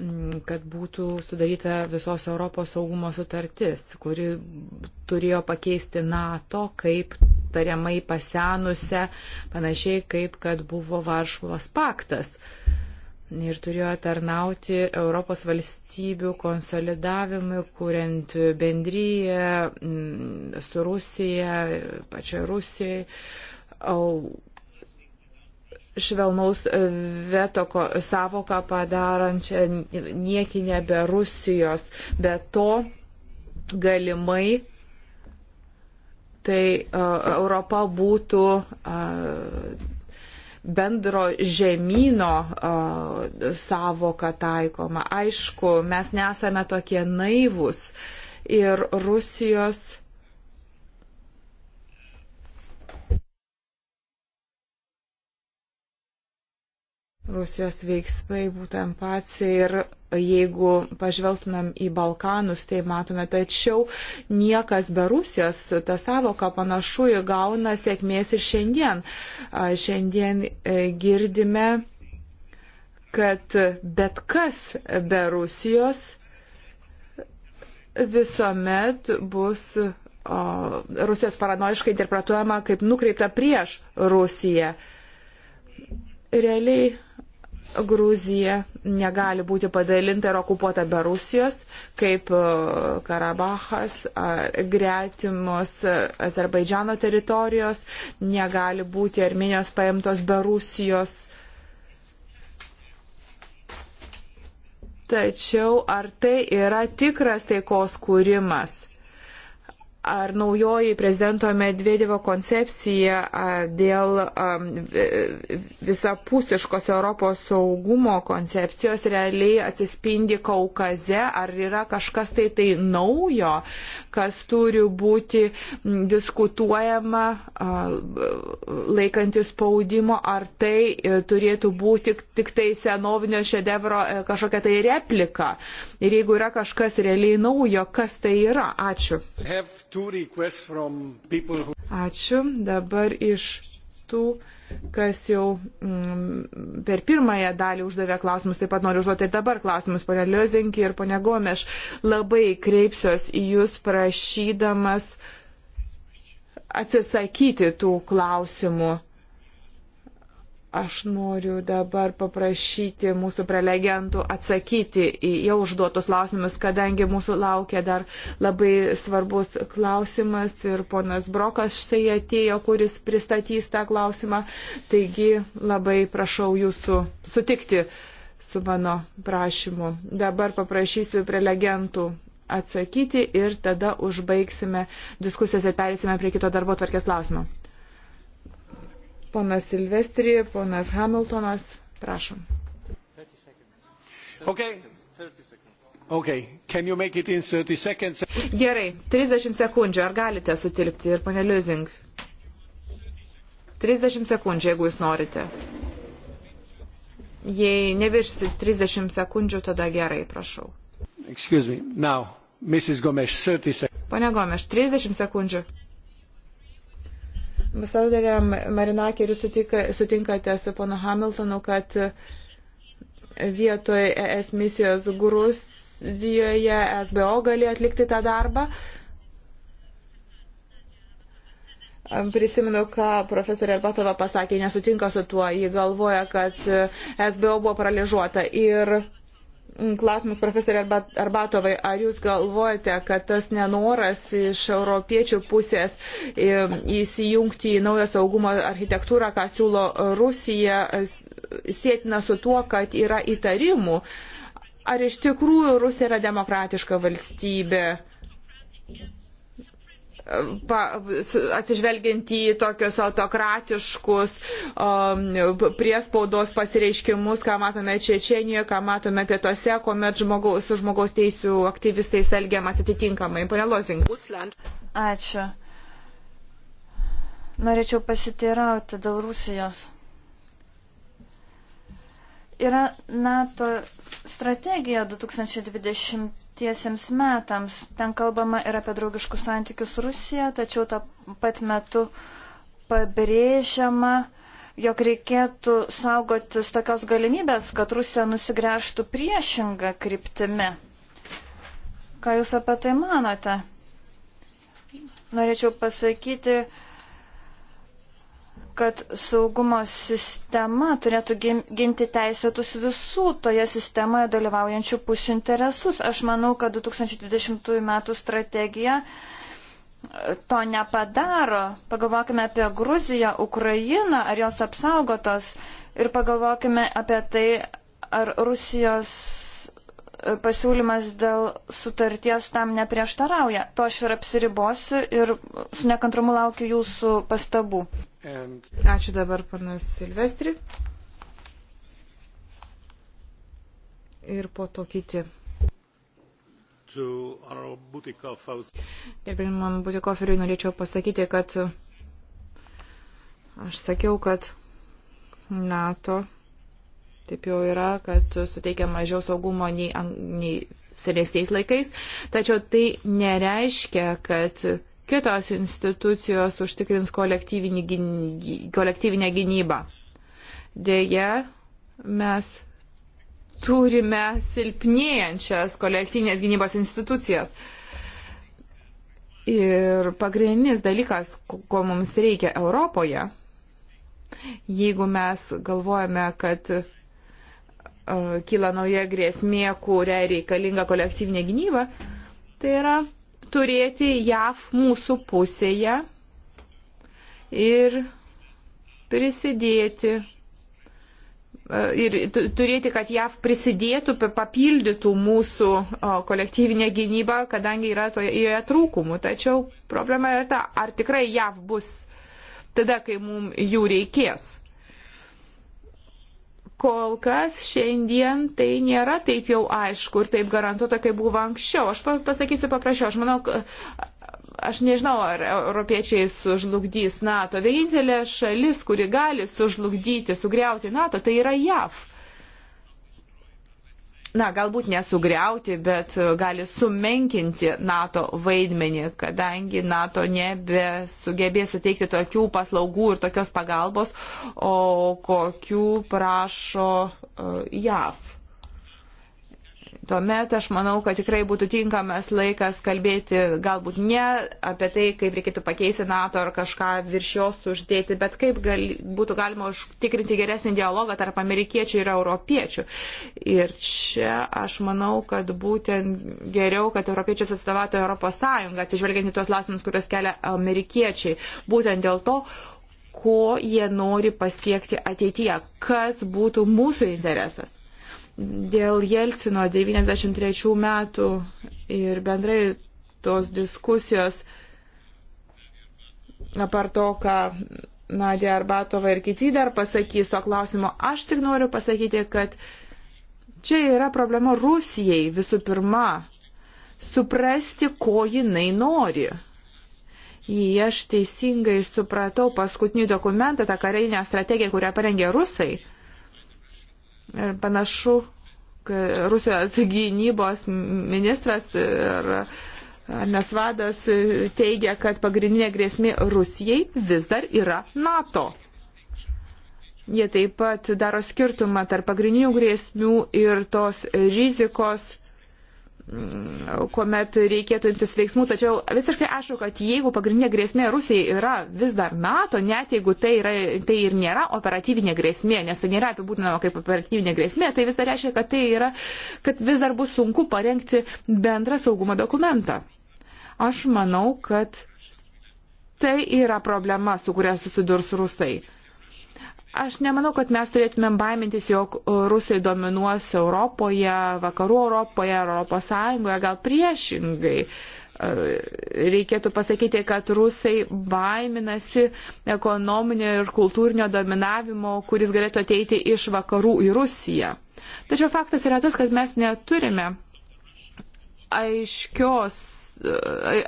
mm, kad būtų sudaryta visos Europos saugumo sutartis, kuri turėjo pakeisti NATO kaip tariamai pasenusią, panašiai kaip kad buvo Varšuvos paktas. Ir turėjo tarnauti Europos valstybių konsolidavimui, kuriant bendryje mm, su Rusija, pačioje Rusijoje švelnaus veto savoką padarančią niekinę be Rusijos. Be to galimai tai e, Europa būtų e, bendro žemynų e, savoka taikoma. Aišku, mes nesame tokie naivus ir Rusijos Rusijos veiksmai būtų empacija ir jeigu pažvelgtumėm į Balkanus, tai matome, tačiau niekas be Rusijos tą savoką panašu įgauna sėkmės ir šiandien. Šiandien e, girdime, kad bet kas be Rusijos visuomet bus Rusijos paranoiškai interpretuojama kaip nukreipta prieš Rusiją. Realiai Gruzija negali būti padalinta ir okupuota be Rusijos, kaip e, Karabachas ar gretimos e, Azerbaidžiano teritorijos, negali būti Armenijos paimtos be Rusijos. Tačiau ar tai yra tikras taikos kūrimas? ar naujoji prezidento Medvedevo koncepcija dėl visapusiškos Europos saugumo koncepcijos realiai atsispindi Kaukaze, ar yra kažkas tai tai naujo, kas turi būti diskutuojama laikantis spaudimo, ar tai e, turėtų būti tik tai senovinio šedevro e, kažkokia tai replika. Ir jeigu yra kažkas realiai naujo, kas tai yra? Ačiū. Have Ačiū. Dabar iš tų, kas jau mm, per pirmąją dalį uždavė klausimus, taip pat noriu užduoti dabar klausimus, ponia Liozinkė ir ponia Gomeš. Labai kreipsiuos į jūs prašydamas atsisakyti tų klausimų. Aš noriu dabar paprašyti mūsų prelegentų atsakyti į jau užduotus klausimus, kadangi mūsų laukia dar labai svarbus klausimas ir ponas Brokas štai atėjo, kuris pristatys tą klausimą. Taigi labai prašau jūsų sutikti su mano prašymu. Dabar paprašysiu prelegentų atsakyti ir tada užbaigsime diskusijas ir perėsime prie kito darbo tvarkės klausimo. Ponas Silvestri, ponas Hamiltonas, prašom. Okay. Okay. Gerai, 30 sekundžių, ar galite sutilpti ir pane Liuzing? 30 sekundžių, jeigu jūs norite. Jei neviršite 30 sekundžių, tada gerai, prašau. Excuse me, now, Mrs. Gomes, 30 sekundžių. Pane Gomes, 30 sekundžių. Ambasadorė Marinakė, jūs sutinkate su pono Hamiltonu, kad vietoj ES misijos Gruzijoje SBO gali atlikti tą darbą. Prisimenu, ką profesorė Albatova pasakė, nesutinka su tuo, ji galvoja, kad SBO buvo paralyžuota. Ir Klausimas profesorė Arbatovai, ar jūs galvojate, kad tas nenoras iš europiečių pusės e, įsijungti į naują saugumo architektūrą, ką siūlo Rusija, sėtina su tuo, kad yra įtarimų? Ar iš tikrųjų Rusija yra demokratiška valstybė? atsižvelgiant į tokius autokratiškus um, priespaudos pasireiškimus, ką matome Čečienijoje, ką matome pietose, kuomet žmogaus, su žmogaus teisų aktyvistais elgiamas atitinkamai. Pane Lozing. Ačiū. Norėčiau pasiteirauti dėl Rusijos. Yra NATO strategija 2020 tiesiems metams. Ten kalbama ir apie draugiškus santykius Rusiją, tačiau tą pat metu pabrėžiama, jog reikėtų saugotis tokios galimybės, kad Rusija nusigręžtų priešingą kryptimį. Ką Jūs apie tai manote? Norėčiau pasakyti, kad saugumo sistema turėtų ginti teisėtus visų toje sistemoje dalyvaujančių pusių interesus. Aš manau, kad 2020 m. strategija e, to nepadaro. Pagalvokime apie Gruziją, Ukrainą, ar jos apsaugotos ir pagalvokime apie tai, ar Rusijos e, pasiūlymas dėl sutarties tam neprieštarauja. To aš ir apsiribosiu ir su nekantrumu laukiu jūsų pastabų. And... Ačiū dabar panas Silvestri. Ir po to kiti. Gerbiamam Butikoferiui norėčiau pasakyti, kad aš sakiau, kad NATO taip jau yra, kad suteikia mažiau saugumo nei, nei senesniais laikais, tačiau tai nereiškia, kad kitos institucijos užtikrins kolektyvinę gynybą. Deja, mes turime silpnėjančias kolektyvinės gynybos institucijas. Ir pagrindinis dalykas, ko mums reikia Europoje, jeigu mes galvojame, kad e, kyla nauja grėsmė, kuriai reikalinga kolektyvinė gynyba, tai yra turėti JAV mūsų pusėje ir prisidėti. E, ir turėti, kad JAV prisidėtų, papildytų mūsų kolektyvinę gynybą, kadangi yra toje, joje trūkumų. Tačiau problema yra ta, ar tikrai JAV bus tada, kai mums jų reikės. Kol kas šiandien tai nėra taip jau aišku ir taip garantuota, kaip buvo anksčiau. Aš pasakysiu paprasčiau. Aš manau, aš nežinau, ar europiečiai sužlugdys NATO. Vienintelė šalis, kuri gali sužlugdyti, sugriauti NATO, tai yra JAV na, galbūt nesugriauti, bet e, gali sumenkinti NATO vaidmenį, kadangi NATO nebesugebės suteikti tokių paslaugų ir tokios pagalbos, o kokių prašo e, JAV. Tuomet aš manau, kad tikrai būtų tinkamas laikas kalbėti galbūt ne apie tai, kaip reikėtų pakeisti NATO ar kažką virš jos uždėti, bet kaip gal, būtų galima užtikrinti geresnį dialogą tarp amerikiečių ir europiečių. Ir čia aš manau, kad būtent geriau, kad europiečius atstovautų Europos Sąjungą, atsižvelgiant į tuos klausimus, kuriuos kelia amerikiečiai. Būtent dėl to ko jie nori pasiekti ateityje, kas būtų mūsų interesas dėl Jelcino 93 metų ir bendrai tos diskusijos apar to, ką Nadė Arbatova ir kiti dar pasakys to klausimo, aš tik noriu pasakyti, kad čia yra problema Rusijai visų pirma suprasti, ko jinai nori. Jei aš teisingai supratau paskutinį dokumentą, tą karinę strategiją, kurią parengė rusai, Ir panašu, kad Rusijos gynybos ministras ir nes vadas teigia, kad pagrindinė grėsmė Rusijai vis dar yra NATO. Jie taip pat daro skirtumą tarp pagrindinių grėsmių ir tos rizikos Mm, kuomet reikėtų imtis veiksmų. Tačiau visiškai aišku, kad jeigu pagrindinė grėsmė Rusijai yra vis dar NATO, net jeigu tai, yra, tai ir nėra operatyvinė grėsmė, nes tai nėra apibūdinama kaip operatyvinė grėsmė, tai vis dar reiškia, kad, tai yra, kad vis dar bus sunku parengti bendrą saugumo dokumentą. Aš manau, kad tai yra problema, su kuria susidurs rusai. Aš nemanau, kad mes turėtumėm baimintis, jog rusai dominuos Europoje, vakarų Europoje, Europos Sąjungoje, gal priešingai. E, reikėtų pasakyti, kad rusai baiminasi ekonominio ir kultūrinio dominavimo, kuris galėtų ateiti iš vakarų į Rusiją. Tačiau faktas yra tas, kad mes neturime aiškios e,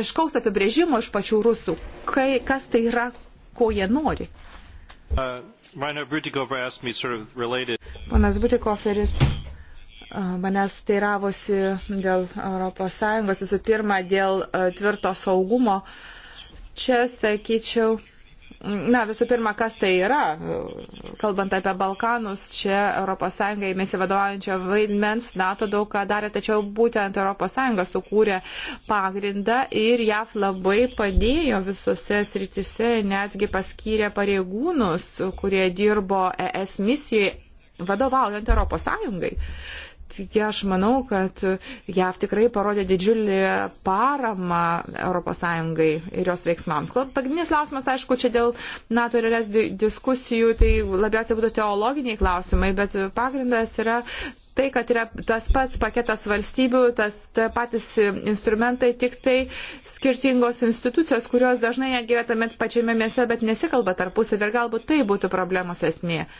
aiškaus apibrėžimo iš pačių rusų, kai, kas tai yra, ko jie nori. Uh, sort of related... Panas Butikoferis uh, manęs teiravosi dėl ES, visų pirma, dėl uh, tvirto saugumo. Čia, sakyčiau, Na, visų pirma, kas tai yra? Kalbant apie Balkanus, čia ES ėmėsi vadovaujančio vaidmens, NATO daug ką darė, tačiau būtent ES sukūrė pagrindą ir JAF labai padėjo visose sritise, netgi paskyrė pareigūnus, kurie dirbo ES misijai vadovaujant ES tie aš manau, kad JAV tikrai parodė didžiulį paramą ES ir jos veiksmams. Pagrindinis klausimas, aišku, čia dėl NATO ir RS diskusijų, tai labiausiai būtų teologiniai klausimai, bet pagrindas yra tai, kad yra tas pats paketas valstybių, tas ta patys instrumentai, tik tai skirtingos institucijos, kurios dažnai netgi yra tame pačiame mieste, bet nesikalba tarpusavį ir galbūt tai būtų problemos esmė. Uh,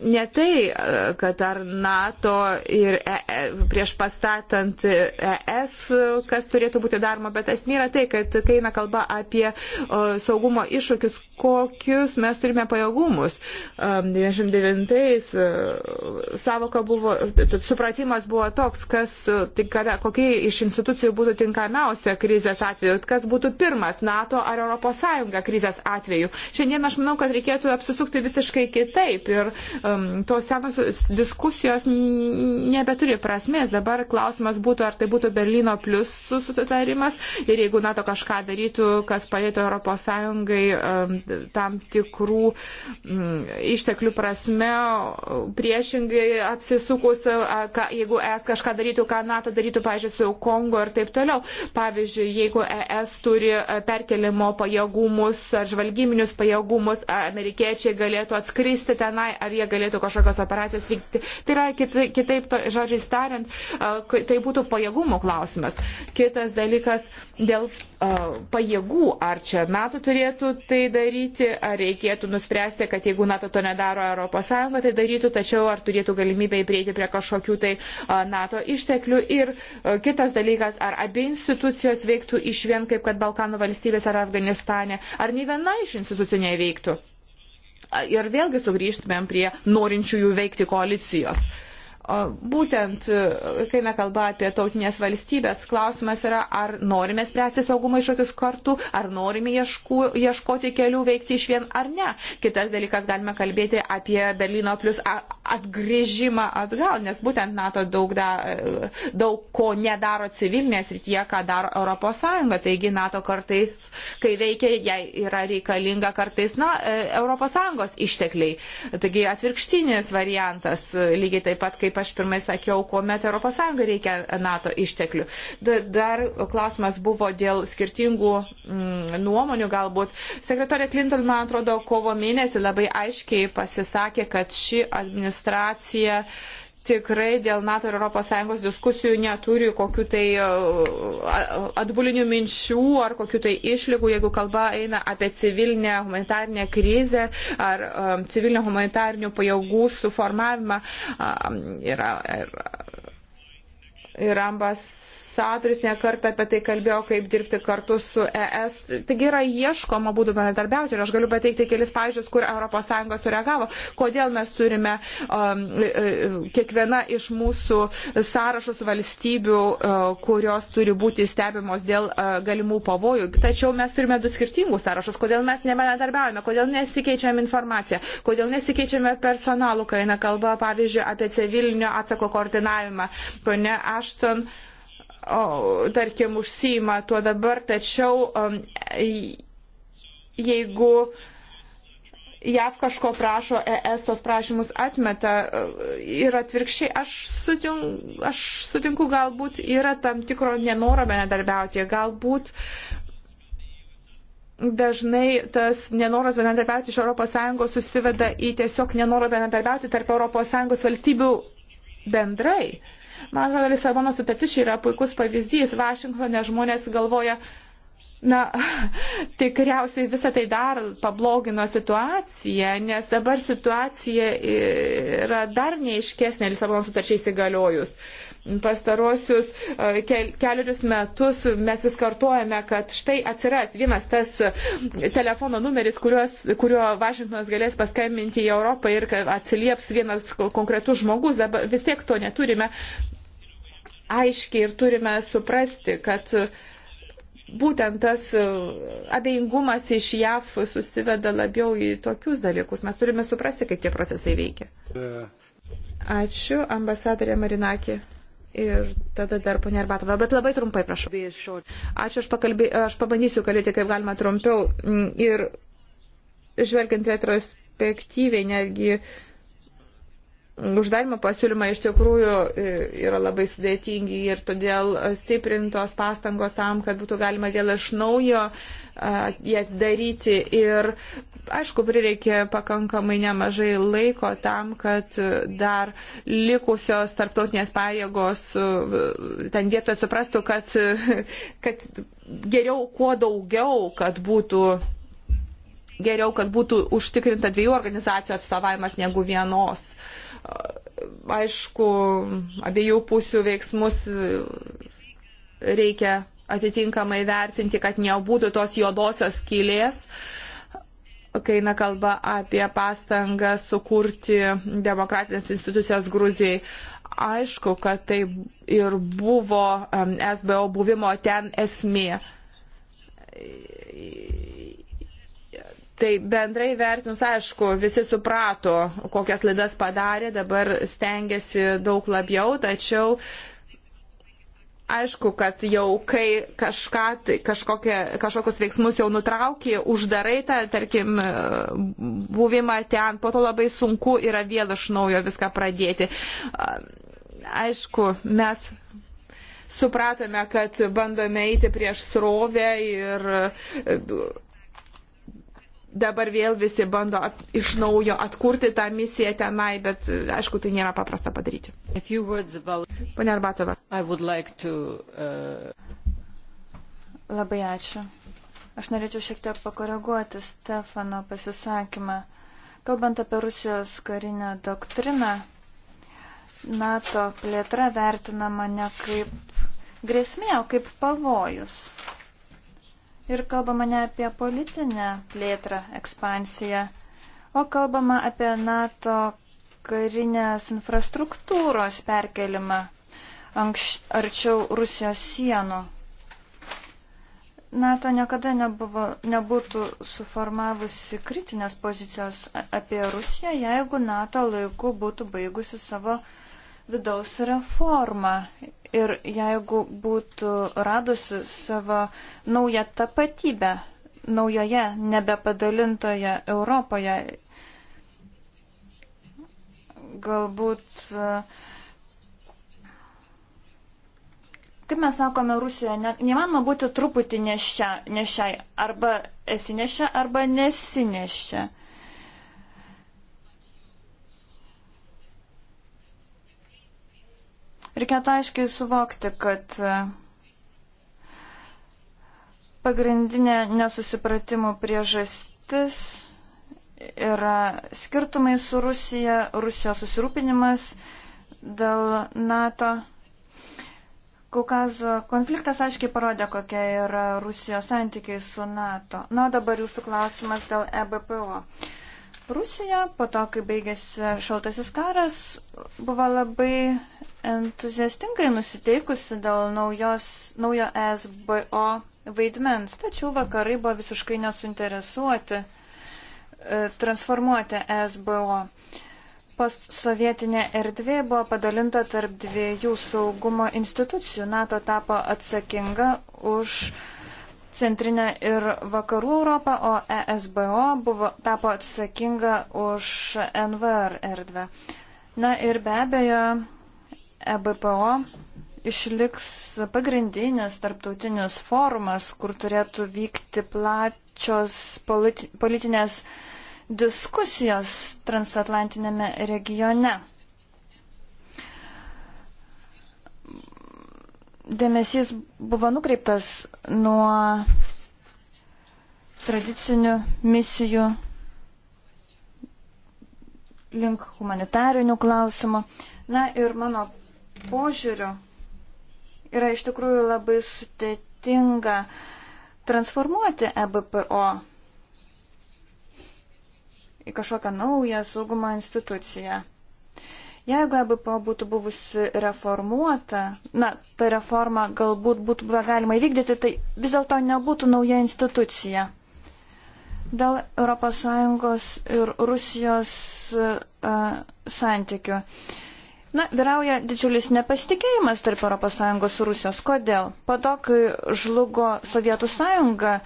ne tai, kad ar NATO ir e, e prieš pastatant ES, kas turėtų būti daroma, bet esmė yra tai, kad kai eina kalba apie o, saugumo iššūkius, kokius mes turime pajėgumus. 99-ais e, savoka buvo, supratimas buvo toks, kas, e, tinkame, kokie iš institucijų būtų tinkamiausia krizės atveju, kas būtų pirmas NATO ar ES krizės atveju. Šiandien aš manau, kad reikėtų apsisukti visiškai kitaip ir um, tos senos diskusijos nebeturi prasmės. Dabar klausimas būtų, ar tai būtų Berlyno plus susitarimas ir jeigu NATO kažką darytų, kas padėtų ES tam tikrų m, mm, išteklių prasme, priešingai apsisukus, ka, jeigu ES kažką darytų, ką NATO darytų, pažiūrėjau, su Kongo ir taip toliau. Pavyzdžiui, jeigu ES turi perkelimo pajėgumus, žvalgyminius pajėgumus, amerikiečiai galėtų atskristi tenai, ar jie galėtų kažkokias operacijas vykti. Tai yra kitaip, kitaip to, žodžiais tariant, tai būtų pajėgumo klausimas. Kitas dalykas dėl uh, pajėgų, ar čia NATO turėtų tai daryti daryti, ar reikėtų nuspręsti, kad jeigu NATO to nedaro ES, tai darytų, tačiau ar turėtų galimybę įprieiti prie kažkokių tai NATO išteklių. Ir kitas dalykas, ar abi institucijos veiktų iš vien, kaip kad Balkanų valstybės ar Afganistane, ar nei viena iš institucijų neveiktų. Ir vėlgi sugrįžtumėm prie norinčiųjų veikti koalicijos. Būtent, e, kai mes kalba apie tautinės valstybės, klausimas yra, ar norime spręsti saugumo iššūkius kartu, ar norime iešku, ieškoti kelių veikti iš vien ar ne. Kitas dalykas, galime kalbėti apie Berlyno plus atgrįžimą atgal, nes būtent NATO daug, da, e, daug ko nedaro civilinės ir tie, ką daro ES. Taigi NATO kartais, kai veikia, jai yra reikalinga kartais na, ES ištekliai. Taigi atvirkštinis variantas, e, lygiai taip pat kaip kaip aš pirmai sakiau, kuomet ES reikia NATO išteklių. Dar klausimas buvo dėl skirtingų mm, nuomonių galbūt. Sekretorė Clinton, man atrodo, kovo mėnesį labai aiškiai pasisakė, kad ši administracija uh, tikrai dėl NATO ir ES diskusijų neturi kokiu tai e, atbulinių minčių ar kokiu tai išlygų, jeigu kalba eina apie civilinę humanitarnę krizę ar e, civilinio humanitarnių pajėgų suformavimą. Yra, yra, yra ambas ambasadorius nekart apie tai kalbėjo, kaip dirbti kartu su ES. Taigi yra ieškoma būdų bendradarbiauti ir aš galiu pateikti kelis pavyzdžius, kur ES sureagavo, kodėl mes turime um, e, e, kiekviena iš mūsų sąrašus valstybių, uh, kurios turi būti stebimos dėl uh, galimų pavojų. Tačiau mes turime du skirtingus sąrašus, kodėl mes nebendradarbiaujame, kodėl nesikeičiam informaciją, kodėl nesikeičiame personalų, kai eina kalba, pavyzdžiui, apie civilinio atsako koordinavimą. Pone Ašton, uh, o, tarkim, užsima tuo dabar, tačiau um, jeigu JAV kažko prašo, ES tos prašymus atmeta uh, ir atvirkščiai, aš sutinku, aš sutinku galbūt yra tam tikro nenoro bendradarbiauti, galbūt dažnai tas nenoras bendradarbiauti iš ES susiveda į tiesiog nenorą bendradarbiauti tarp ES valstybių bendrai. Uh, Man atrodo, Lisabono sutartis yra puikus pavyzdys. Vašingtone žmonės galvoja, na, [laughs] tikriausiai visą tai dar pablogino situaciją, nes dabar situacija yra dar neiškesnė Lisabono sutarčiai įsigaliojus pastarosius e, keliarius metus mes vis kartuojame, kad štai atsiras vienas tas telefono numeris, kuriuos, kuriuo Vašingtonas galės paskambinti į Europą ir atsilieps vienas konkretus žmogus, dabar vis tiek to neturime aiškiai ir turime suprasti, kad būtent tas e, abejingumas iš JAV susiveda labiau į tokius dalykus. Mes turime suprasti, kaip tie procesai veikia. Ačiū, ambasadorė Marinakė. Ir tada dar ponia Arbatova, bet labai trumpai prašau. Ačiū, aš, pakalbė, aš pabandysiu kalbėti kaip galima trumpiau. Ir žvelgiant retrospektyviai, netgi uh, uždarimo pasiūlymai iš tikrųjų e, yra labai sudėtingi ir todėl stiprintos pastangos tam, kad būtų galima vėl iš naujo jį atidaryti. Ir aišku, prireikė pakankamai nemažai laiko tam, kad dar likusios tarptautinės pajėgos e, ten vietoje suprastų, kad, kad geriau kuo daugiau, kad būtų geriau, kad būtų užtikrinta dviejų organizacijų atstovavimas negu vienos aišku, abiejų pusių veiksmus reikia atitinkamai vertinti, kad nebūtų tos juodosios skylės, kai eina kalba apie pastangą sukurti demokratinės institucijas Gruzijai. Aišku, kad tai ir buvo SBO buvimo ten esmė Tai bendrai vertinus, aišku, visi suprato, kokias laidas padarė, dabar stengiasi daug labiau, tačiau aišku, kad jau kai kažką, tai kažkokie, kažkokius veiksmus jau nutraukė, uždarai tą, tarkim, buvimą ten, po to labai sunku yra vėl iš naujo viską pradėti. Aišku, mes supratome, kad bandome eiti prieš srovę ir dabar vėl visi bando at, iš naujo atkurti tą misiją tenai, bet e, aišku, tai nėra paprasta padaryti. About... Pane Arbatova. Like to, uh... Labai ačiū. Aš norėčiau šiek tiek pakoreguoti Stefano pasisakymą. Kalbant apie Rusijos karinę doktriną, NATO plėtra vertinama ne kaip grėsmė, o kaip pavojus ir kalbama ne apie politinę plėtrą, ekspansiją, o kalbama apie NATO karinės infrastruktūros perkelimą anks, arčiau Rusijos sienų. NATO niekada nebuvo, nebūtų suformavusi kritinės pozicijos apie Rusiją, jeigu NATO laiku būtų baigusi savo vidaus reformą. Ir jeigu būtų radusi savo naują tapatybę naujoje, nebepadalintoje Europoje, galbūt uh, kaip mes sakome Rusijoje, ne, nemanoma būti truputį nešia, nešiai. Arba esi nešia, arba nesinešia. Reikėtų aiškiai suvokti, kad e, pagrindinė nesusipratimų priežastis yra skirtumai su Rusija, Rusijos susirūpinimas dėl NATO. Kaukazo konfliktas aiškiai parodė, kokie yra Rusijos santykiai su NATO. Na, dabar jūsų klausimas dėl EBPO. Rusija, po to, kai baigėsi šaltasis karas, buvo labai entuziastingai nusiteikusi dėl naujos, naujo SBO vaidmens, tačiau vakarai buvo visiškai nesuinteresuoti e, transformuoti SBO. Postsovietinė erdvė buvo padalinta tarp dviejų saugumo institucijų. NATO tapo atsakinga už uh, Centrinę ir Vakarų Europą, o ESBO buvo, tapo atsakinga už NVR erdvę. Na ir be abejo, EBPO išliks pagrindinis tarptautinis forumas, kur turėtų vykti plačios politi politinės diskusijos transatlantinėme regione. dėmesys buvo nukreiptas nuo tradicinių misijų link humanitarinių klausimų. Na ir mano požiūriu yra iš tikrųjų labai sudėtinga transformuoti EBPO į kažkokią naują saugumo instituciją. Jeigu EBPO būtų buvusi reformuota, na, ta reforma galbūt būtų buvę galima įvykdyti, tai vis dėlto nebūtų nauja institucija. Dėl ES ir Rusijos uh, santykių. Na, vyrauja didžiulis nepasitikėjimas tarp ES ir Rusijos. Kodėl? Po to, kai žlugo Sovietų sąjunga,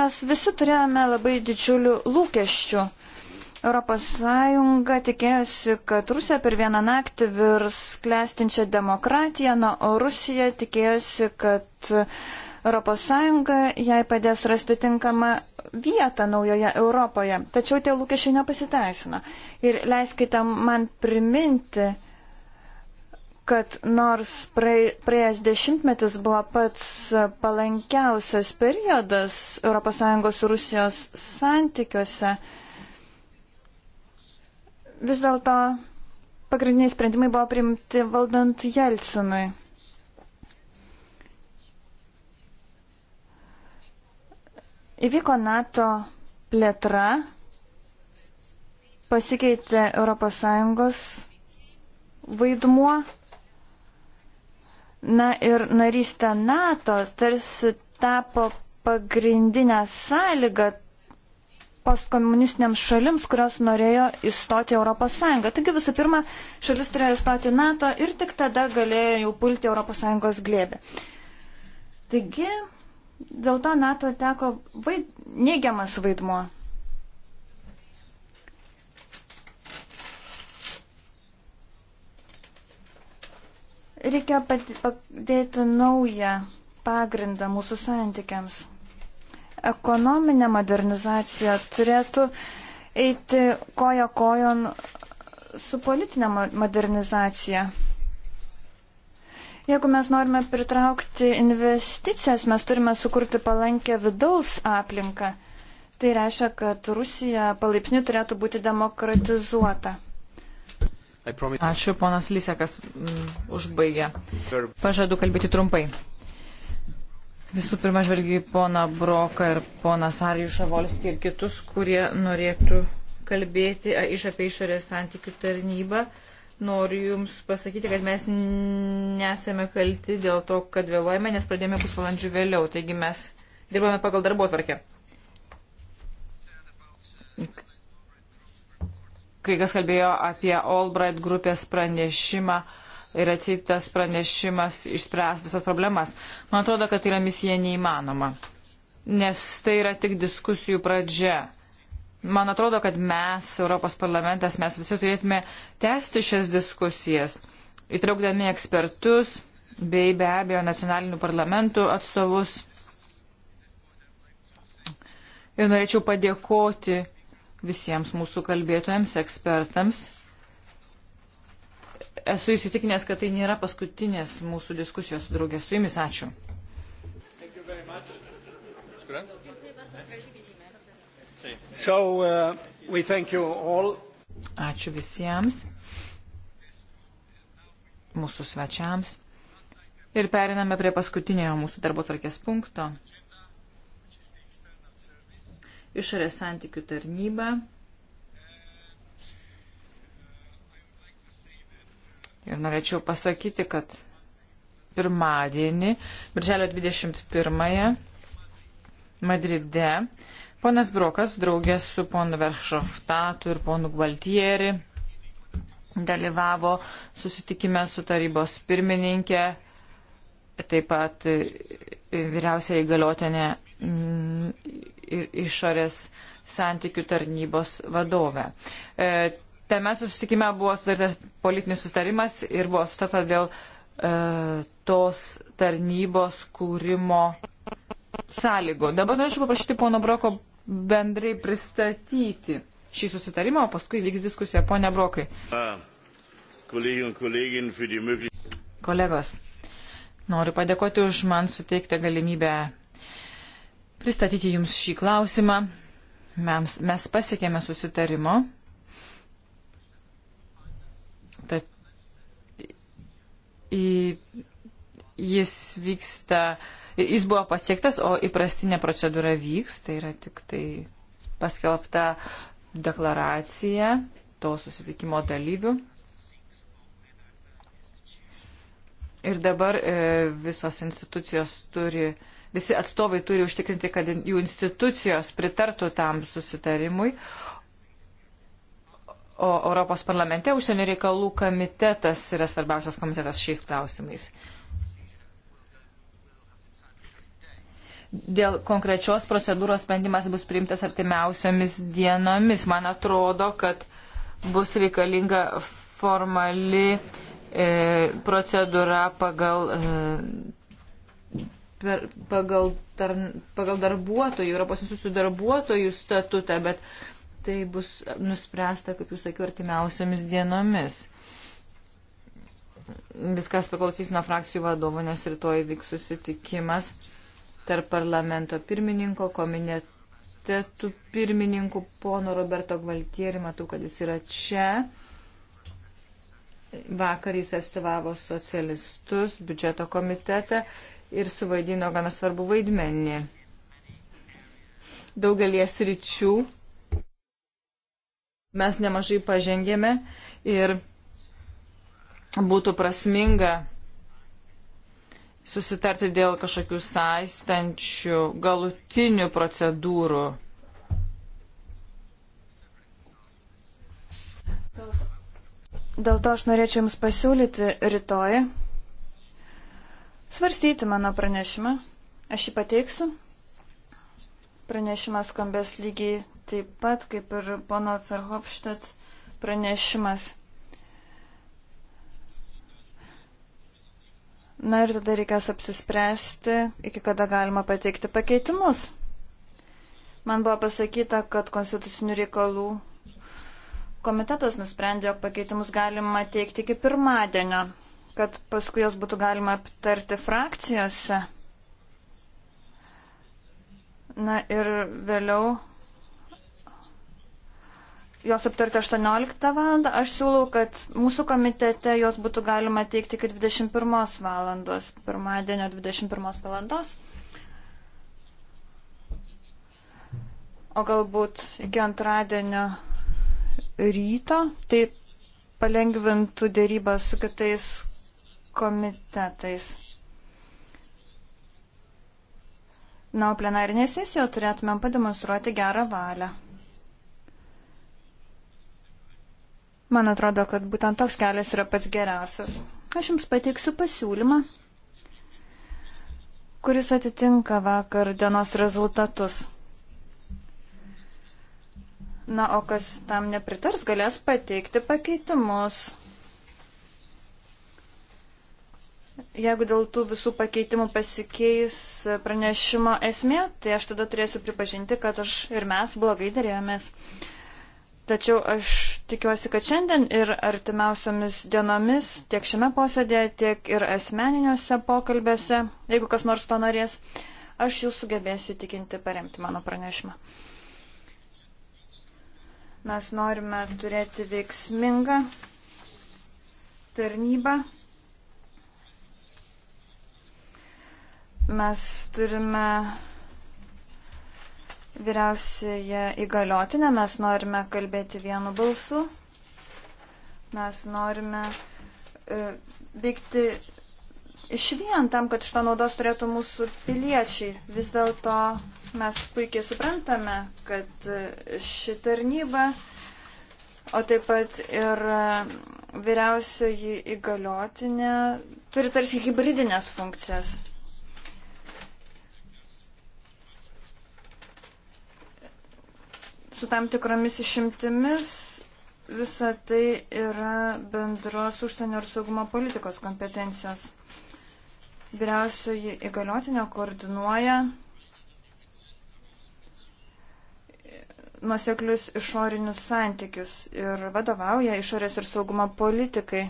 mes visi turėjome labai didžiulių lūkesčių. ES tikėjosi, kad Rusija per vieną naktį virs klestinčią demokratiją, na, o Rusija tikėjosi, kad ES jai padės rasti tinkamą vietą naujoje Europoje. Tačiau tie lūkesčiai nepasiteisino. Ir leiskite man priminti, kad nors praėjęs dešimtmetis buvo pats palankiausias periodas ES ir Rusijos santykiuose, Vis dėlto pagrindiniai sprendimai buvo priimti valdant Jelcinui. Įvyko NATO plėtra, pasikeitė ES vaidmuo. Na ir narystė NATO tarsi tapo pagrindinę sąlygą postkomunistinėms šalims, kurios norėjo įstoti Europos Sąjungą. Taigi visų pirma, šalis turėjo įstoti NATO ir tik tada galėjo jau pulti Europos Sąjungos glėbę. Taigi, dėl to NATO teko vaid... neigiamas vaidmuo. Reikia padėti naują pagrindą mūsų santykiams ekonominė modernizacija turėtų eiti koja kojon su politinė modernizacija. Jeigu mes norime pritraukti investicijas, mes turime sukurti palankę vidaus aplinką. Tai reiškia, kad Rusija palaipsniui turėtų būti demokratizuota. Ačiū, ponas Lysekas mm, užbaigė. Pažadu kalbėti trumpai. Visų pirma, žvelgiu į poną Broką ir poną Sarijų Šavolskį ir kitus, kurie norėtų kalbėti iš apie išorės santykių tarnybą. Noriu Jums pasakyti, kad mes nesame kalti dėl to, kad vėluojame, nes pradėjome pusvalandžių vėliau. Taigi mes dirbame pagal darbo tvarkę. Kai kas kalbėjo apie Albright grupės pranešimą ir atseit tas pranešimas išspręs visas problemas. Man atrodo, kad tai yra misija neįmanoma, nes tai yra tik diskusijų pradžia. Man atrodo, kad mes, Europos parlamentas, mes visi turėtume tęsti šias diskusijas, įtraukdami ekspertus bei be abejo nacionalinių parlamentų atstovus. Ir norėčiau padėkoti visiems mūsų kalbėtojams, ekspertams esu įsitikinęs, kad tai nėra paskutinės mūsų diskusijos su draugė su jumis. Ačiū. So, uh, Ačiū visiems mūsų svečiams. Ir periname prie paskutinio mūsų darbo tvarkės punkto. Išorės santykių tarnyba. Ir norėčiau pasakyti, kad pirmadienį, birželio 21-ąją, Madride, ponas Brokas, draugės su ponu Veršoftatu ir ponu Gvaltieri, dalyvavo susitikime su tarybos pirmininkė, taip pat vyriausiai įgaliotinė mm, ir išorės santykių tarnybos vadovę. E, Tame susitikime buvo sudarytas politinis sustarimas ir buvo sustata dėl e, tos tarnybos kūrimo sąlygų. Dabar norėčiau paprašyti pono Broko bendrai pristatyti šį susitarimą, o paskui vyks diskusija. Pone Brokai. Kolegos, noriu padėkoti už man suteiktą galimybę pristatyti Jums šį klausimą. Mes, mes pasiekėme susitarimo jis vyksta, jis buvo pasiektas, o įprastinė procedūra vyks, tai yra tik tai paskelbta deklaracija to susitikimo dalyvių. Ir dabar e, visos institucijos turi, visi atstovai turi užtikrinti, kad jų institucijos pritartų tam susitarimui, O Europos parlamente užsienio reikalų komitetas yra svarbiausias komitetas šiais klausimais. Dėl konkrečios procedūros sprendimas bus priimtas artimiausiomis dienomis. Man atrodo, kad bus reikalinga formali e, procedūra pagal, e, per, pagal, tar, pagal darbuotojų, Europos institucijų darbuotojų statutą, bet Tai bus nuspręsta, kaip jūs sakiau, artimiausiamis dienomis. Viskas priklausys nuo frakcijų vadovų, nes rytoj vyks susitikimas tarp parlamento pirmininko, komitetų pirmininkų, pono Roberto Gvaltieri, matau, kad jis yra čia. Vakar jis atstovavo socialistus, biudžeto komitetą ir suvaidino gana svarbu vaidmenį. Daugelie sričių mes nemažai pažengėme ir būtų prasminga susitarti dėl kažkokių saistančių galutinių procedūrų. Dėl to aš norėčiau Jums pasiūlyti rytoj svarstyti mano pranešimą. Aš jį pateiksiu. Pranešimas skambės lygiai taip pat kaip ir pono Ferhofštat pranešimas. Na ir tada reikės apsispręsti, iki kada galima pateikti pakeitimus. Man buvo pasakyta, kad konstitucinių reikalų komitetas nusprendė, jog pakeitimus galima teikti iki pirmadienio, kad paskui jos būtų galima aptarti frakcijose. Na ir vėliau jos aptarti 18 val. Aš siūlau, kad mūsų komitete jos būtų galima teikti iki 21 val. pirmadienio 21 val. O galbūt iki antradienio ryto, tai palengvintų dėrybą su kitais komitetais. Na, o plenarinėje sesijoje turėtumėm pademonstruoti gerą valią. Man atrodo, kad būtent toks kelias yra pats geriausias. Aš Jums pateiksiu pasiūlymą, kuris atitinka vakar dienos rezultatus. Na, o kas tam nepritars, galės pateikti pakeitimus. Jeigu dėl tų visų pakeitimų pasikeis pranešimo esmė, tai aš tada turėsiu pripažinti, kad aš ir mes blogai dėrėjomės. Tačiau aš tikiuosi, kad šiandien ir artimiausiamis dienomis tiek šiame posėdėje, tiek ir asmeniniuose pokalbėse, jeigu kas nors to norės, aš jūs sugebėsiu tikinti paremti mano pranešimą. Mes norime turėti veiksmingą tarnybą. Mes turime vyriausiąją įgaliotinę, mes norime kalbėti vienu balsu, mes norime e, veikti iš vien tam, kad šitą naudos turėtų mūsų piliečiai. Vis dėlto mes puikiai suprantame, kad e, ši tarnyba, o taip pat ir e, vyriausioji įgaliotinė, turi tarsi hybridinės funkcijas. su tam tikromis išimtimis visa tai yra bendros užsienio ir saugumo politikos kompetencijos. Vyriausioji įgaliotinė koordinuoja nuseklius išorinius santykius ir vadovauja išorės ir saugumo politikai.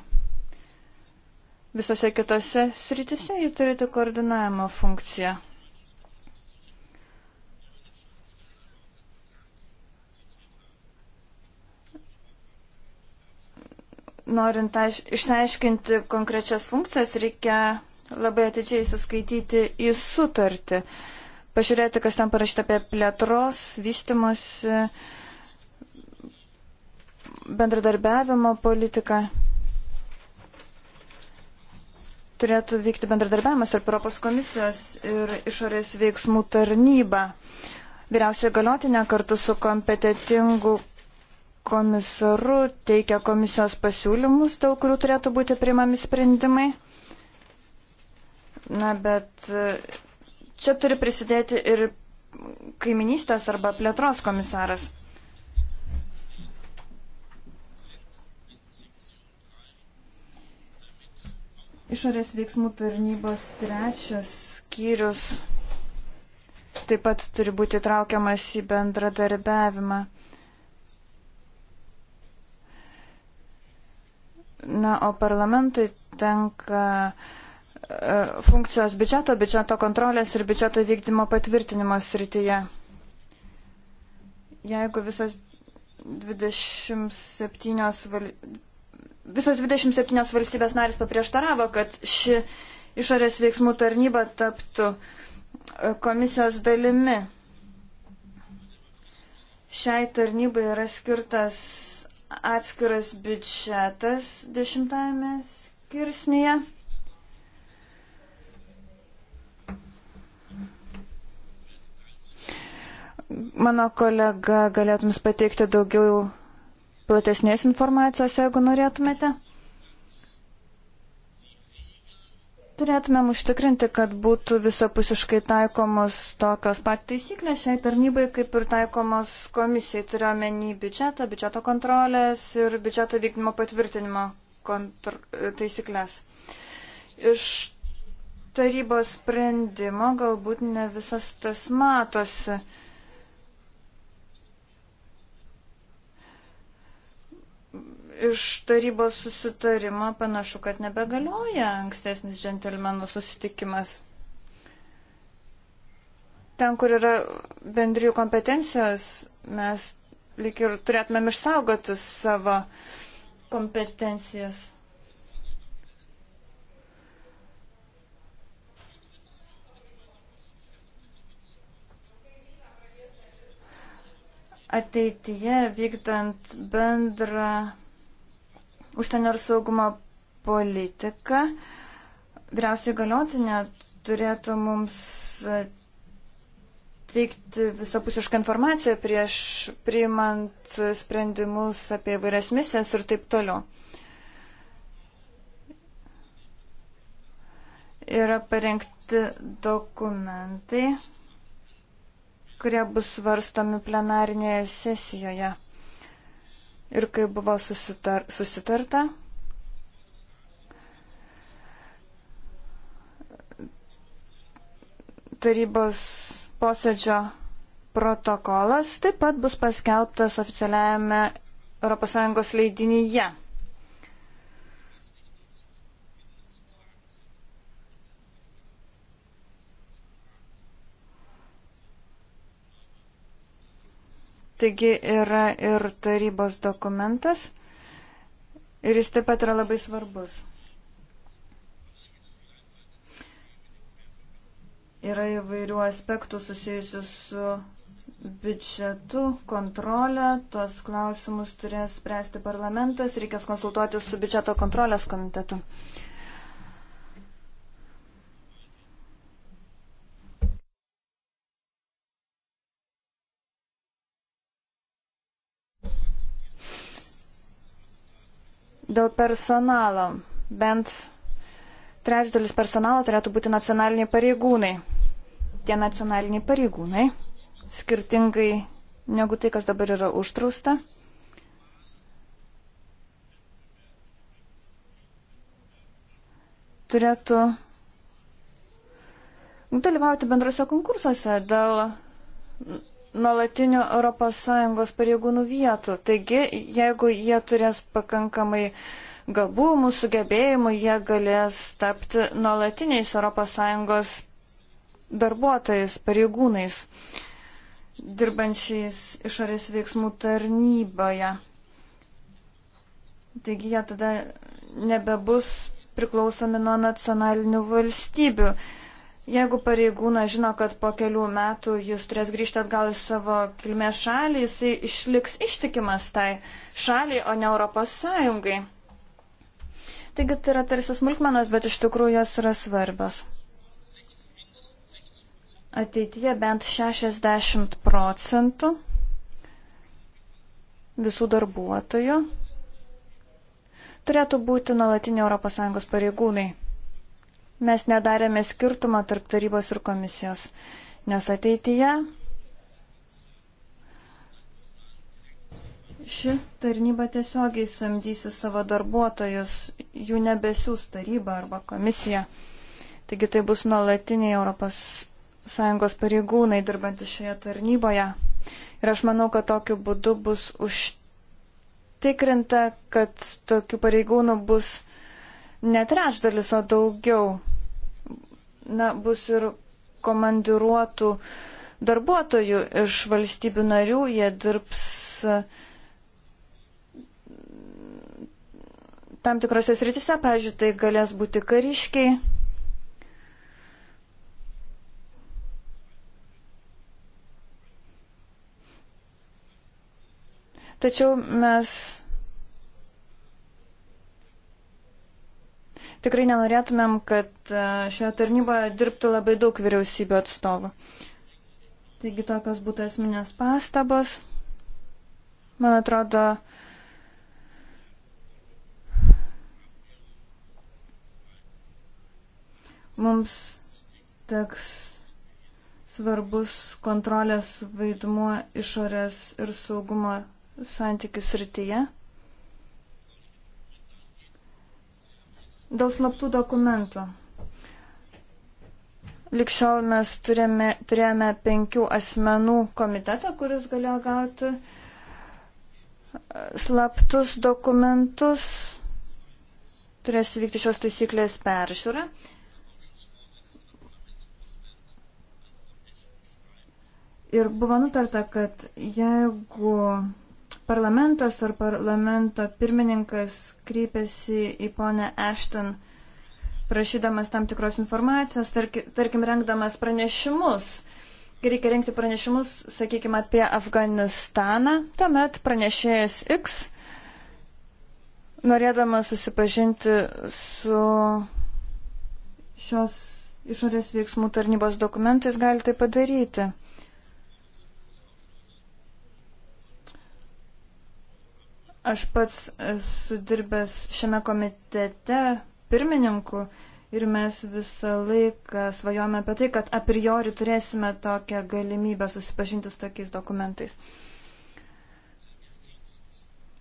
Visose kitose sritise jį turėti koordinavimo funkciją. norint išsiaiškinti konkrečias funkcijas, reikia labai atidžiai įsiskaityti į sutartį, pažiūrėti, kas ten parašyta apie plėtros, vystimus, bendradarbiavimo politiką. Turėtų vykti bendradarbiavimas tarp Europos komisijos ir išorės veiksmų tarnyba. Vyriausiai galiotinė kartu su kompetitingu komisaru teikia komisijos pasiūlymus, dėl kurių turėtų būti priimami sprendimai. Na, bet e, čia turi prisidėti ir kaiminystės arba plėtros komisaras. Išorės veiksmų tarnybos trečias skyrius taip pat turi būti traukiamas į bendradarbiavimą. Na, o parlamentui tenka e, funkcijos biudžeto, biudžeto kontrolės ir biudžeto vykdymo patvirtinimo srityje. Jeigu visos 27 val... Visos 27 valstybės narės paprieštaravo, kad ši išorės veiksmų tarnyba taptų e, komisijos dalimi. Šiai tarnybai yra skirtas atskiras biudžetas dešimtajame skirsnėje. Mano kolega galėtumės pateikti daugiau platesnės informacijos, jeigu norėtumėte. Turėtumėm užtikrinti, kad būtų visapusiškai taikomos tokios pat taisyklės šiai tarnybai, kaip ir taikomos komisijai, turiuomenį biudžetą, biudžeto kontrolės ir biudžeto vykdymo patvirtinimo kontr... taisyklės. Iš tarybos sprendimo galbūt ne visas tas matosi. iš tarybos susitarimo panašu, kad nebegalioja ankstesnis džentelmenų susitikimas. Ten, kur yra bendrijų kompetencijos, mes lik ir turėtumėm išsaugoti savo kompetencijas. Ateityje vykdant bendrą užsienio ir saugumo politiką. Vyriausiai galiotinė turėtų mums teikti visapusišką informaciją prieš priimant sprendimus apie vairias misijas ir taip toliau. Yra parengti dokumentai, kurie bus svarstomi plenarinėje sesijoje ir kaip buvo susitar, susitarta. Tarybos posėdžio protokolas taip pat bus paskelbtas oficialiajame ES leidinyje. Taigi yra ir tarybos dokumentas ir jis taip pat yra labai svarbus. Yra įvairių aspektų susijusių su biudžetu, kontrolę, tuos klausimus turės spręsti parlamentas, reikės konsultuoti su biudžeto kontrolės komitetu. Uh, Dėl personalo. Bent trečdalis personalo turėtų būti nacionaliniai pareigūnai. Tie nacionaliniai pareigūnai, skirtingai negu tai, kas dabar yra užtrausta, turėtų dalyvauti bendrose konkursuose dėl nuolatinių ES pareigūnų vietų. Taigi, jeigu jie turės pakankamai gabumų, sugebėjimų, jie galės tapti nuolatiniais ES darbuotojais, pareigūnais, dirbančiais išorės veiksmų tarnyboje. Taigi, jie tada nebebus priklausomi nuo nacionalinių valstybių. Jeigu pareigūnas žino, kad po kelių metų jis turės grįžti atgal į savo kilmės šalį, jisai išliks ištikimas tai šaliai, o ne Europos Sąjungai. Taigi tai yra tarsi smulkmenos, bet iš tikrųjų jos yra svarbios. Ateityje bent 60 procentų visų darbuotojų turėtų būti nuolatiniai ES pareigūnai mes nedarėme skirtumo tarp tarybos ir komisijos, nes ateityje ši tarnyba tiesiogiai samdysi savo darbuotojus, jų nebesiūs taryba arba komisija. Taigi tai bus nuolatiniai ES pareigūnai dirbantys šioje tarnyboje. Ir aš manau, kad tokiu būdu bus užtikrinta, kad tokių pareigūnų bus ne trečdalis, o daugiau na, bus ir komandiruotų darbuotojų iš valstybių narių, jie dirbs e, tam tikrose sritise, pavyzdžiui, tai galės būti kariškiai. Tačiau mes Tikrai nenorėtumėm, kad e, šioje tarnyboje dirbtų labai daug vyriausybių atstovų. Taigi tokios būtų esminės pastabos. Man atrodo, mums teks svarbus kontrolės vaidmuo išorės ir saugumo santykis rytyje. Dėl slaptų dokumentų. Likščiol mes turėjome, turėjome penkių asmenų komitetą, kuris galėjo gauti e, slaptus dokumentus. Turės vykti šios taisyklės peržiūrą. Ir buvo nutarta, kad jeigu parlamentas ar parlamento pirmininkas kreipėsi į ponę Ashton, prašydamas tam tikros informacijos, tarkim, rengdamas pranešimus. Kai reikia rengti pranešimus, sakykime, apie Afganistaną, tuomet pranešėjas X, norėdamas susipažinti su šios išorės veiksmų tarnybos dokumentais, gali tai padaryti. Aš pats esu dirbęs šiame komitete pirmininku ir mes visą laiką svajojame apie tai, kad a priori turėsime tokią galimybę susipažinti su tokiais dokumentais.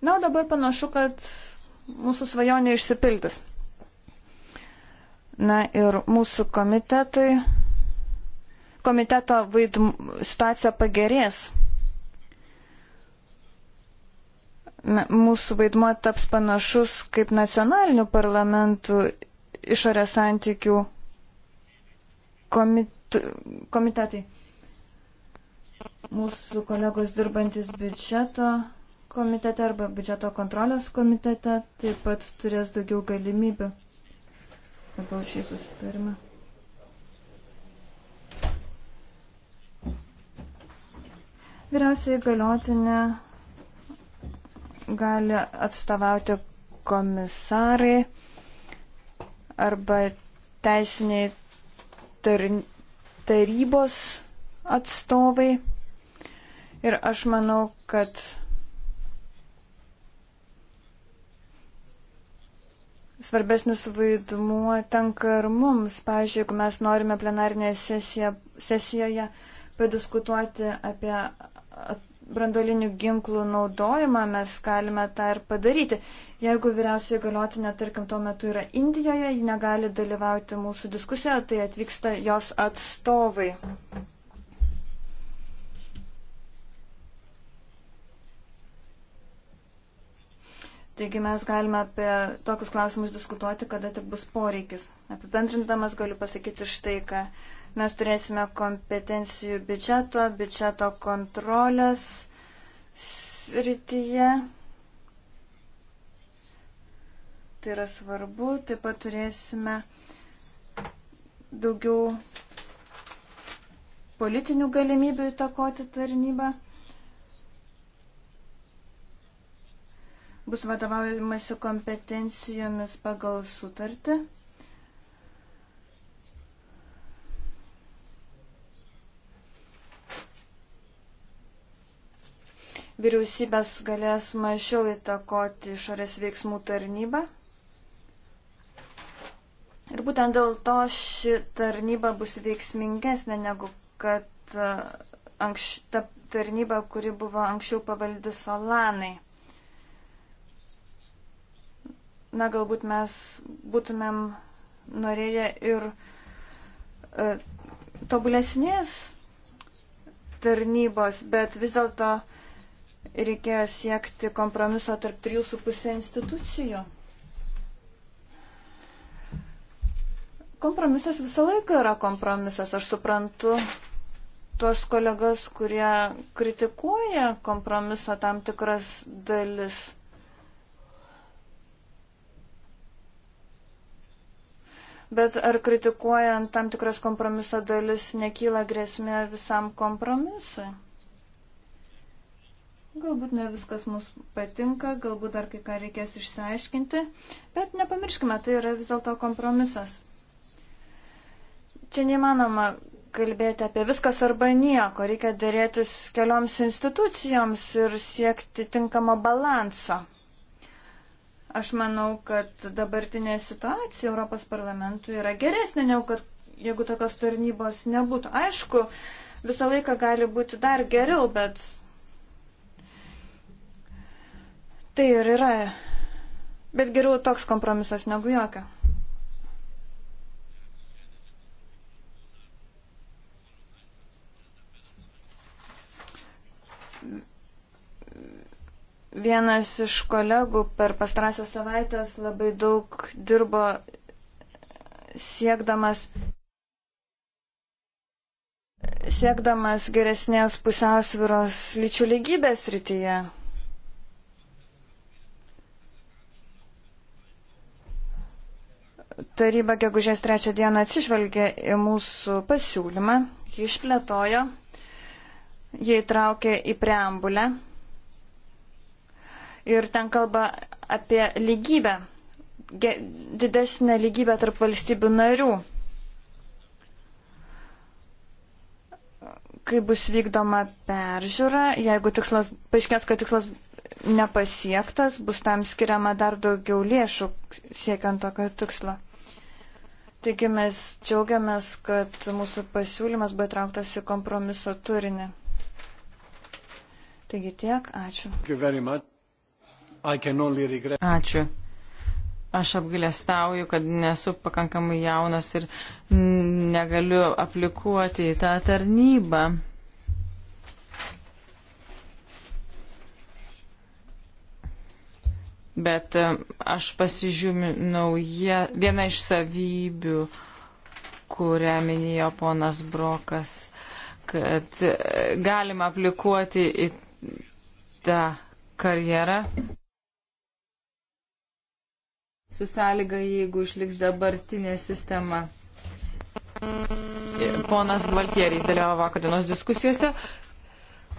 Na, o dabar panašu, kad mūsų svajonė išsipildys. Na ir mūsų komitetui, komiteto vaidm, situacija pagerės mūsų vaidmuo taps panašus kaip nacionalinių parlamentų išorės santykių komit komitetai. Mūsų kolegos dirbantis biudžeto komitete arba biudžeto kontrolės komitete taip pat turės daugiau galimybių pagal šį susitarimą. Vyriausiai galiotinė gali atstovauti komisarai arba teisiniai tar tarybos atstovai. Ir aš manau, kad svarbesnis vaidmuo tenka ir mums. Pavyzdžiui, jeigu mes norime plenarinėje sesijoje padiskutuoti apie brandolinių ginklų naudojimą, mes galime tą ir padaryti. Jeigu vyriausioji galiotinė, tarkim, tuo metu yra Indijoje, ji negali dalyvauti mūsų diskusijoje, tai atvyksta jos atstovai. Taigi mes galime apie tokius klausimus diskutuoti, kada tik bus poreikis. Apibendrindamas galiu pasakyti štai, ką. Kad... Mes turėsime kompetencijų biudžeto, biudžeto kontrolės srityje. Tai yra svarbu. Taip pat turėsime daugiau politinių galimybių įtakoti tarnybą. Bus vadovaujamasi kompetencijomis pagal sutartį. vyriausybės galės mažiau įtakoti išorės veiksmų tarnybą. Ir būtent dėl to ši tarnyba bus veiksmingesnė negu kad e, anks, ta tarnyba, kuri buvo anksčiau pavaldi Solanai. Na, galbūt mes būtumėm norėję ir e, tobulesnės tarnybos, bet vis dėlto e, reikėjo siekti kompromiso tarp trijų su pusė institucijų. Kompromisas visą laiką yra kompromisas. Aš suprantu tuos kolegas, kurie kritikuoja kompromiso tam tikras dalis. Bet ar kritikuojant tam tikras kompromiso dalis nekyla grėsmė visam kompromisui? Galbūt ne viskas mums patinka, galbūt dar kai ką reikės išsiaiškinti, bet nepamirškime, tai yra vis dėlto kompromisas. Čia neįmanoma kalbėti apie viskas arba nieko, reikia dėrėtis kelioms institucijoms ir siekti tinkamo balanso. Aš manau, kad dabartinė situacija Europos parlamentui yra geresnė, negu kad jeigu tokios tarnybos nebūtų. Aišku, visą laiką gali būti dar geriau, bet Tai ir yra. Bet geriau toks kompromisas negu jokio. Vienas iš kolegų per pastarąsią savaitęs labai daug dirbo siekdamas, siekdamas geresnės pusiausviros lyčių lygybės rytyje. Taryba gegužės trečią dieną atsižvelgė į mūsų pasiūlymą, jį išplėtojo, jį įtraukė į preambulę ir ten kalba apie lygybę, didesnę lygybę tarp valstybių narių. Kai bus vykdoma peržiūra, jeigu tikslas, paaiškės, kad tikslas nepasiektas, bus tam skiriama dar daugiau lėšų siekiant tokio tikslo. Taigi mes džiaugiamės, kad mūsų pasiūlymas buvo trauktas į kompromiso turinį. Taigi tiek, ačiū. Ačiū. Aš apgailestauju, kad nesu pakankamai jaunas ir negaliu aplikuoti į tą tarnybą. bet e, aš pasižyminau vieną iš savybių, kurią minėjo ponas Brokas, kad e, galima aplikuoti į tą karjerą. Su sąlyga, jeigu išliks dabartinė sistema. E, ponas Gvaltieris dalyvavo vakar dienos diskusijose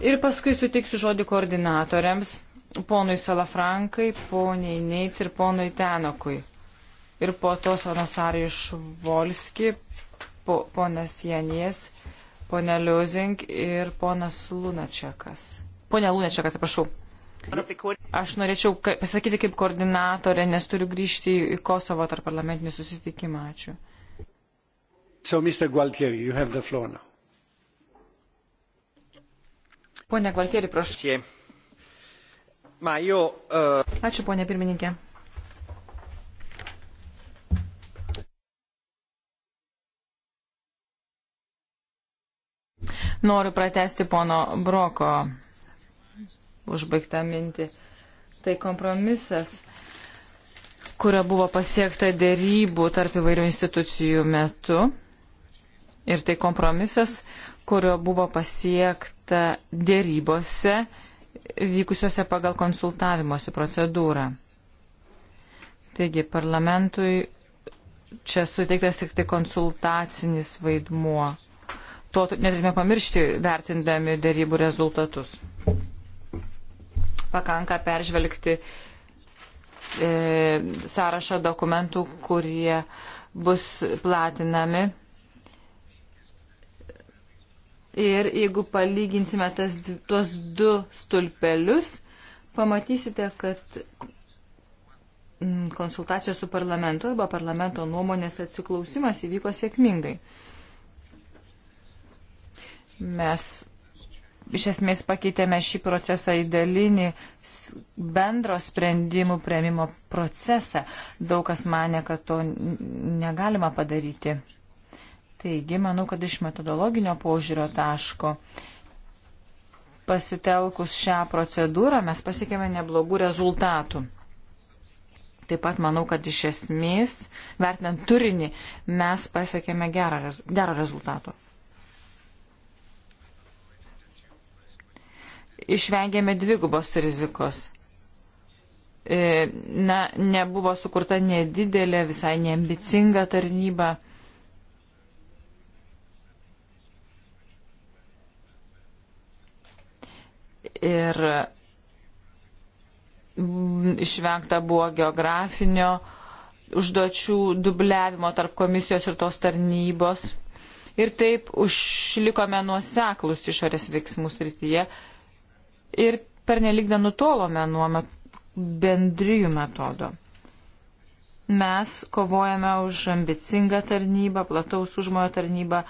ir paskui suteiksiu žodį koordinatoriams ponui Salafrankai, poniai Neits ir ponui Tenokui. Ir po to Sanasarijai Švolski, po, ponas Janies, ponė Liuzink ir ponas Lunačekas. Pone Lunačekas, atsiprašau. Aš norėčiau pasakyti kaip koordinatorė, nes turiu grįžti į Kosovo tarp parlamentinį susitikimą. Ačiū. So, Mr. Gualtieri, you have the floor now. Pone Gualtieri, prašau. Ma io, uh... Ačiū, ponė pirmininkė. Noriu pratesti pono Broko užbaigtą mintį. Tai kompromisas, kurio buvo pasiekta dėrybų tarp įvairių institucijų metu. Ir tai kompromisas, kurio buvo pasiekta dėrybose vykusiuose pagal konsultavimosi procedūrą. Taigi parlamentui čia suteiktas tik tai konsultacinis vaidmuo. To neturime pamiršti, vertindami dėrybų rezultatus. Pakanka peržvelgti e, sąrašą dokumentų, kurie bus platinami Ir jeigu palyginsime tas, tuos du stulpelius, pamatysite, kad mm, konsultacijos su parlamentu arba parlamento nuomonės atsiklausimas įvyko sėkmingai. Mes iš esmės pakeitėme šį procesą į dalinį bendro sprendimų prieimimo procesą. Daug kas mane, kad to negalima padaryti. Taigi, manau, kad iš metodologinio požiūrio taško pasitelkus šią procedūrą mes pasiekėme neblogų rezultatų. Taip pat manau, kad iš esmės, vertinant turinį, mes pasiekėme gerą, gerą rezultatą. Išvengėme dvigubos rizikos. E, na, nebuvo sukurta nedidelė, visai neambicinga tarnyba ir išvengta buvo geografinio užduočių dubliavimo tarp komisijos ir tos tarnybos. Ir taip užlikome nuoseklus išorės veiksmų srityje ir pernelik nenutolome nuo met, bendrijų metodo. Mes kovojame už ambicingą tarnybą, plataus užmojo tarnybą,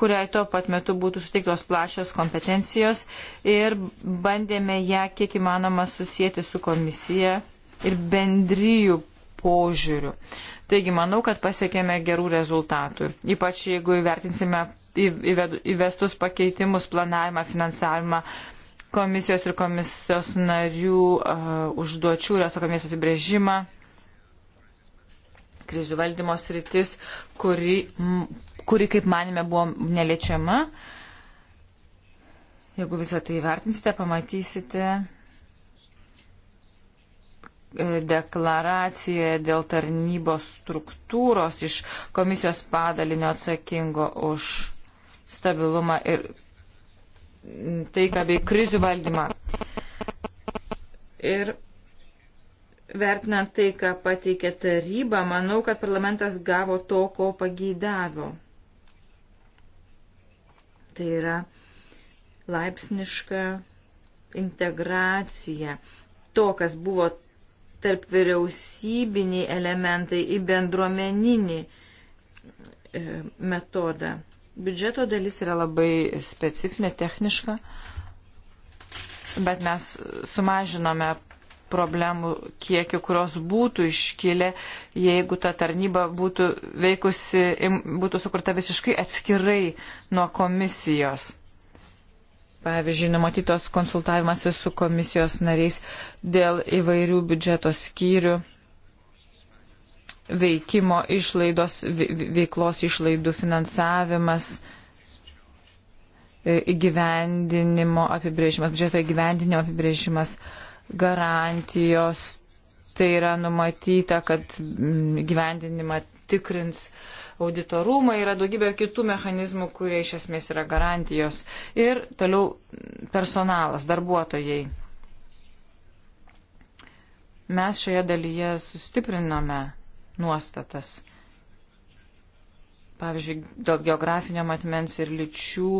kuriai tuo pat metu būtų suteiktos plačios kompetencijos ir bandėme ją kiek įmanoma susijęti su komisija ir bendryjų požiūriu. Taigi manau, kad pasiekėme gerų rezultatų, ypač jeigu įvertinsime įvestus pakeitimus, planavimą, finansavimą komisijos ir komisijos narių uh, užduočių ir atsakomės apibrėžimą krizių valdymo sritis, kuri kuri, kaip manime, buvo neliečiama. Jeigu visą tai vertinsite, pamatysite e, deklaracijoje dėl tarnybos struktūros iš komisijos padalinio atsakingo už stabilumą ir taiką bei krizių valdymą. Ir vertinant tai, ką pateikė taryba, manau, kad parlamentas gavo to, ko pageidavo tai yra laipsniška integracija to, kas buvo tarp vyriausybiniai elementai į bendruomeninį e, metodą. Biudžeto dalis yra labai specifinė, techniška, bet mes sumažinome problemų kiekį, kurios būtų iškilę, jeigu ta tarnyba būtų veikusi, būtų sukurta visiškai atskirai nuo komisijos. Pavyzdžiui, numatytos konsultavimas su komisijos nariais dėl įvairių biudžeto skyrių, veikimo išlaidos, veiklos išlaidų finansavimas e, įgyvendinimo apibrėžimas, biudžeto įgyvendinimo apibrėžimas. Uh, garantijos. Tai yra numatyta, kad mm, gyvendinimą tikrins auditorumai, yra daugybė kitų mechanizmų, kurie iš esmės yra garantijos. Ir toliau mm, personalas, darbuotojai. Mes šioje dalyje sustiprinome nuostatas pavyzdžiui, dėl geografinio matmens ir lyčių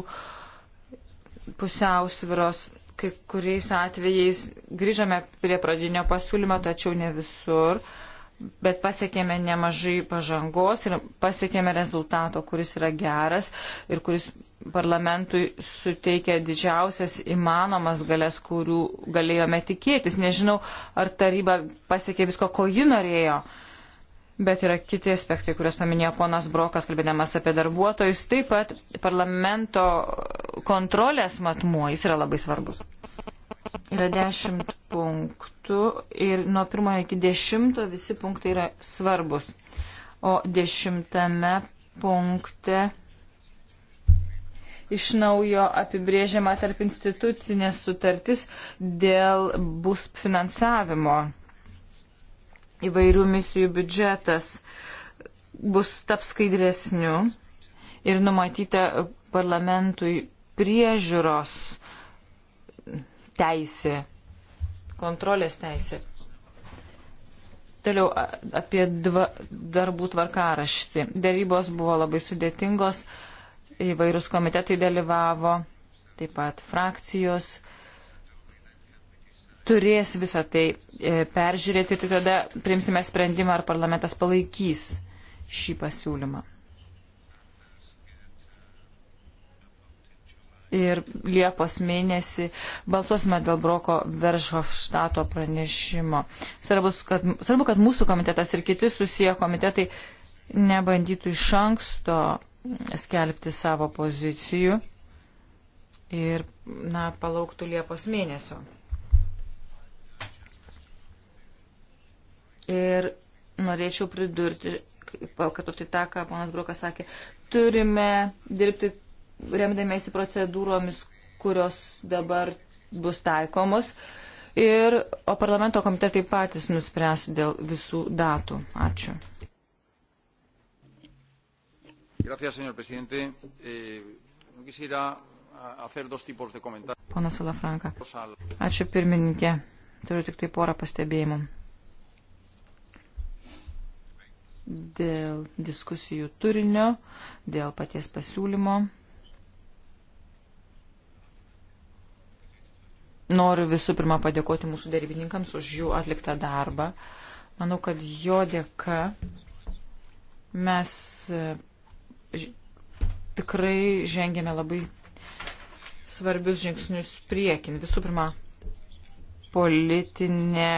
pusiausviros kai kuriais atvejais grįžome prie pradinio pasiūlymo, tačiau ne visur, bet pasiekėme nemažai pažangos ir pasiekėme rezultato, kuris yra geras ir kuris parlamentui suteikia didžiausias įmanomas galės, kurių galėjome tikėtis. Nežinau, ar taryba pasiekė visko, ko ji norėjo. Uh, bet yra kiti aspektai, kuriuos paminėjo ponas Brokas, kalbėdamas apie darbuotojus. Taip pat parlamento kontrolės matmuo, jis yra labai svarbus. Yra dešimt punktų ir nuo pirmojo iki dešimto visi punktai yra svarbus. O dešimtame punkte iš naujo apibrėžiama tarp institucinės sutartis dėl bus finansavimo įvairių misijų biudžetas bus taps skaidresniu ir numatyta parlamentui priežiūros teisė, kontrolės teisė. Toliau apie dva, darbų tvarkaraštį. Darybos buvo labai sudėtingos, įvairūs komitetai dalyvavo, taip pat frakcijos turės visą tai e, peržiūrėti, tai tada priimsime sprendimą, ar parlamentas palaikys šį pasiūlymą. Ir Liepos mėnesį balsuosime dėl Broko Veržhofštato pranešimo. Svarbus, kad, svarbu, kad mūsų komitetas ir kiti susiję komitetai nebandytų iš anksto skelbti savo pozicijų ir na, palauktų Liepos mėnesio. Ir norėčiau pridurti, kad tai tą, ką ponas Brokas sakė, turime dirbti remdamėsi procedūromis, kurios dabar bus taikomos. Ir, o parlamento komitetai patys nuspręs dėl visų datų. Ačiū. Gracias, señor presidente. Eh, quisiera hacer dos tipos de comentarios. Ponas Salafranka. Ačiū pirmininkė. Turiu tik tai porą pastebėjimų. dėl diskusijų turinio, dėl paties pasiūlymo. Noriu visų pirma padėkoti mūsų dėrybininkams už jų atliktą darbą. Manau, kad jo dėka mes e, tikrai žengėme labai svarbius žingsnius priekin. Visų pirma, politinė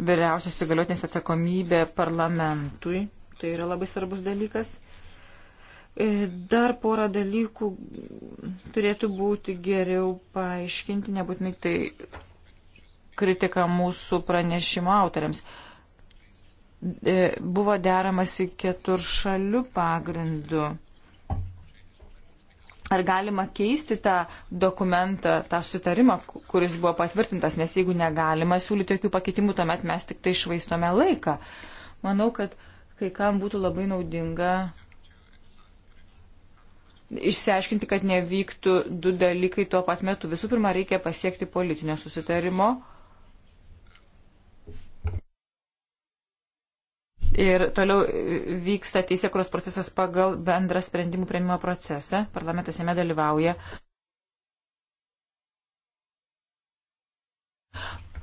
vyriausios įgaliotinės atsakomybė parlamentui Tai yra labai svarbus dalykas. E, dar porą dalykų turėtų būti geriau paaiškinti, nebūtinai tai kritika mūsų pranešimo autoriams. E, buvo deramasi keturšalių pagrindų. Ar galima keisti tą dokumentą, tą sutarimą, kuris buvo patvirtintas, nes jeigu negalima siūlyti jokių pakeitimų, tuomet mes tik tai išvaistome laiką. Manau, kad uh, kai kam būtų labai naudinga išsiaiškinti, kad nevyktų du dalykai tuo pat metu. Visų pirma, reikia pasiekti politinio susitarimo. Ir toliau vyksta teisėkuros procesas pagal bendrą sprendimų prieimimo procesą. Parlamentas jame dalyvauja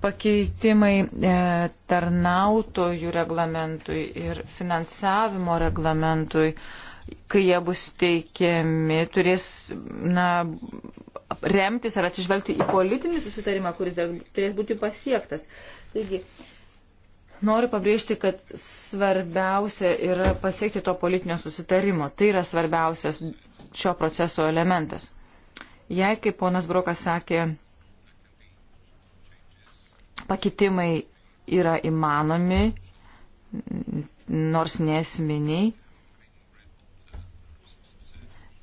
pakeitimai e, tarnautojų reglamentui ir finansavimo reglamentui, kai jie bus teikiami, turės na, remtis ar atsižvelgti į politinį susitarimą, kuris dar turės būti pasiektas. Taigi, Noriu pabrėžti, kad svarbiausia yra pasiekti to politinio susitarimo. Tai yra svarbiausias šio proceso elementas. Jei, kaip ponas Brokas sakė, Pakitimai yra įmanomi, nors nesminiai.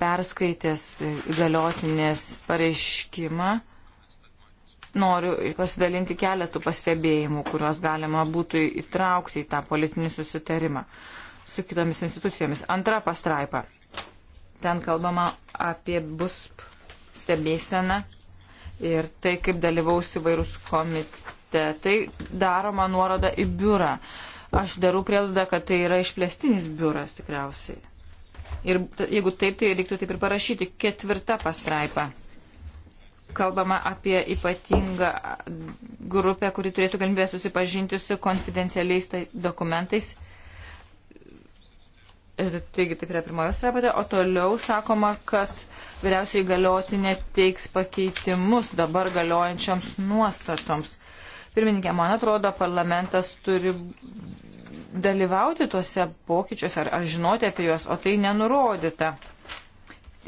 Perskaitęs galiotinės pareiškimą, noriu pasidalinti keletų pastebėjimų, kuriuos galima būtų įtraukti į tą politinį susitarimą su kitomis institucijomis. Antra pastraipa. Ten kalbama apie BUSP stebėseną ir tai, kaip dalyvaus įvairūs komitetai tekste. Tai daroma nuoroda į biurą. Aš darau prielaidą, kad tai yra išplėstinis biuras tikriausiai. Ir jeigu taip, tai reiktų taip ir parašyti. Ketvirta pastraipa. Kalbama apie ypatingą grupę, kuri turėtų galimybę susipažinti su konfidencialiais tai dokumentais. Ir e, taigi taip yra pirmoji straipatė, o toliau sakoma, kad vyriausiai galiotinė teiks pakeitimus dabar galiojančioms nuostatoms. Pirmininkė, man atrodo, parlamentas turi dalyvauti tuose pokyčiuose ar, ar žinoti apie juos, o tai nenurodyta.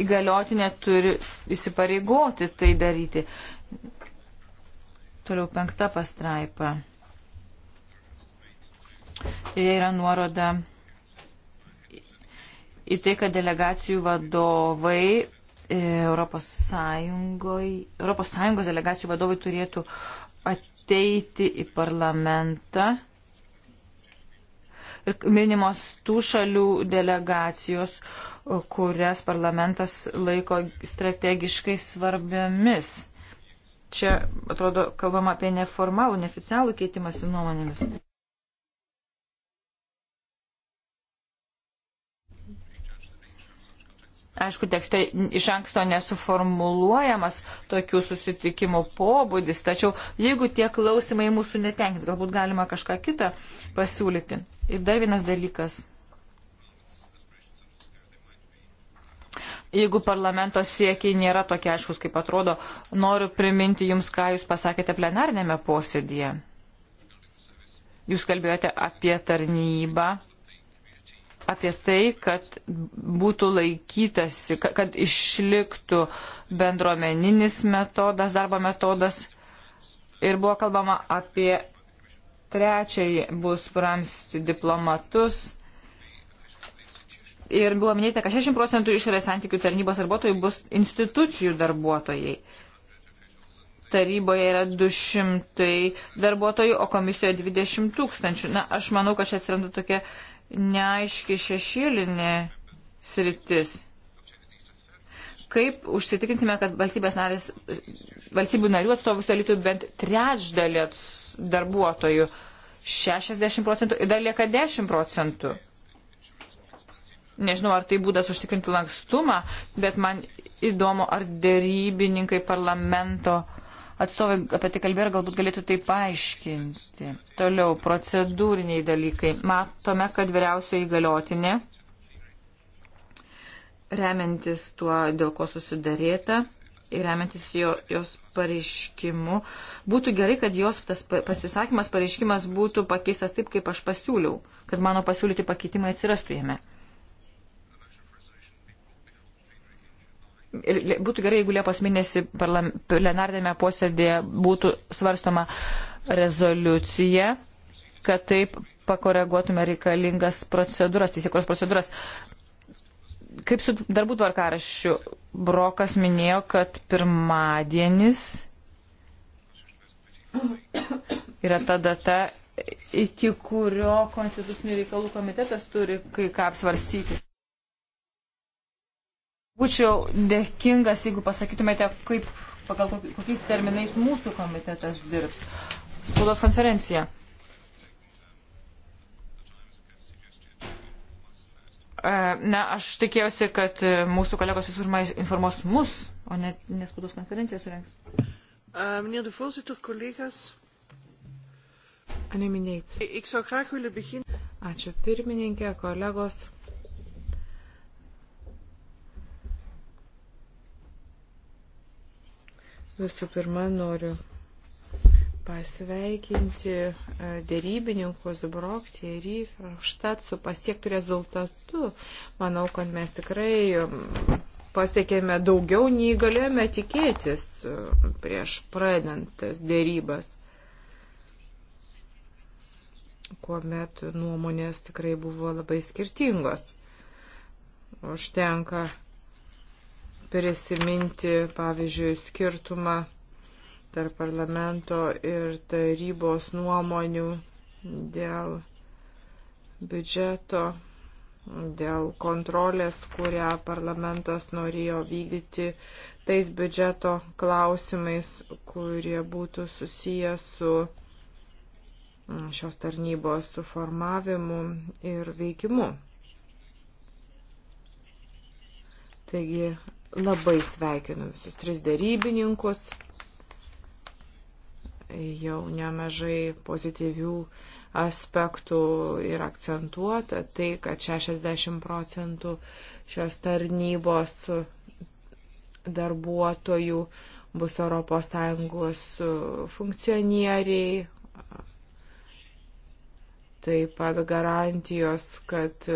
Įgaliotinė turi įsipareigoti tai daryti. Toliau penkta pastraipa. Joje yra nuoroda į tai, kad delegacijų vadovai e, Europos Sąjungos delegacijų vadovai turėtų at, ateiti į parlamentą. Ir minimos tų šalių delegacijos, kurias parlamentas laiko strategiškai svarbiamis. Čia, atrodo, kalbama apie neformalų, neoficialų keitimąsi nuomonėmis. Aišku, tekste iš anksto nesuformuluojamas tokių susitikimų pobūdis, tačiau jeigu tie klausimai mūsų netenkins, galbūt galima kažką kitą pasiūlyti. Ir dar vienas dalykas. Jeigu parlamento siekiai nėra tokie aiškus, kaip atrodo, noriu priminti Jums, ką Jūs pasakėte plenarnėme posėdėje. Jūs kalbėjote apie tarnybą apie tai, kad būtų laikytasi, kad išliktų bendruomeninis metodas, darbo metodas. Ir buvo kalbama apie trečiąjį bus ramsti diplomatus. Ir buvo minėta, kad 60 procentų išorės santykių tarnybos darbuotojų bus institucijų darbuotojai. Taryboje yra 200 darbuotojų, o komisijoje 20 tūkstančių. Na, aš manau, kad čia atsiranda tokia neaiški šešėlinė sritis. Kaip užsitikinsime, kad valstybės narės, valstybių narių atstovus dalytų bent trečdalį darbuotojų, 60 procentų ir dar lieka 10 procentų. Nežinau, ar tai būdas užtikrinti lankstumą, bet man įdomu, ar dėrybininkai parlamento uh, atstovai apie tai kalbėjo ir galbūt galėtų tai paaiškinti. Toliau, procedūriniai dalykai. Matome, kad vyriausioji galiotinė, remiantis tuo, dėl ko susidarėta ir remiantis jo, jos pareiškimu, būtų gerai, kad jos tas pasisakymas, pareiškimas būtų pakeistas taip, kaip aš pasiūliau, kad mano pasiūlyti pakeitimai atsirastų jame. būtų gerai, jeigu Liepos mėnesį plenardėme posėdėje būtų svarstoma rezoliucija, kad taip pakoreguotume reikalingas procedūras, teisėkuros procedūras. Kaip su darbų tvarkaraščiu, Brokas minėjo, kad pirmadienis yra ta data, iki kurio Konstitucinių reikalų komitetas turi kai ką apsvarstyti. Būčiau dėkingas, jeigu pasakytumėte, kaip, pagal kokiais terminais mūsų komitetas dirbs. Spaudos konferencija. E, na, aš tikėjausi, kad mūsų kolegos visų pirma informuos mus, o ne nespaudos konferenciją surengs. E, meneer de voorzitter, collega's. Ačiū pirmininkė, kolegos. Visų pirma, noriu pasveikinti e, dėrybininkus Brokti ir Įfraštat su pasiektų rezultatu. Manau, kad mes tikrai pasiekėme daugiau, nei galėjome tikėtis e, prieš pradedantas dėrybas, kuomet nuomonės tikrai buvo labai skirtingos. Užtenka prisiminti, pavyzdžiui, skirtumą tarp parlamento ir tarybos nuomonių dėl biudžeto, dėl kontrolės, kurią parlamentas norėjo vykdyti tais biudžeto klausimais, kurie būtų susiję su mm, šios tarnybos suformavimu ir veikimu. Taigi Labai sveikinu visus tris darybininkus. Jau nemažai pozityvių aspektų ir akcentuota tai, kad 60 procentų šios tarnybos darbuotojų bus ES funkcionieriai, taip pat garantijos, kad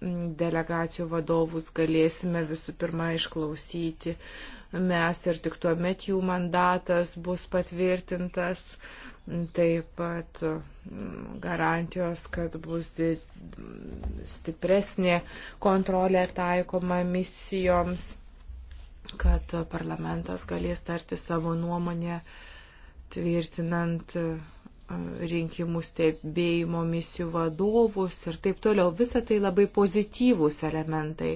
delegacijų vadovus galėsime visų pirma išklausyti mes ir tik tuomet jų mandatas bus patvirtintas. Taip pat mm, garantijos, kad bus stipresnė kontrolė taikoma misijoms, kad parlamentas galės tarti savo nuomonę tvirtinant rinkimų stebėjimo misijų vadovus ir taip toliau. Visa tai labai pozityvūs elementai.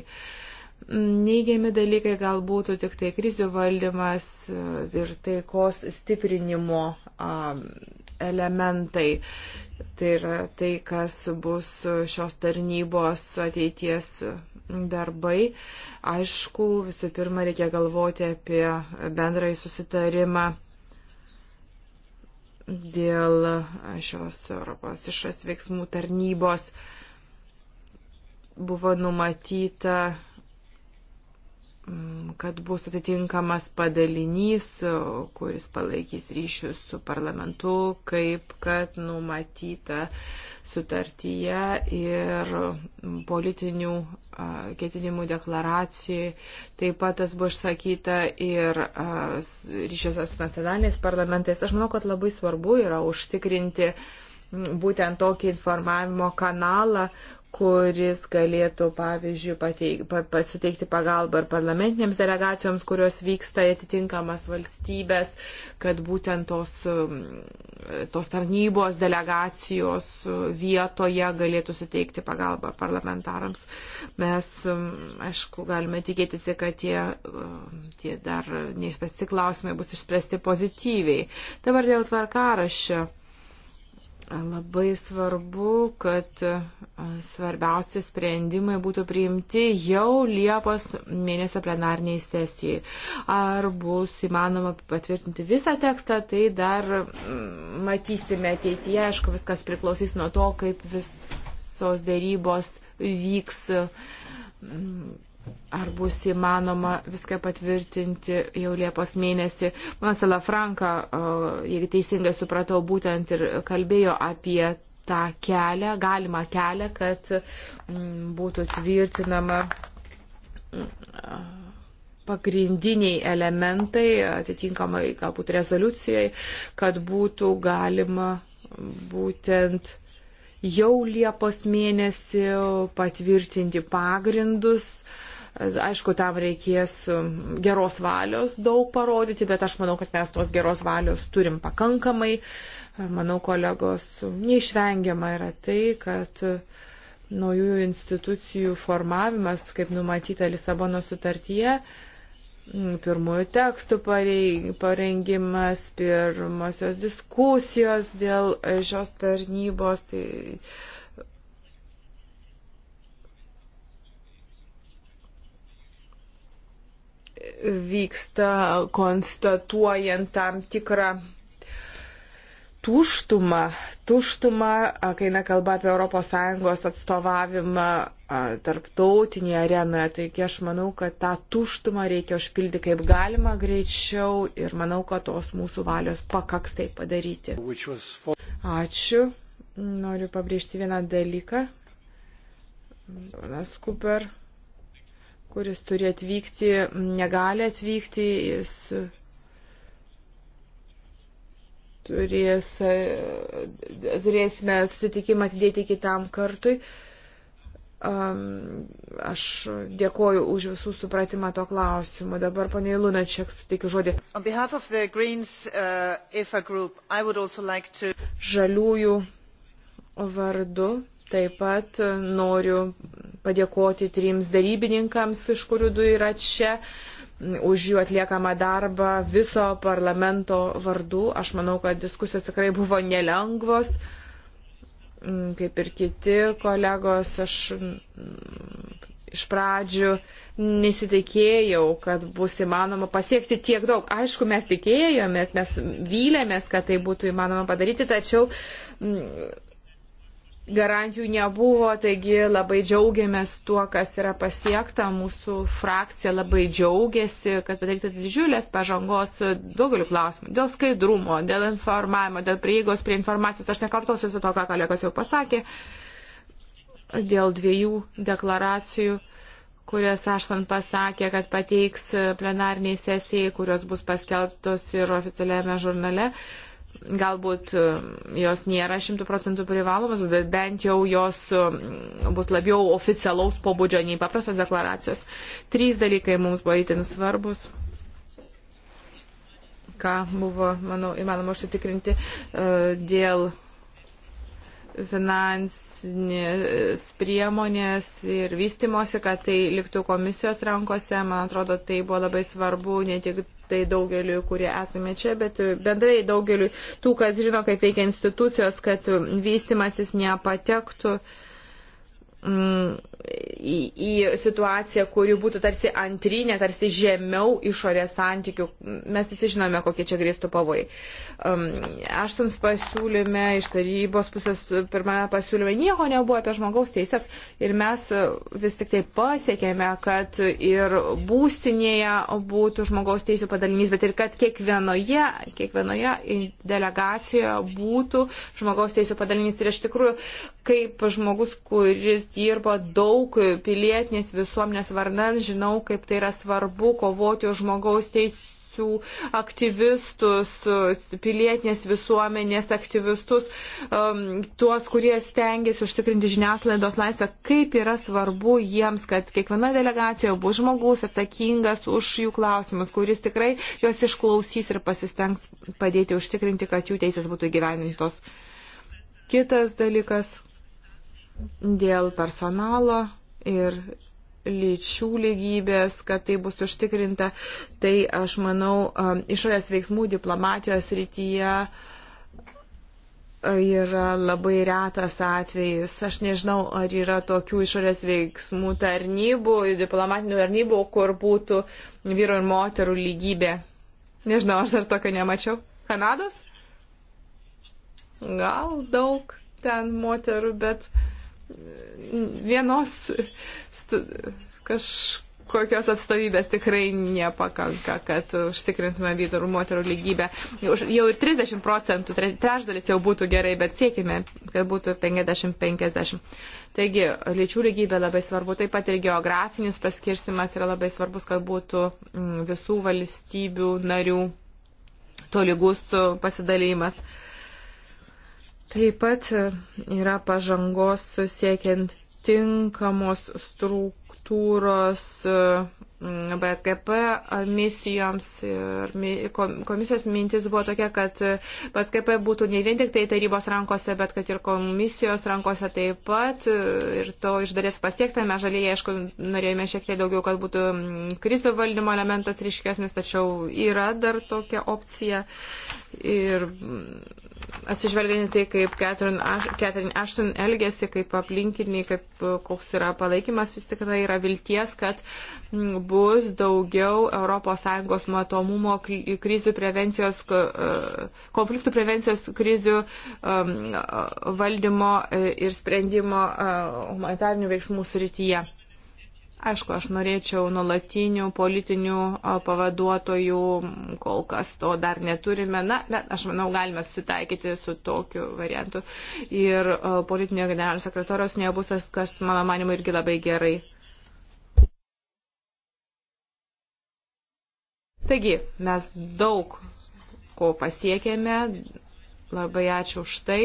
Neigiami dalykai gal būtų tik tai krizių valdymas e, ir taikos stiprinimo elementai. Tai yra tai, kas bus šios tarnybos ateities darbai. Aišku, visų pirma, reikia galvoti apie bendrąjį susitarimą dėl šios Europos išras veiksmų tarnybos buvo numatyta Mm, kad bus atitinkamas padalinys, kuris palaikys ryšius su parlamentu, kaip kad numatyta sutartyje ir politinių ketinimų deklaracijai. Taip pat tas buvo išsakyta ir ryšiuose su nacionaliniais parlamentais. Aš manau, kad labai svarbu yra užtikrinti būtent tokį informavimo kanalą, kuris galėtų, pavyzdžiui, pateik, pa, suteikti pagalbą ir parlamentinėms delegacijoms, kurios vyksta į atitinkamas valstybės, kad būtent tos, um, tos tarnybos delegacijos vietoje galėtų suteikti pagalbą parlamentarams. Mes, um, aišku, galime tikėtis, kad tie, um, tie dar neišspręsti klausimai bus išspręsti pozityviai. Dabar dėl tvarkaraščio. Labai svarbu, kad e, svarbiausi sprendimai būtų priimti jau Liepos mėnesio plenarniai sesijai. Ar bus įmanoma patvirtinti visą tekstą, tai dar mm, matysime ateityje. Aišku, viskas priklausys nuo to, kaip visos dėrybos vyks mm, ar bus įmanoma viską patvirtinti jau Liepos mėnesį. Manas Lafranka, jeigu teisingai supratau, būtent ir kalbėjo apie tą kelią, galimą kelią, kad mm, būtų tvirtinama mm, pagrindiniai elementai, atitinkamai galbūt rezoliucijoje, kad būtų galima būtent jau Liepos mėnesį patvirtinti pagrindus Aišku, tam reikės um, geros valios daug parodyti, bet aš manau, kad mes tos geros valios turim pakankamai. Manau, kolegos, um, neišvengiama yra tai, kad um, naujųjų institucijų formavimas, kaip numatyta Lisabono sutartyje, pirmųjų tekstų parengimas, pirmosios diskusijos dėl uh, šios tarnybos. Tai vyksta konstatuojant tam tikrą tuštumą, tuštumą, kai eina kalba apie ES atstovavimą tarptautinėje arenoje. Taigi aš manau, kad tą tuštumą reikia užpildyti kaip galima greičiau ir manau, kad tos mūsų valios pakaks tai padaryti. Ačiū. Noriu pabrėžti vieną dalyką. Panas Kuper kuris turi atvykti, negali atvykti, jis turės, turėsime sutikimą atidėti kitam kartui. Aš dėkoju už visų supratimą to klausimu. Dabar, ponė Lunačiak, suteikiu žodį. Greens, uh, group, like to... Žaliųjų vardu Taip pat e, noriu padėkoti trims darybininkams, iš kurių du yra čia už jų atliekamą darbą viso parlamento vardu. Aš manau, kad diskusijos tikrai buvo nelengvos, kaip ir kiti kolegos. Aš iš pradžių nesitikėjau, kad bus įmanoma pasiekti tiek daug. Aišku, mes tikėjomės, mes vylėmės, kad tai būtų įmanoma padaryti, tačiau garantijų nebuvo, taigi labai džiaugiamės tuo, kas yra pasiekta. Mūsų frakcija labai džiaugiasi, kad padaryta didžiulės pažangos daugeliu klausimų. Dėl skaidrumo, dėl informavimo, dėl prieigos prie informacijos. Aš nekartosiu su to, ką kolegos jau pasakė. Dėl dviejų deklaracijų kurias Ašlan pasakė, kad pateiks plenarniai sesijai, kurios bus paskelbtos ir oficialiame žurnale. Uh, Galbūt e, jos nėra šimtų procentų privalomas, bet bent jau jos e, bus labiau oficialaus pobūdžio nei paprastos deklaracijos. Trys dalykai mums buvo įtin svarbus ką buvo, manau, įmanoma užsitikrinti e, dėl finansinės priemonės ir vystimosi, kad tai liktų komisijos rankose. Man atrodo, tai buvo labai svarbu ne tik tai daugeliu, kurie esame čia, bet bendrai daugeliu tų, kas žino, kaip veikia institucijos, kad vystimasis nepatektų uh, į, į situaciją, kuri būtų tarsi antrinė, tarsi žemiau išorės santykių. Mes visi žinome, kokie čia grėstų pavojai. Um, Aštons pasiūlyme, iš tarybos pusės pirmame pasiūlyme nieko nebuvo apie žmogaus teisės ir mes uh, vis tik tai pasiekėme, kad ir būstinėje būtų žmogaus teisų padalinys, bet ir kad kiekvienoje, kiekvienoje delegacijoje būtų žmogaus teisų padalinys. Ir iš tikrųjų, kaip žmogus, kuris dirbo daug pilietinės visuomenės vardan, žinau, kaip tai yra svarbu kovoti už žmogaus teisų teisių aktyvistus, pilietinės visuomenės aktyvistus, um, tuos, kurie stengiasi užtikrinti žiniasklaidos laisvę, kaip yra svarbu jiems, kad kiekviena delegacija bus žmogus atsakingas už jų klausimus, kuris tikrai juos išklausys ir pasistengs padėti užtikrinti, kad jų teisės būtų gyvenintos. Kitas dalykas dėl personalo ir lyčių lygybės, kad tai bus užtikrinta, tai aš manau, um, išorės veiksmų diplomatijos rytyje uh, yra labai retas atvejis. Aš nežinau, ar yra tokių išorės veiksmų tarnybų, diplomatinių tarnybų, kur būtų vyru ir moterų lygybė. Nežinau, aš dar tokio nemačiau. Kanados? Gal daug ten moterų, bet uh, vienos kažkokios atstovybės tikrai nepakanka, kad užtikrintume vyrų ir moterų lygybę. Jau ir 30 procentų, trečdalis jau būtų gerai, bet siekime, kad būtų 50-50. Taigi, lyčių lygybė labai svarbu, taip pat ir geografinis paskirstimas yra labai svarbus, kad būtų mm, visų valstybių narių tolygus pasidalymas. Taip pat yra pažangos siekiant tinkamos struktūros mm, BSGP misijoms ir komisijos mintis buvo tokia, kad BSGP būtų ne vien tik tai tarybos rankose, bet kad ir komisijos rankose taip pat ir to iš dalies pasiektame. Žaliai, aišku, norėjome šiek tiek daugiau, kad būtų mm, krizių valdymo elementas ryškesnis, tačiau yra dar tokia opcija. Ir mm, atsižvelgiant į tai, kaip Catherine Ashton elgėsi, kaip aplinkiniai, kaip koks yra palaikymas, vis tik tai yra vilties, kad bus daugiau ES matomumo krizių prevencijos, e, konfliktų prevencijos krizių valdymo e, ir sprendimo e, humanitarnių veiksmų srityje. Aišku, aš norėčiau nuolatinių politinių pavaduotojų, kol kas to dar neturime, na, bet aš manau, galime susitaikyti su tokiu variantu. Ir politinio generalinio sekretorijos nebus, kas, mano manimu, irgi labai gerai. Taigi, mes daug ko pasiekėme, labai ačiū už tai.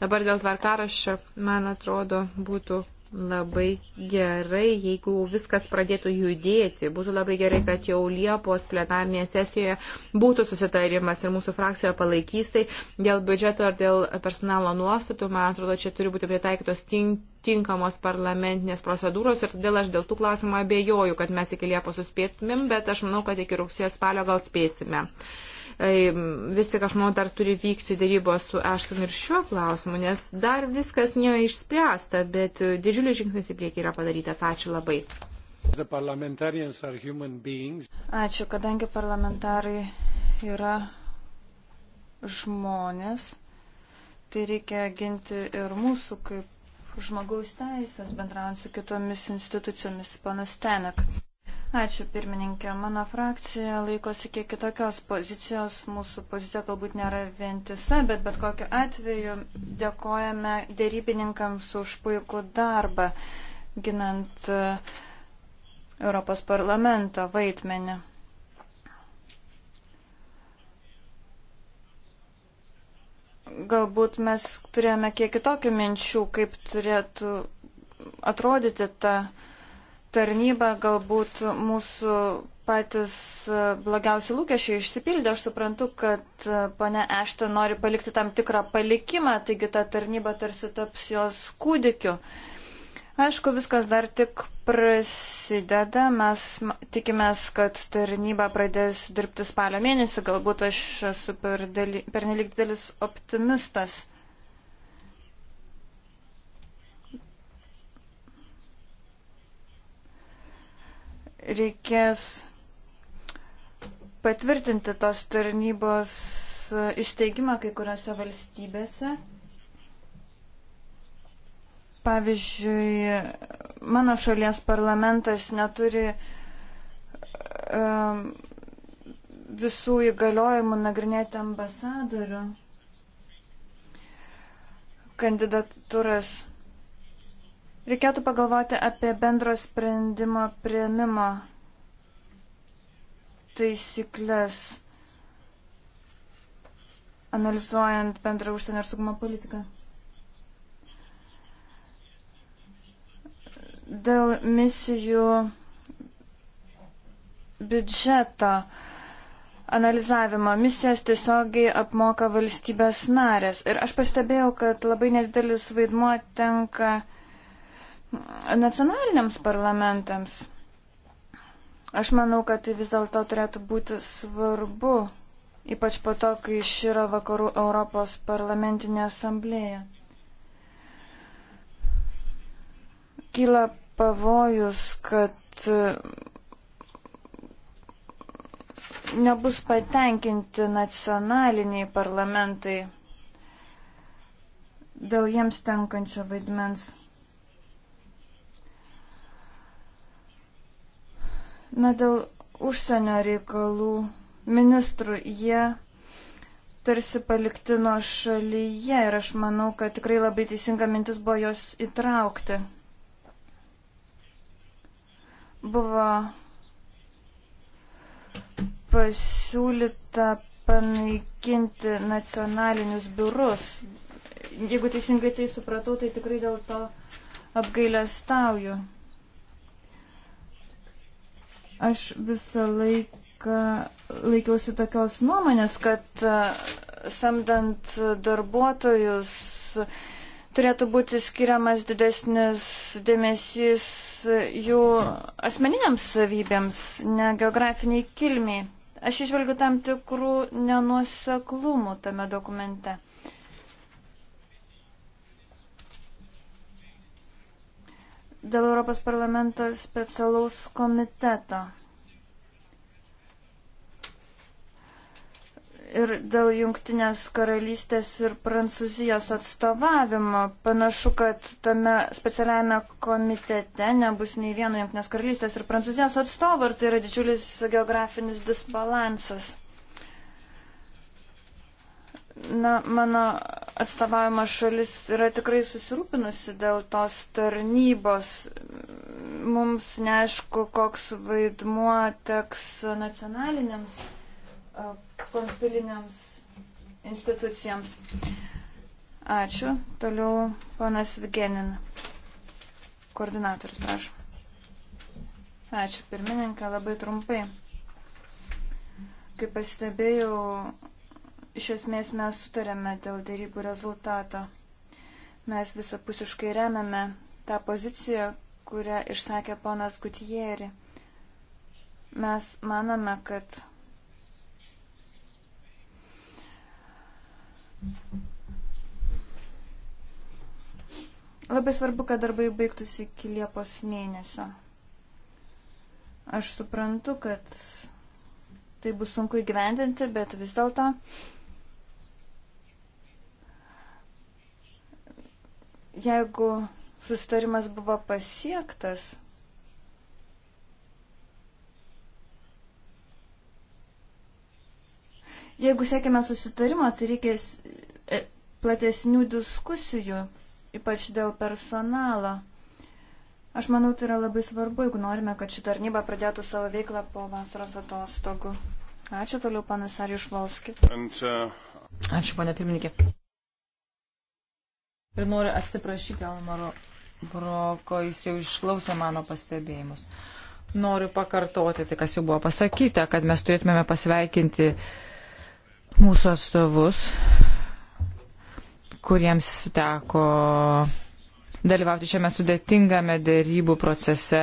Dabar dėl tvarkaraščio, man atrodo, būtų labai gerai, jeigu viskas pradėtų judėti. Būtų labai gerai, kad jau Liepos plenarnėje sesijoje būtų susitarimas ir mūsų frakcijoje palaikys tai dėl biudžeto ar dėl personalo nuostatų. Man atrodo, čia turi būti pritaikytos tinkamos parlamentinės procedūros ir todėl aš dėl tų klausimų abejoju, kad mes iki Liepos suspėtumėm, bet aš manau, kad iki rugsėjo spalio gal spėsime vis tik aš manau dar turi vykti dėrybos su Ashton ir šiuo klausimu, nes dar viskas neišspręsta, bet didžiulis žingsnis į priekį yra padarytas. Ačiū labai. Ačiū, kadangi parlamentarai yra žmonės, tai reikia ginti ir mūsų kaip žmogaus teisės bendraujant su kitomis institucijomis, panas Tenek. Ačiū pirmininkė. Mano frakcija laikosi kiek kitokios pozicijos. Mūsų pozicija galbūt nėra vientisa, bet bet kokiu atveju dėkojame dėrybininkams už puikų darbą, ginant e, Europos parlamento vaidmenį. Galbūt mes turėjome kiek kitokių minčių, kaip turėtų atrodyti ta. Ta tarnybą, galbūt mūsų patys e, blogiausi lūkesčiai išsipildė. Aš suprantu, kad pane Ešta nori palikti tam tikrą palikimą, taigi ta tarnyba tarsi taps jos kūdikiu. Aišku, viskas dar tik prasideda. Mes tikimės, kad tarnyba pradės dirbti spalio mėnesį. Galbūt aš esu per, dėli, per nelik didelis optimistas. reikės patvirtinti tos tarnybos e, įsteigimą kai kuriuose valstybėse. Pavyzdžiui, mano šalies parlamentas neturi um, visų įgaliojimų nagrinėti ambasadorių kandidatūras Reikėtų pagalvoti apie bendro sprendimo prieimimo taisyklės, analizuojant bendrą užsienio ir saugumo politiką. Dėl misijų biudžeto analizavimo misijas tiesiogiai apmoka valstybės narės. Ir aš pastebėjau, kad labai nedidelis vaidmuo tenka uh, nacionaliniams parlamentams. Aš manau, kad tai vis dėlto turėtų būti svarbu, ypač po to, kai išyra vakarų Europos parlamentinė asamblėja. Kyla pavojus, kad e, nebus patenkinti nacionaliniai parlamentai dėl jiems tenkančio vaidmens. Na, dėl užsienio reikalų ministrų jie tarsi palikti nuo šalyje ir aš manau, kad tikrai labai teisinga mintis buvo jos įtraukti. Buvo pasiūlyta panaikinti nacionalinius biurus. Jeigu teisingai tai supratau, tai tikrai dėl to apgailę stauju. Aš visą laiką laikiausi tokios nuomonės, kad e, samdant darbuotojus turėtų būti skiriamas didesnis dėmesys jų asmeniniams savybėms, ne geografiniai kilmiai. Aš išvelgiu tam tikrų nenuoseklumų tame dokumente. dėl Europos parlamento specialaus komiteto. Ir dėl Junktinės karalystės ir Prancūzijos atstovavimo panašu, kad tame specialiame komitete nebus nei vieno Junktinės karalystės ir Prancūzijos atstovo ir tai yra didžiulis geografinis disbalansas. Na, mano atstovaujama šalis yra tikrai susirūpinusi dėl tos tarnybos. Mums neaišku, koks vaidmuo teks nacionaliniams konsuliniams institucijoms. Ačiū. Toliau panas Vigenin. Koordinatorius, prašau. Ačiū pirmininką, labai trumpai. Kaip pastebėjau, iš esmės mes sutarėme dėl dėrybų rezultato. Mes visapusiškai remiame tą poziciją, kurią išsakė ponas Gutieri. Mes manome, kad labai svarbu, kad darbai baigtųsi iki Liepos mėnesio. Aš suprantu, kad tai bus sunku įgyvendinti, bet vis dėlto. Uh, Jeigu sustarimas buvo pasiektas, jeigu siekime susitarimo, tai reikės e, platesnių diskusijų, ypač dėl personalo. Aš manau, tai yra labai svarbu, jeigu norime, kad ši tarnyba pradėtų savo veiklą po vasaros atostogų. Ačiū toliau, panas Arijus Valski. Uh... Ačiū, ponė pirmininkė. Ir noriu atsiprašyti Almaro Broko, jis jau išklausė mano pastebėjimus. Noriu pakartoti tai, kas jau buvo pasakyta, kad mes turėtumėme pasveikinti mūsų atstovus, kuriems teko dalyvauti šiame sudėtingame dėrybų procese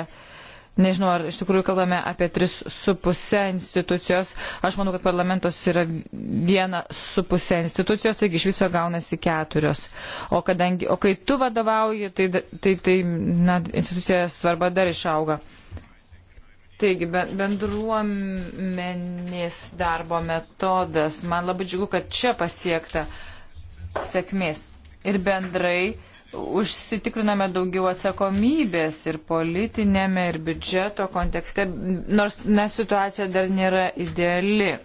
Nežinau, ar iš tikrųjų kalbame apie 3,5 institucijos. Aš manau, kad parlamentas yra 1,5 institucijos, taigi iš viso gaunasi keturios. O, kadangi, o kai tu vadovauji, tai, tai, tai na, institucija svarba dar išauga. Taigi, bendruomenės darbo metodas. Man labai džiugu, kad čia pasiekta sėkmės. Ir bendrai užsitikriname daugiau atsakomybės ir politinėme, ir biudžeto kontekste, nors na, situacija dar nėra ideali.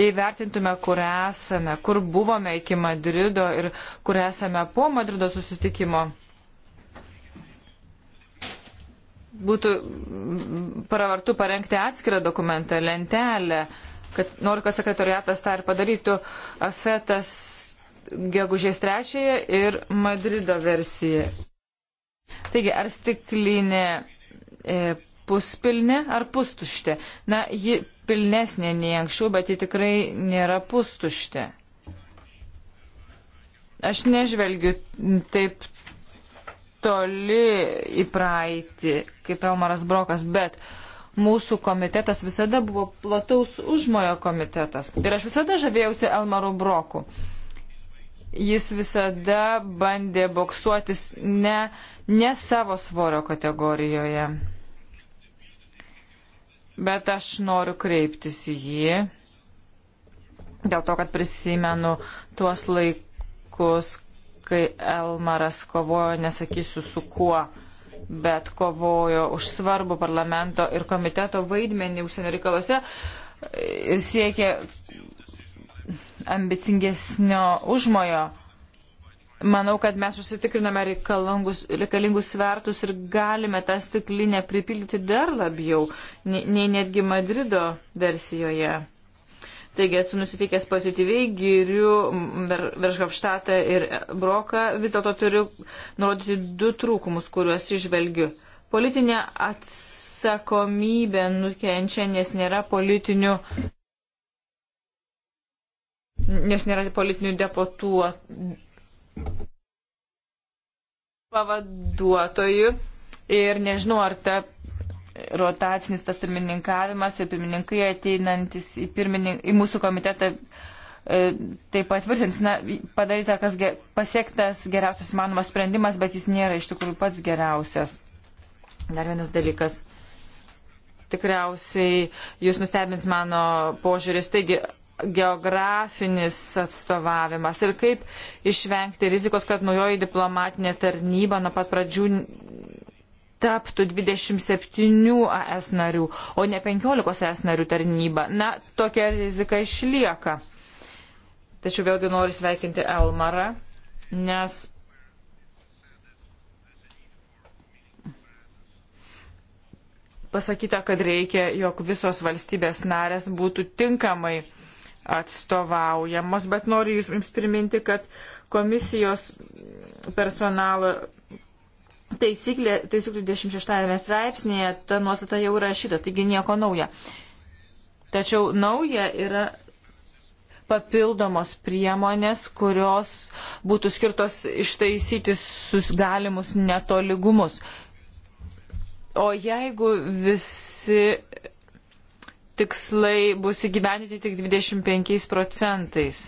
Jei vertintume, kur esame, kur buvome iki Madrido ir kur esame po Madrido susitikimo, būtų pravartu parengti atskirą dokumentą, lentelę, kad noriu, kad sekretariatas tą ir padarytų. Afetas gegužės trečiąją ir Madrido versiją. Taigi, ar stiklinė e, puspilnė ar pustuštė? Na, ji pilnesnė nei anksčiau, bet ji tikrai nėra pustuštė. Aš nežvelgiu taip toli į praeitį, kaip Elmaras Brokas, bet mūsų komitetas visada buvo plataus užmojo komitetas. Ir aš visada žavėjausi Elmaru Broku jis visada bandė boksuotis ne, ne savo svorio kategorijoje. Bet aš noriu kreiptis į jį, dėl to, kad prisimenu tuos laikus, kai Elmaras kovojo, nesakysiu su kuo, bet kovojo už svarbų parlamento ir komiteto vaidmenį užsienio reikalose ir siekė ambicingesnio užmojo. Manau, kad mes susitikriname reikalingus svertus ir galime tą stiklinę pripildyti dar labiau, nei netgi Madrido versijoje. Taigi esu nusiteikęs pozityviai, giriu Veržhofštatą ir Broką, vis dėlto turiu nurodyti du trūkumus, kuriuos išvelgiu. Politinė atsakomybė nukenčia, nes nėra politinių nes nėra politinių deputų pavaduotojų ir nežinau, ar ta rotacinis tas pirmininkavimas ir pirmininkai ateinantis į, pirmininką, į mūsų komitetą e, tai patvirtins, na, padaryta, kas ge, pasiektas geriausias įmanomas sprendimas, bet jis nėra iš tikrųjų pats geriausias. Dar vienas dalykas. Tikriausiai jūs nustebins mano požiūris. Taigi, geografinis atstovavimas ir kaip išvengti rizikos, kad naujoji diplomatinė tarnyba nuo pat pradžių taptų 27 AS narių, o ne 15 AS narių tarnyba. Na, tokia rizika išlieka. Tačiau vėlgi noriu sveikinti Elmarą, nes pasakyta, kad reikia, jog visos valstybės narės būtų tinkamai atstovaujamos, bet noriu Jums priminti, kad komisijos personalo taisyklė, taisyklių 26 straipsnėje ta nuostata jau yra šita, taigi nieko nauja. Tačiau nauja yra papildomos priemonės, kurios būtų skirtos ištaisyti susgalimus netoligumus. O jeigu visi tikslai bus įgyvendinti tik 25 procentais.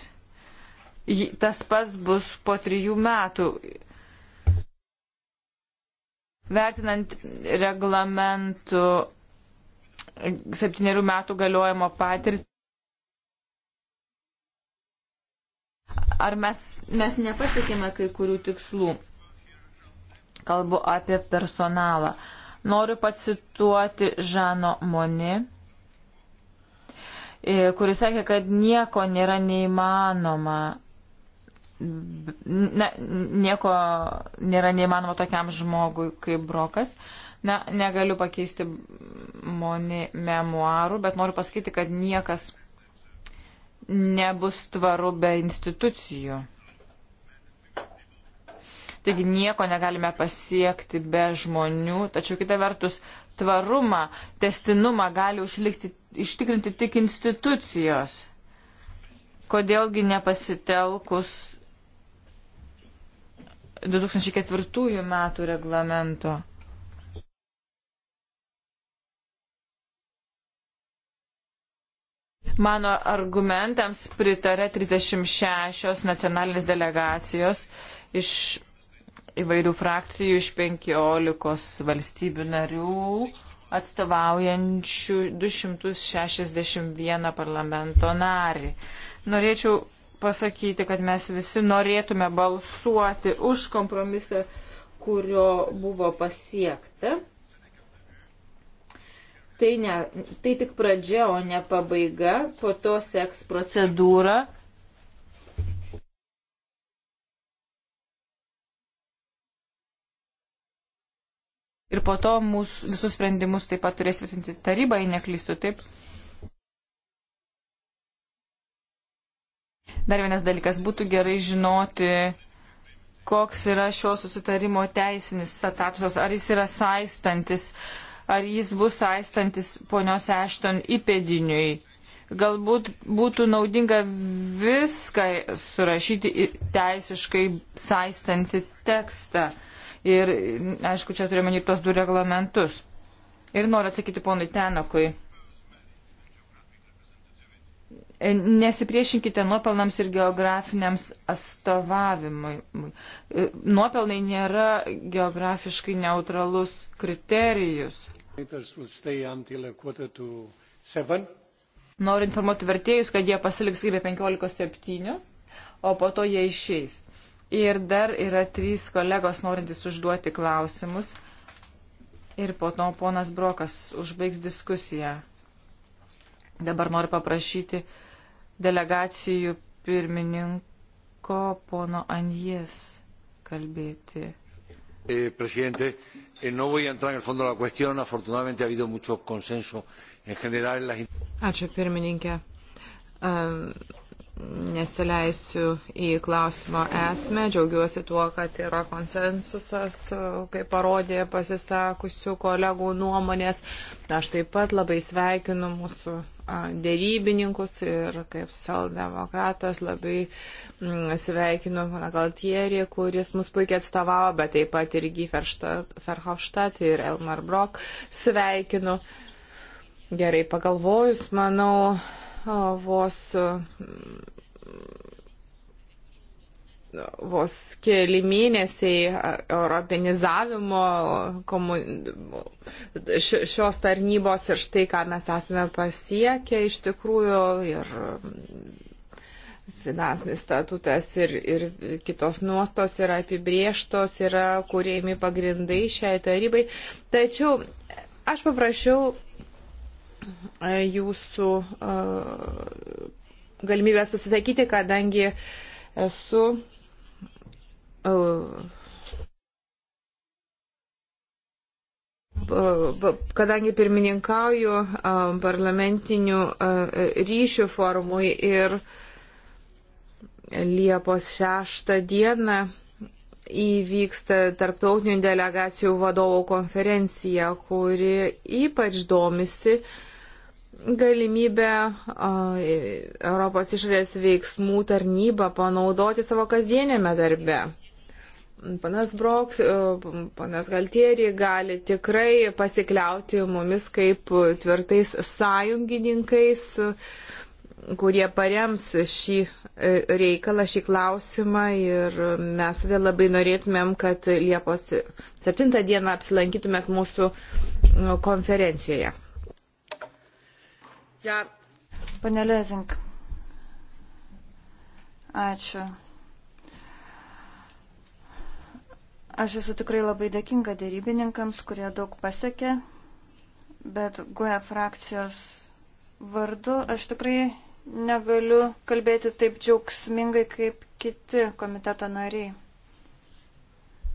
Tas pats bus po trijų metų. Vertinant reglamentų septyniarių metų galiojimo patirtį. Ar mes, mes nepasiekėme kai kurių tikslų? Kalbu apie personalą. Noriu pacituoti Žano Moni E, kuris sakė, kad nieko nėra neįmanoma. Na, nieko nėra neįmanoma tokiam žmogui kaip Brokas. Na, negaliu pakeisti moni memoarų, bet noriu pasakyti, kad niekas nebus tvaru be institucijų. Taigi nieko negalime pasiekti be žmonių, tačiau kita vertus tvarumą, testinumą gali užlikti ištikrinti tik institucijos. Kodėlgi nepasitelkus 2004 metų reglamento? Mano argumentams pritarė 36 nacionalinės delegacijos iš įvairių frakcijų, iš 15 valstybių narių atstovaujančių 261 parlamento narį. Norėčiau pasakyti, kad mes visi norėtume balsuoti už kompromisą, kurio buvo pasiekta. Tai, ne, tai tik pradžia, o ne pabaiga. Po to seks procedūra. ir po to mūsų visus sprendimus taip pat turės vertinti taryba, jei neklystu, taip. Dar vienas dalykas, būtų gerai žinoti, koks yra šio susitarimo teisinis statusas, ar jis yra saistantis, ar jis bus saistantis ponios Ešton įpėdiniui. Galbūt būtų naudinga viską surašyti teisiškai saistantį tekstą Ir, aišku, čia turime ir tos du reglamentus. Ir noriu atsakyti ponui Tenokui. E, nesipriešinkite nuopelnams ir geografiniams atstovavimui. E, nuopelnai nėra geografiškai neutralus kriterijus. Noriu informuoti vertėjus, kad jie pasiliks gyvė 15.7, o po to jie išeis. Ir dar yra trys kolegos norintys užduoti klausimus. Ir po to ponas Brokas užbaigs diskusiją. Dabar noriu paprašyti delegacijų pirmininko pono Anjies kalbėti. Eh, presidente, eh, no voy a entrar en el fondo de la cuestión. Afortunadamente ha habido mucho consenso en general en las. Ačiū pirmininkė. Um, nesileisiu į klausimo esmę. Džiaugiuosi tuo, kad yra konsensusas, kaip parodė pasisakusių kolegų nuomonės. Aš taip pat labai sveikinu mūsų dėrybininkus ir kaip saldemokratas labai mm, sveikinu pana Galtierį, kuris mus puikiai atstovavo, bet taip pat ir Giferhofštat ir Elmar Brok sveikinu. Gerai pagalvojus, manau, vos vos keli mėnesiai organizavimo komun... šios tarnybos ir štai, ką mes esame pasiekę iš tikrųjų ir finansinis statutas ir, ir kitos nuostos yra apibrieštos, yra kūrėjami pagrindai šiai tarybai. Tačiau aš paprašiau jūsų galimybės pasisakyti, kadangi esu. Kadangi pirmininkauju parlamentinių ryšių forumui ir Liepos 6 dieną įvyksta tarptautinių delegacijų vadovų konferencija, kuri ypač domisi uh, galimybę Europos išorės veiksmų tarnybą panaudoti savo kasdienėme darbe. Panas Broks, panas Galtieri gali tikrai pasikliauti mumis kaip tvirtais sąjungininkais, kurie parems šį e, reikalą, šį klausimą ir mes todėl labai norėtumėm, kad Liepos 7 dieną apsilankytumėt mūsų konferencijoje. Ja. Pane Lezink. Ačiū. Aš esu tikrai labai dėkinga dėrybininkams, kurie daug pasiekė, bet GUE frakcijos vardu aš tikrai negaliu kalbėti taip džiaugsmingai kaip kiti komiteto nariai.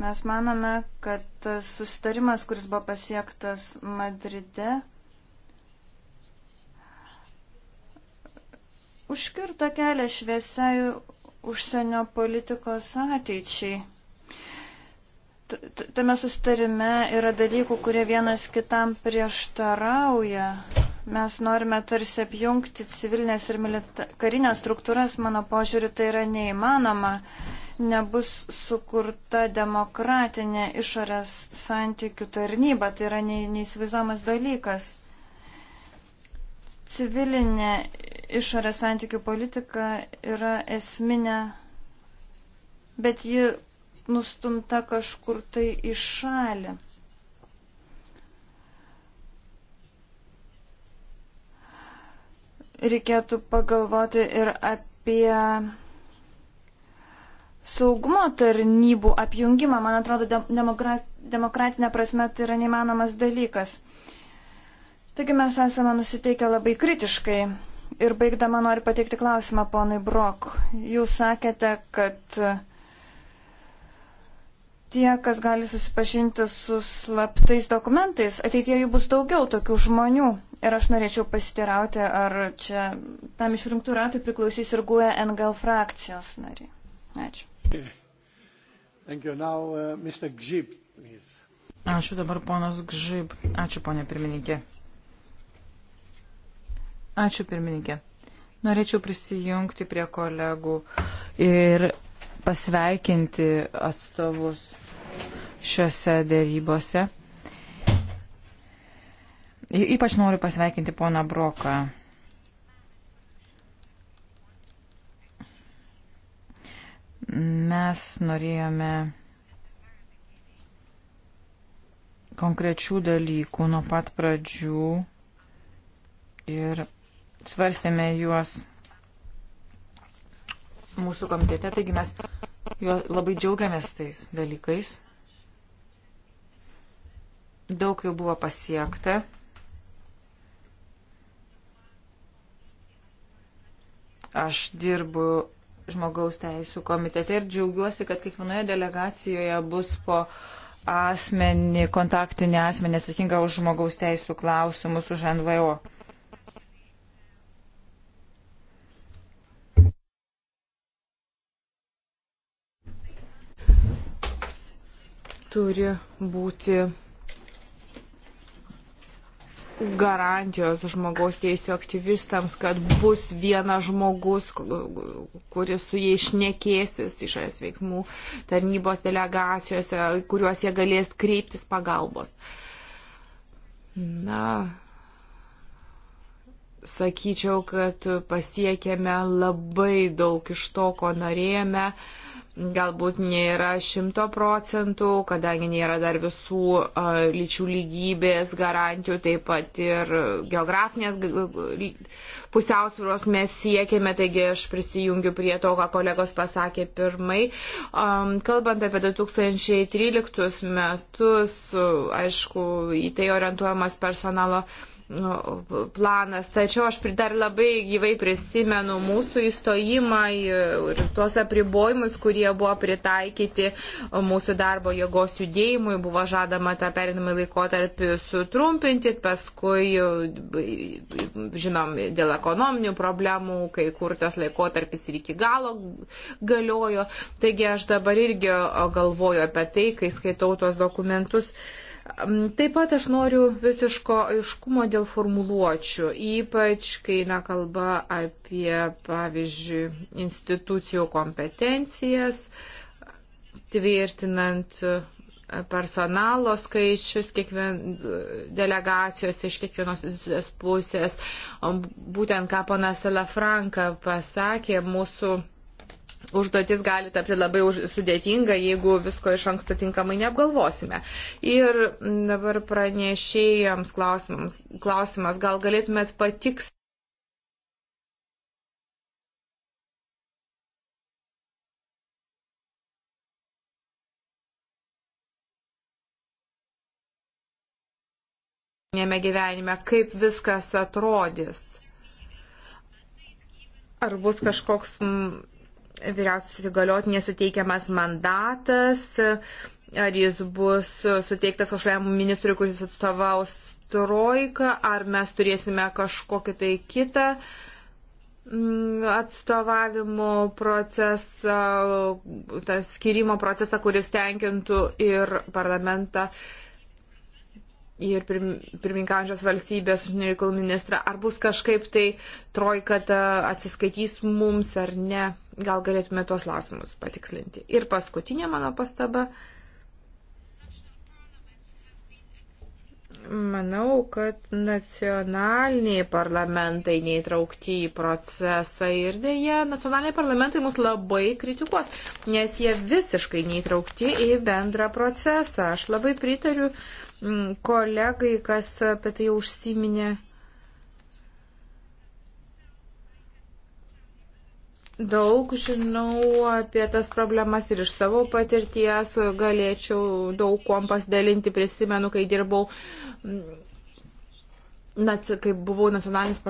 Mes manome, kad tas susitarimas, kuris buvo pasiektas Madride, užkirto kelią šviesiai užsienio politikos ateičiai. Tame sustarime yra dalykų, kurie vienas kitam prieštarauja. Mes norime tarsi apjungti civilinės ir milita... karinės struktūras, mano požiūriu, tai yra neįmanoma. Nebus sukurta demokratinė išorės santykių tarnyba, tai yra neįsivaizduomas dalykas civilinė išorės santykių politika yra esminė, bet ji nustumta kažkur tai į šalį. Reikėtų pagalvoti ir apie saugumo tarnybų apjungimą. Man atrodo, demokratinė prasme tai yra neįmanomas dalykas. Taigi mes esame nusiteikę labai kritiškai. Ir baigdama noriu pateikti klausimą ponui Brok. Jūs sakėte, kad tie, kas gali susipažinti su slaptais dokumentais, ateitie jų bus daugiau tokių žmonių. Ir aš norėčiau pasitirauti, ar čia tam išrinktų ratui priklausys ir guoja NGL frakcijos nariai. Ačiū. Now, uh, Gžib, Ačiū dabar ponas Gžib. Ačiū ponė pirmininkė. Ačiū pirmininkė. Norėčiau prisijungti prie kolegų ir pasveikinti atstovus šiuose dėrybose. Ypač noriu pasveikinti poną Broką. Mes norėjome konkrečių dalykų nuo pat pradžių ir svarstėme juos mūsų komitete, taigi mes juo labai džiaugiamės tais dalykais. Daug jau buvo pasiekta. Aš dirbu žmogaus teisų komitete ir džiaugiuosi, kad kiekvienoje delegacijoje bus po asmenį, kontaktinį asmenį atsakingą už žmogaus teisų klausimus, už NVO. turi būti garantijos žmogaus teisų aktyvistams, kad bus vienas žmogus, kuris su jais šnekėsis išorės veiksmų tarnybos delegacijose, kuriuos jie galės kreiptis pagalbos. Na, sakyčiau, kad pasiekėme labai daug iš to, ko norėjome. Uh, galbūt nėra šimto procentų, kadangi nėra dar visų uh, lyčių lygybės garantijų, taip pat ir geografinės pusiausvėros mes siekėme, taigi aš prisijungiu prie to, ką kolegos pasakė pirmai. Um, kalbant apie 2013 metus, aišku, į tai orientuojamas personalo uh, Nu, planas. Tačiau aš dar labai gyvai prisimenu mūsų įstojimą ir tuos apribojimus, kurie buvo pritaikyti mūsų darbo jėgos judėjimui. Buvo žadama tą perinamą laikotarpį sutrumpinti, paskui, žinom, dėl ekonominių problemų, kai kur tas laikotarpis ir iki galo galiojo. Taigi aš dabar irgi galvoju apie tai, kai skaitau tuos dokumentus. Uh, Taip pat aš noriu visiško aiškumo dėl formuluočių, ypač kai eina kalba apie, pavyzdžiui, institucijų kompetencijas, tvirtinant e, personalo skaičius kiekvien, delegacijos iš kiekvienos institucijos pusės. Būtent ką ponas Elafranka pasakė, mūsų užduotis gali tapti labai už, sudėtinga, jeigu visko iš anksto tinkamai neapgalvosime. Ir dabar pranešėjams klausimams, klausimas, gal galėtumėt patiks. gyvenime, kaip viskas atrodys. Ar bus kažkoks vyriausios įgaliotinės suteikiamas mandatas, ar jis bus suteiktas kažkokiam ministrui, kuris atstovaus trojką, ar mes turėsime kažkokį tai kitą mm, atstovavimo procesą, tą skirimo procesą, kuris tenkintų ir parlamentą, ir pirmininkančios valstybės užsienio reikalų ministrą, ar bus kažkaip tai trojka atsiskaitys mums ar ne. Gal galėtume tuos klausimus patikslinti. Ir paskutinė mano pastaba. Manau, kad nacionaliniai parlamentai neįtraukti į procesą ir dėje nacionaliniai parlamentai mus labai kritikuos, nes jie visiškai neįtraukti į bendrą procesą. Aš labai pritariu mm, kolegai, kas apie tai užsiminė. daug žinau apie tas problemas ir iš savo patirties galėčiau daug kuom pasidalinti. Prisimenu, kai dirbau, mm, kai buvau nacionalinis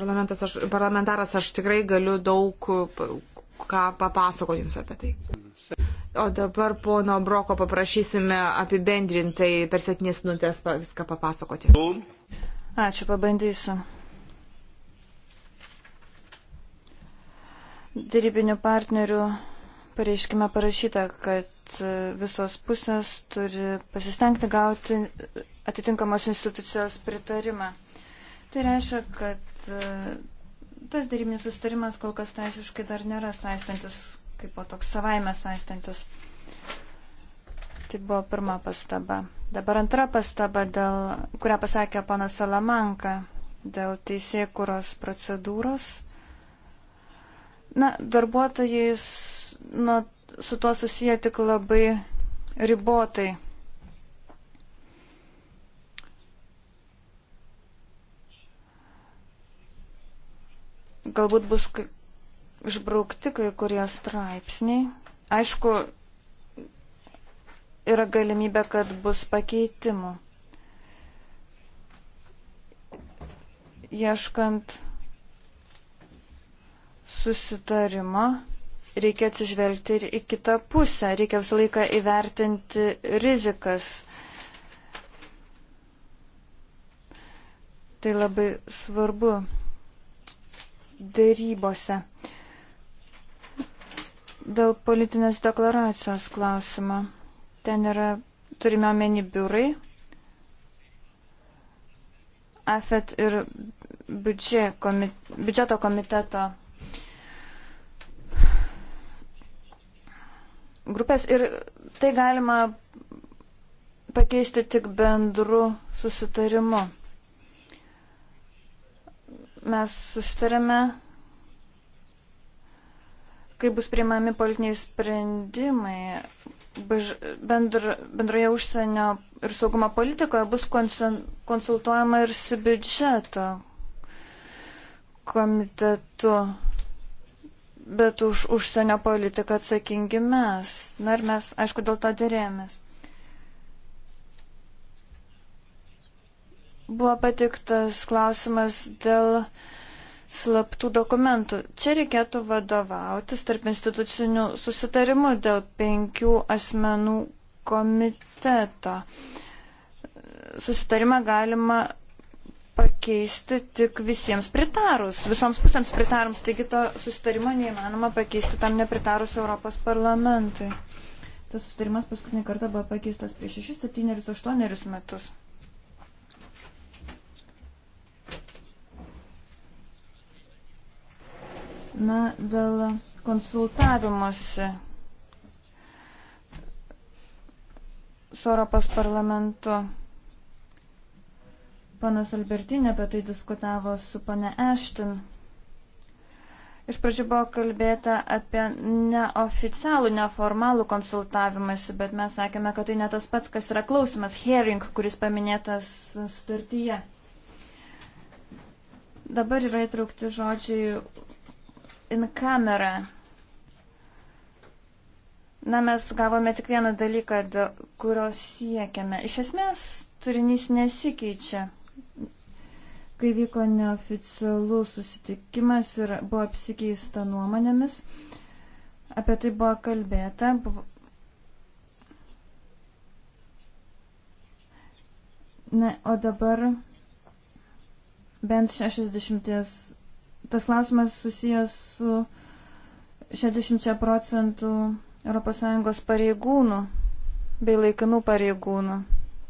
aš, parlamentaras, aš tikrai galiu daug ką papasakoti jums apie tai. O dabar pono Broko paprašysime apibendrintai per septynės minutės viską papasakoti. Ačiū, pabandysiu. Darybinių partnerių pareiškime parašyta, kad e, visos pusės turi pasistengti gauti atitinkamos institucijos pritarimą. Tai reiškia, kad e, tas darybinis sustarimas kol kas teisiškai dar nėra saistantis, kaip po toks savaime saistantis. Tai buvo pirma pastaba. Dabar antra pastaba, dėl, kurią pasakė panas Salamanka, dėl teisėkuros procedūros Na, darbuotojais nu, su tuo susiję tik labai ribotai. Galbūt bus išbraukti kai kurie straipsniai. Aišku, yra galimybė, kad bus pakeitimų. Ieškant susitarimą reikia atsižvelgti ir į kitą pusę. Reikia visą laiką įvertinti rizikas. Tai labai svarbu dėrybose. Dėl politinės deklaracijos klausimo. Ten yra, turime omeny biurai, AFET ir biudžeto komiteto grupės ir tai galima pakeisti tik bendru susitarimu. Mes susitarėme, kai bus priimami politiniai sprendimai, bendr, bendroje užsienio ir saugumo politikoje bus konsultuojama ir su biudžeto komitetu bet už užsienio politiką atsakingi mes. Na ir mes, aišku, dėl to dėrėmės. Buvo patiktas klausimas dėl slaptų dokumentų. Čia reikėtų vadovautis tarp institucinių susitarimų dėl penkių asmenų komiteto. Susitarimą galima pakeisti tik visiems pritarus, visoms pusėms pritarus, taigi to sustarimo neįmanoma pakeisti tam nepritarus Europos parlamentui. Tas sustarimas paskutinį kartą buvo pakeistas prieš 6, 7, 8 metus. Na, dėl konsultavimuose su Europos parlamentu. Panas Albertinė apie tai diskutavo su pane Ešton. Iš pradžių buvo kalbėta apie neoficialų, neformalų konsultavimąsi, bet mes sakėme, kad tai ne tas pats, kas yra klausimas, hearing, kuris paminėtas sutartyje. Dabar yra įtraukti žodžiai in camera. Na, mes gavome tik vieną dalyką, kurio siekiame. Iš esmės, turinys nesikeičia kai vyko neoficialus susitikimas ir buvo apsikeista nuomonėmis. Apie tai buvo kalbėta. Buvo... Na, o dabar bent 60. Tas klausimas susijęs su 60 procentų ES pareigūnų bei laikinų pareigūnų,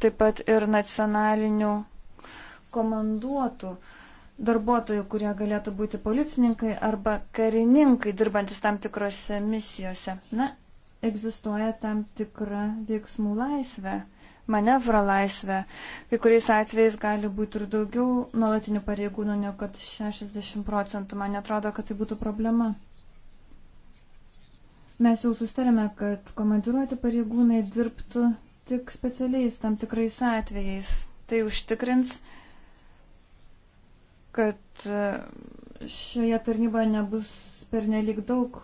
taip pat ir nacionalinių komanduotų darbuotojų, kurie galėtų būti policininkai arba karininkai dirbantis tam tikrose misijose. Na, egzistuoja tam tikra veiksmų laisvė, manevro laisvė. Kai kuriais atvejais gali būti ir daugiau nuolatinių pareigūnų, negu kad 60 procentų. Man atrodo, kad tai būtų problema. Mes jau sustarėme, kad komandiruoti pareigūnai dirbtų tik specialiais tam tikrais atvejais. Tai užtikrins, kad e, šioje tarnyboje nebus pernelik daug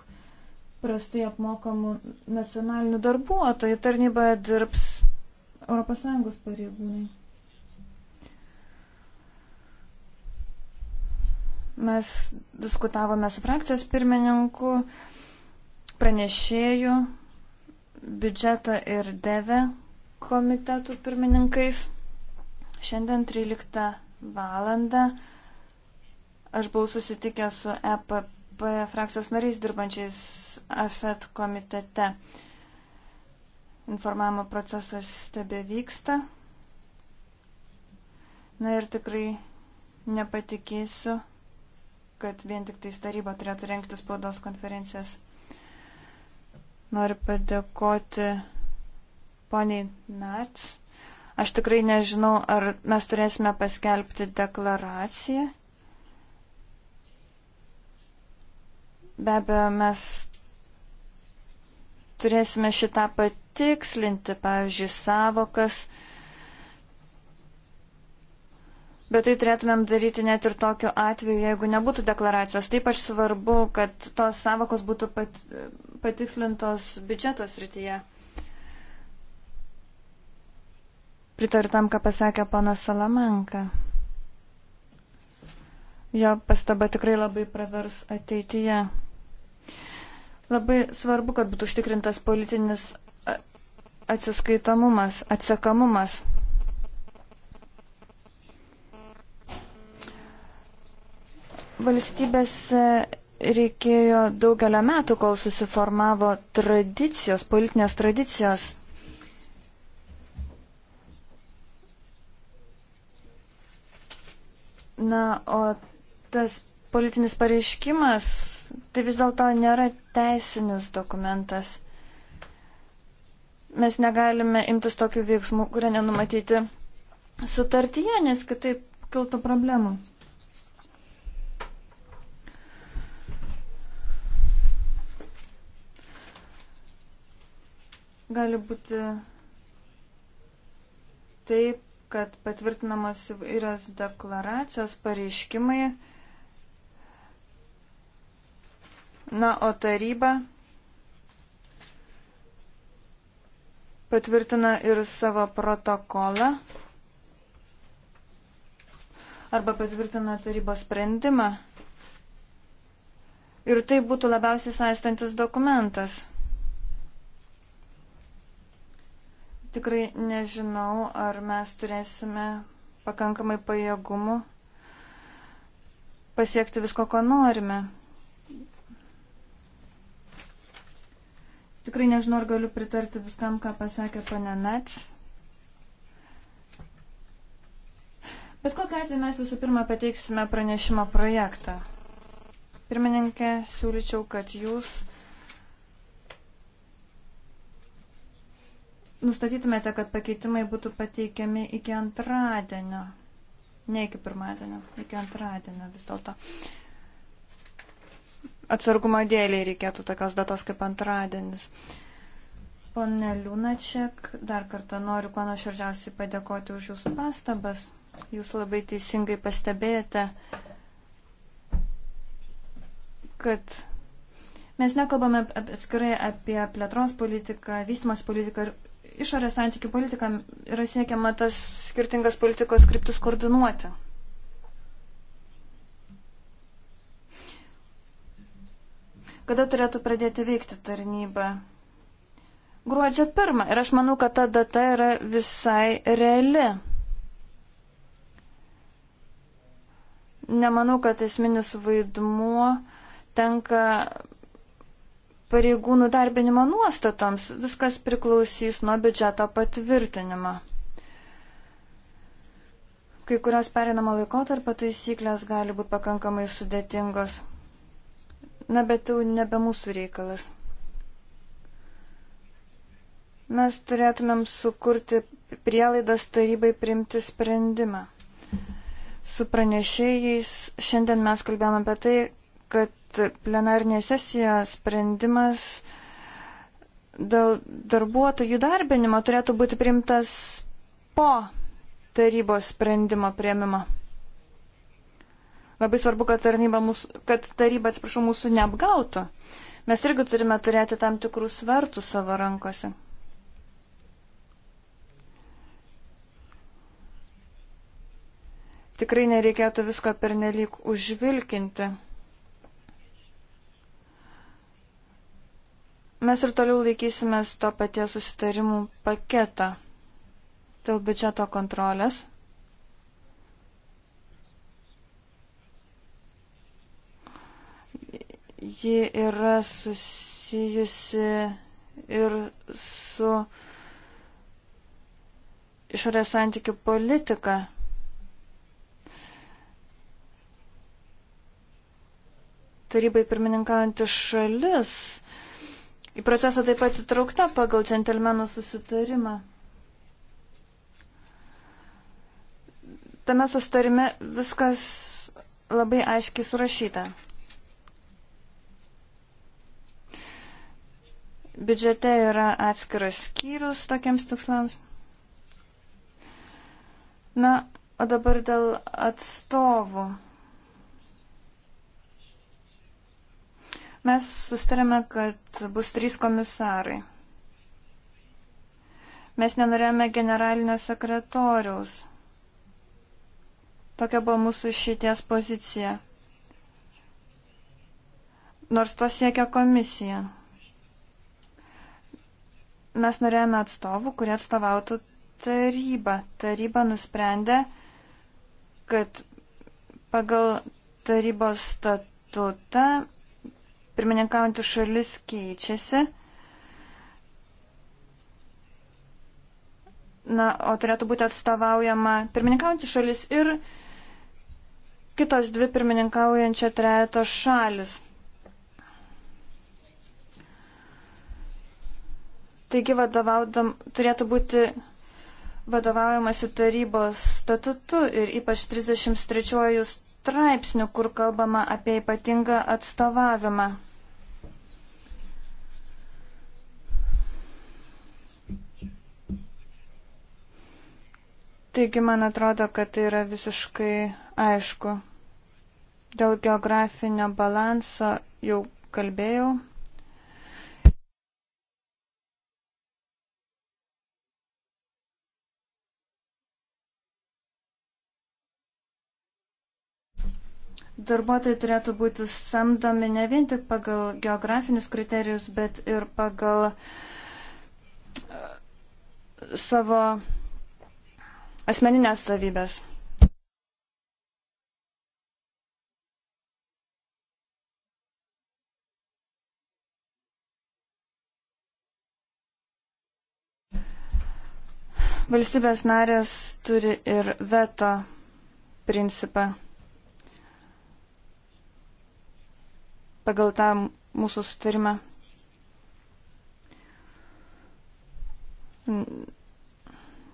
prastai apmokamų nacionalinių darbuotojų. Tarnyboje dirbs ES pareigūnai. Mes diskutavome su frakcijos pirmininku, pranešėju, biudžeto ir deve komitetų pirmininkais. Šiandien 13 valandą Aš buvau susitikęs su EPP frakcijos nariais dirbančiais AFET komitete. Informavimo procesas tebe vyksta. Na ir tikrai nepatikėsiu, kad vien tik tais taryba turėtų renkti spaudos konferencijas. Noriu padėkoti poniai Nats. Aš tikrai nežinau, ar mes turėsime paskelbti deklaraciją Be abejo, mes turėsime šitą patikslinti, pavyzdžiui, savokas. Bet tai turėtumėm daryti net ir tokiu atveju, jeigu nebūtų deklaracijos. Taip aš svarbu, kad tos savokos būtų pat, patikslintos biudžetos rytyje. Pritariu tam, ką pasakė panas Salamanka. Jo pastaba tikrai labai pravers ateityje. Labai svarbu, kad būtų užtikrintas politinis atsiskaitomumas, atsekamumas. Valstybės e, reikėjo daugelio metų, kol susiformavo tradicijos, politinės tradicijos. Na, o tas politinis pareiškimas tai vis dėlto nėra teisinis dokumentas. Mes negalime imtis tokių veiksmų, kurie nenumatyti sutartyje, nes kitaip kiltų problemų. Gali būti taip, kad patvirtinamos įvairios deklaracijos, pareiškimai Na, o taryba patvirtina ir savo protokolą arba patvirtina tarybos sprendimą. Ir tai būtų labiausiai saistantis dokumentas. Tikrai nežinau, ar mes turėsime pakankamai pajėgumų pasiekti visko, ko norime. Tikrai nežinau, ar galiu pritarti viskam, ką pasakė pane Nats. Bet kokią atveju mes visų pirma pateiksime pranešimo projektą. Pirmininkė, siūlyčiau, kad jūs nustatytumėte, kad pakeitimai būtų pateikiami iki antradienio. Ne iki pirmadienio, iki antradienio vis dėlto. Uh, atsargumo dėliai reikėtų tokios datos kaip antradienis. Pone Liūnačiak, dar kartą noriu kuo nuoširdžiausiai padėkoti už jūsų pastabas. Jūs labai teisingai pastebėjote, kad mes nekalbame atskirai apie plėtros politiką, vystimos politiką ir išorės santykių politiką. Yra siekiama tas skirtingas politikos kryptis koordinuoti. kada turėtų pradėti veikti tarnyba. Gruodžio 1. Ir aš manau, kad ta data yra visai reali. Nemanau, kad esminis vaidmuo tenka pareigūnų darbinimo nuostatoms. Viskas priklausys nuo biudžeto patvirtinimo. Kai kurios perinamo laikotarpio taisyklės gali būti pakankamai sudėtingos. Na, bet jau nebe mūsų reikalas. Mes turėtumėm sukurti prielaidas tarybai priimti sprendimą. Su pranešėjais šiandien mes kalbėjome apie tai, kad plenarinė sesija sprendimas dėl darbuotojų darbinimo turėtų būti priimtas po tarybos sprendimo prieimimo. Labai svarbu, kad, mus, kad taryba, atsiprašau, mūsų neapgautų. Mes irgi turime turėti tam tikrų svertų savo rankose. Tikrai nereikėtų visko pernelyg užvilkinti. Mes ir toliau laikysimės to paties susitarimų paketą dėl biudžeto kontrolės. Ji yra susijusi ir su išorės santykių politika. Tarybai pirmininkaujantis šalis į procesą taip pat įtraukta pagal džentelmenų susitarimą. Tame susitarime viskas labai aiškiai surašyta. biudžete yra atskiras skyrius tokiems tikslams. Na, o dabar dėl atstovų. Mes sustarėme, kad bus trys komisarai. Mes nenorėjome generalinio sekretoriaus. Tokia buvo mūsų išeities pozicija. Nors to siekia komisija mes norėjome atstovų, kurie atstovautų tarybą. Taryba nusprendė, kad pagal tarybos statutą pirmininkaujantį šalis keičiasi. Na, o turėtų būti atstovaujama pirmininkaujantį šalis ir kitos dvi pirmininkaujančio trejato šalis. Taigi vadovaudam, turėtų būti vadovaujamasi tarybos statutu ir ypač 33 straipsniu, kur kalbama apie ypatingą atstovavimą. Taigi, man atrodo, kad tai yra visiškai aišku. Dėl geografinio balanso jau kalbėjau. Darbuotojai turėtų būti samdomi ne vien tik pagal geografinius kriterijus, bet ir pagal e, savo asmeninės savybės. valstybės narės turi ir veto principą. pagal tą mūsų sutarimą.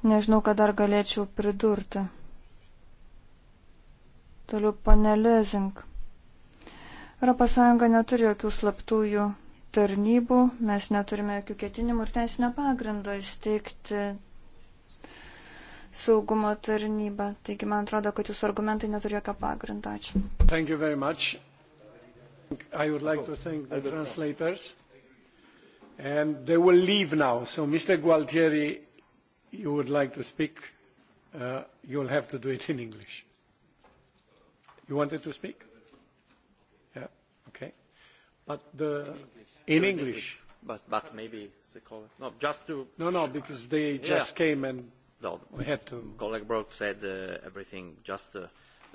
Nežinau, ką dar galėčiau pridurti. Toliau panelizink. ES neturi jokių slaptųjų tarnybų, mes neturime jokių ketinimų ir teisinio pagrindo įsteigti saugumo tarnybą. Taigi, man atrodo, kad jūsų argumentai neturi jokio pagrindo. Ačiū. I would like to thank the translators. And they will leave now. So, Mr. Gualtieri, you would like to speak. Uh, you'll have to do it in English. You wanted to speak? Yeah, okay. But the... In English. In English. But, but maybe the colleague... No, just to... No, no, because they just yeah. came and no, we had to... Colleague Brock said uh, everything. Just... Uh,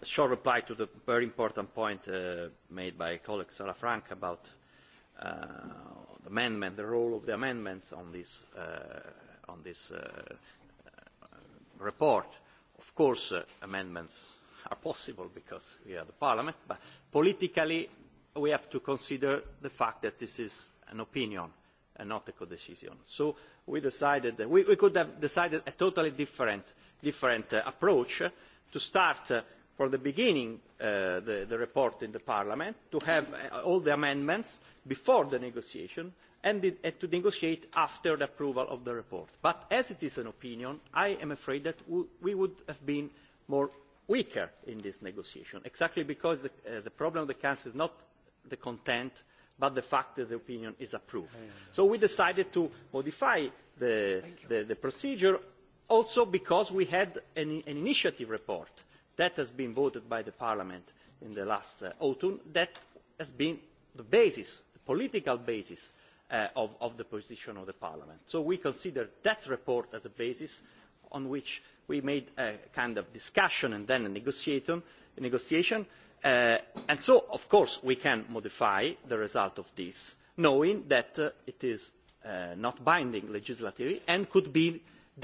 short reply to the very important point uh, made by colleague Salafranca about uh, the amendment, the role of the amendments on this, uh, on this uh, uh, report. Of course, uh, amendments are possible because we are the parliament, but politically we have to consider the fact that this is an opinion and not a co-decision. So we decided, that we, we could have decided a totally different, different uh, approach uh, to start uh, for the beginning uh, the, the report in the parliament to have uh, all the amendments before the negotiation and, the, and to negotiate after the approval of the report. But as it is an opinion, I am afraid that w we would have been more weaker in this negotiation, exactly because the, uh, the problem of the Council is not the content, but the fact that the opinion is approved. So we decided to modify the, the, the procedure also because we had an, an initiative report uh, that has been voted by the parliament in the last uh, autumn that has been the basis the political basis uh, of, of the position of the parliament so we consider that report as a basis on which we made a kind of discussion and then a negotiation, a negotiation uh, and so of course we can modify the result of this knowing that uh, it is uh, not binding legislatively and could be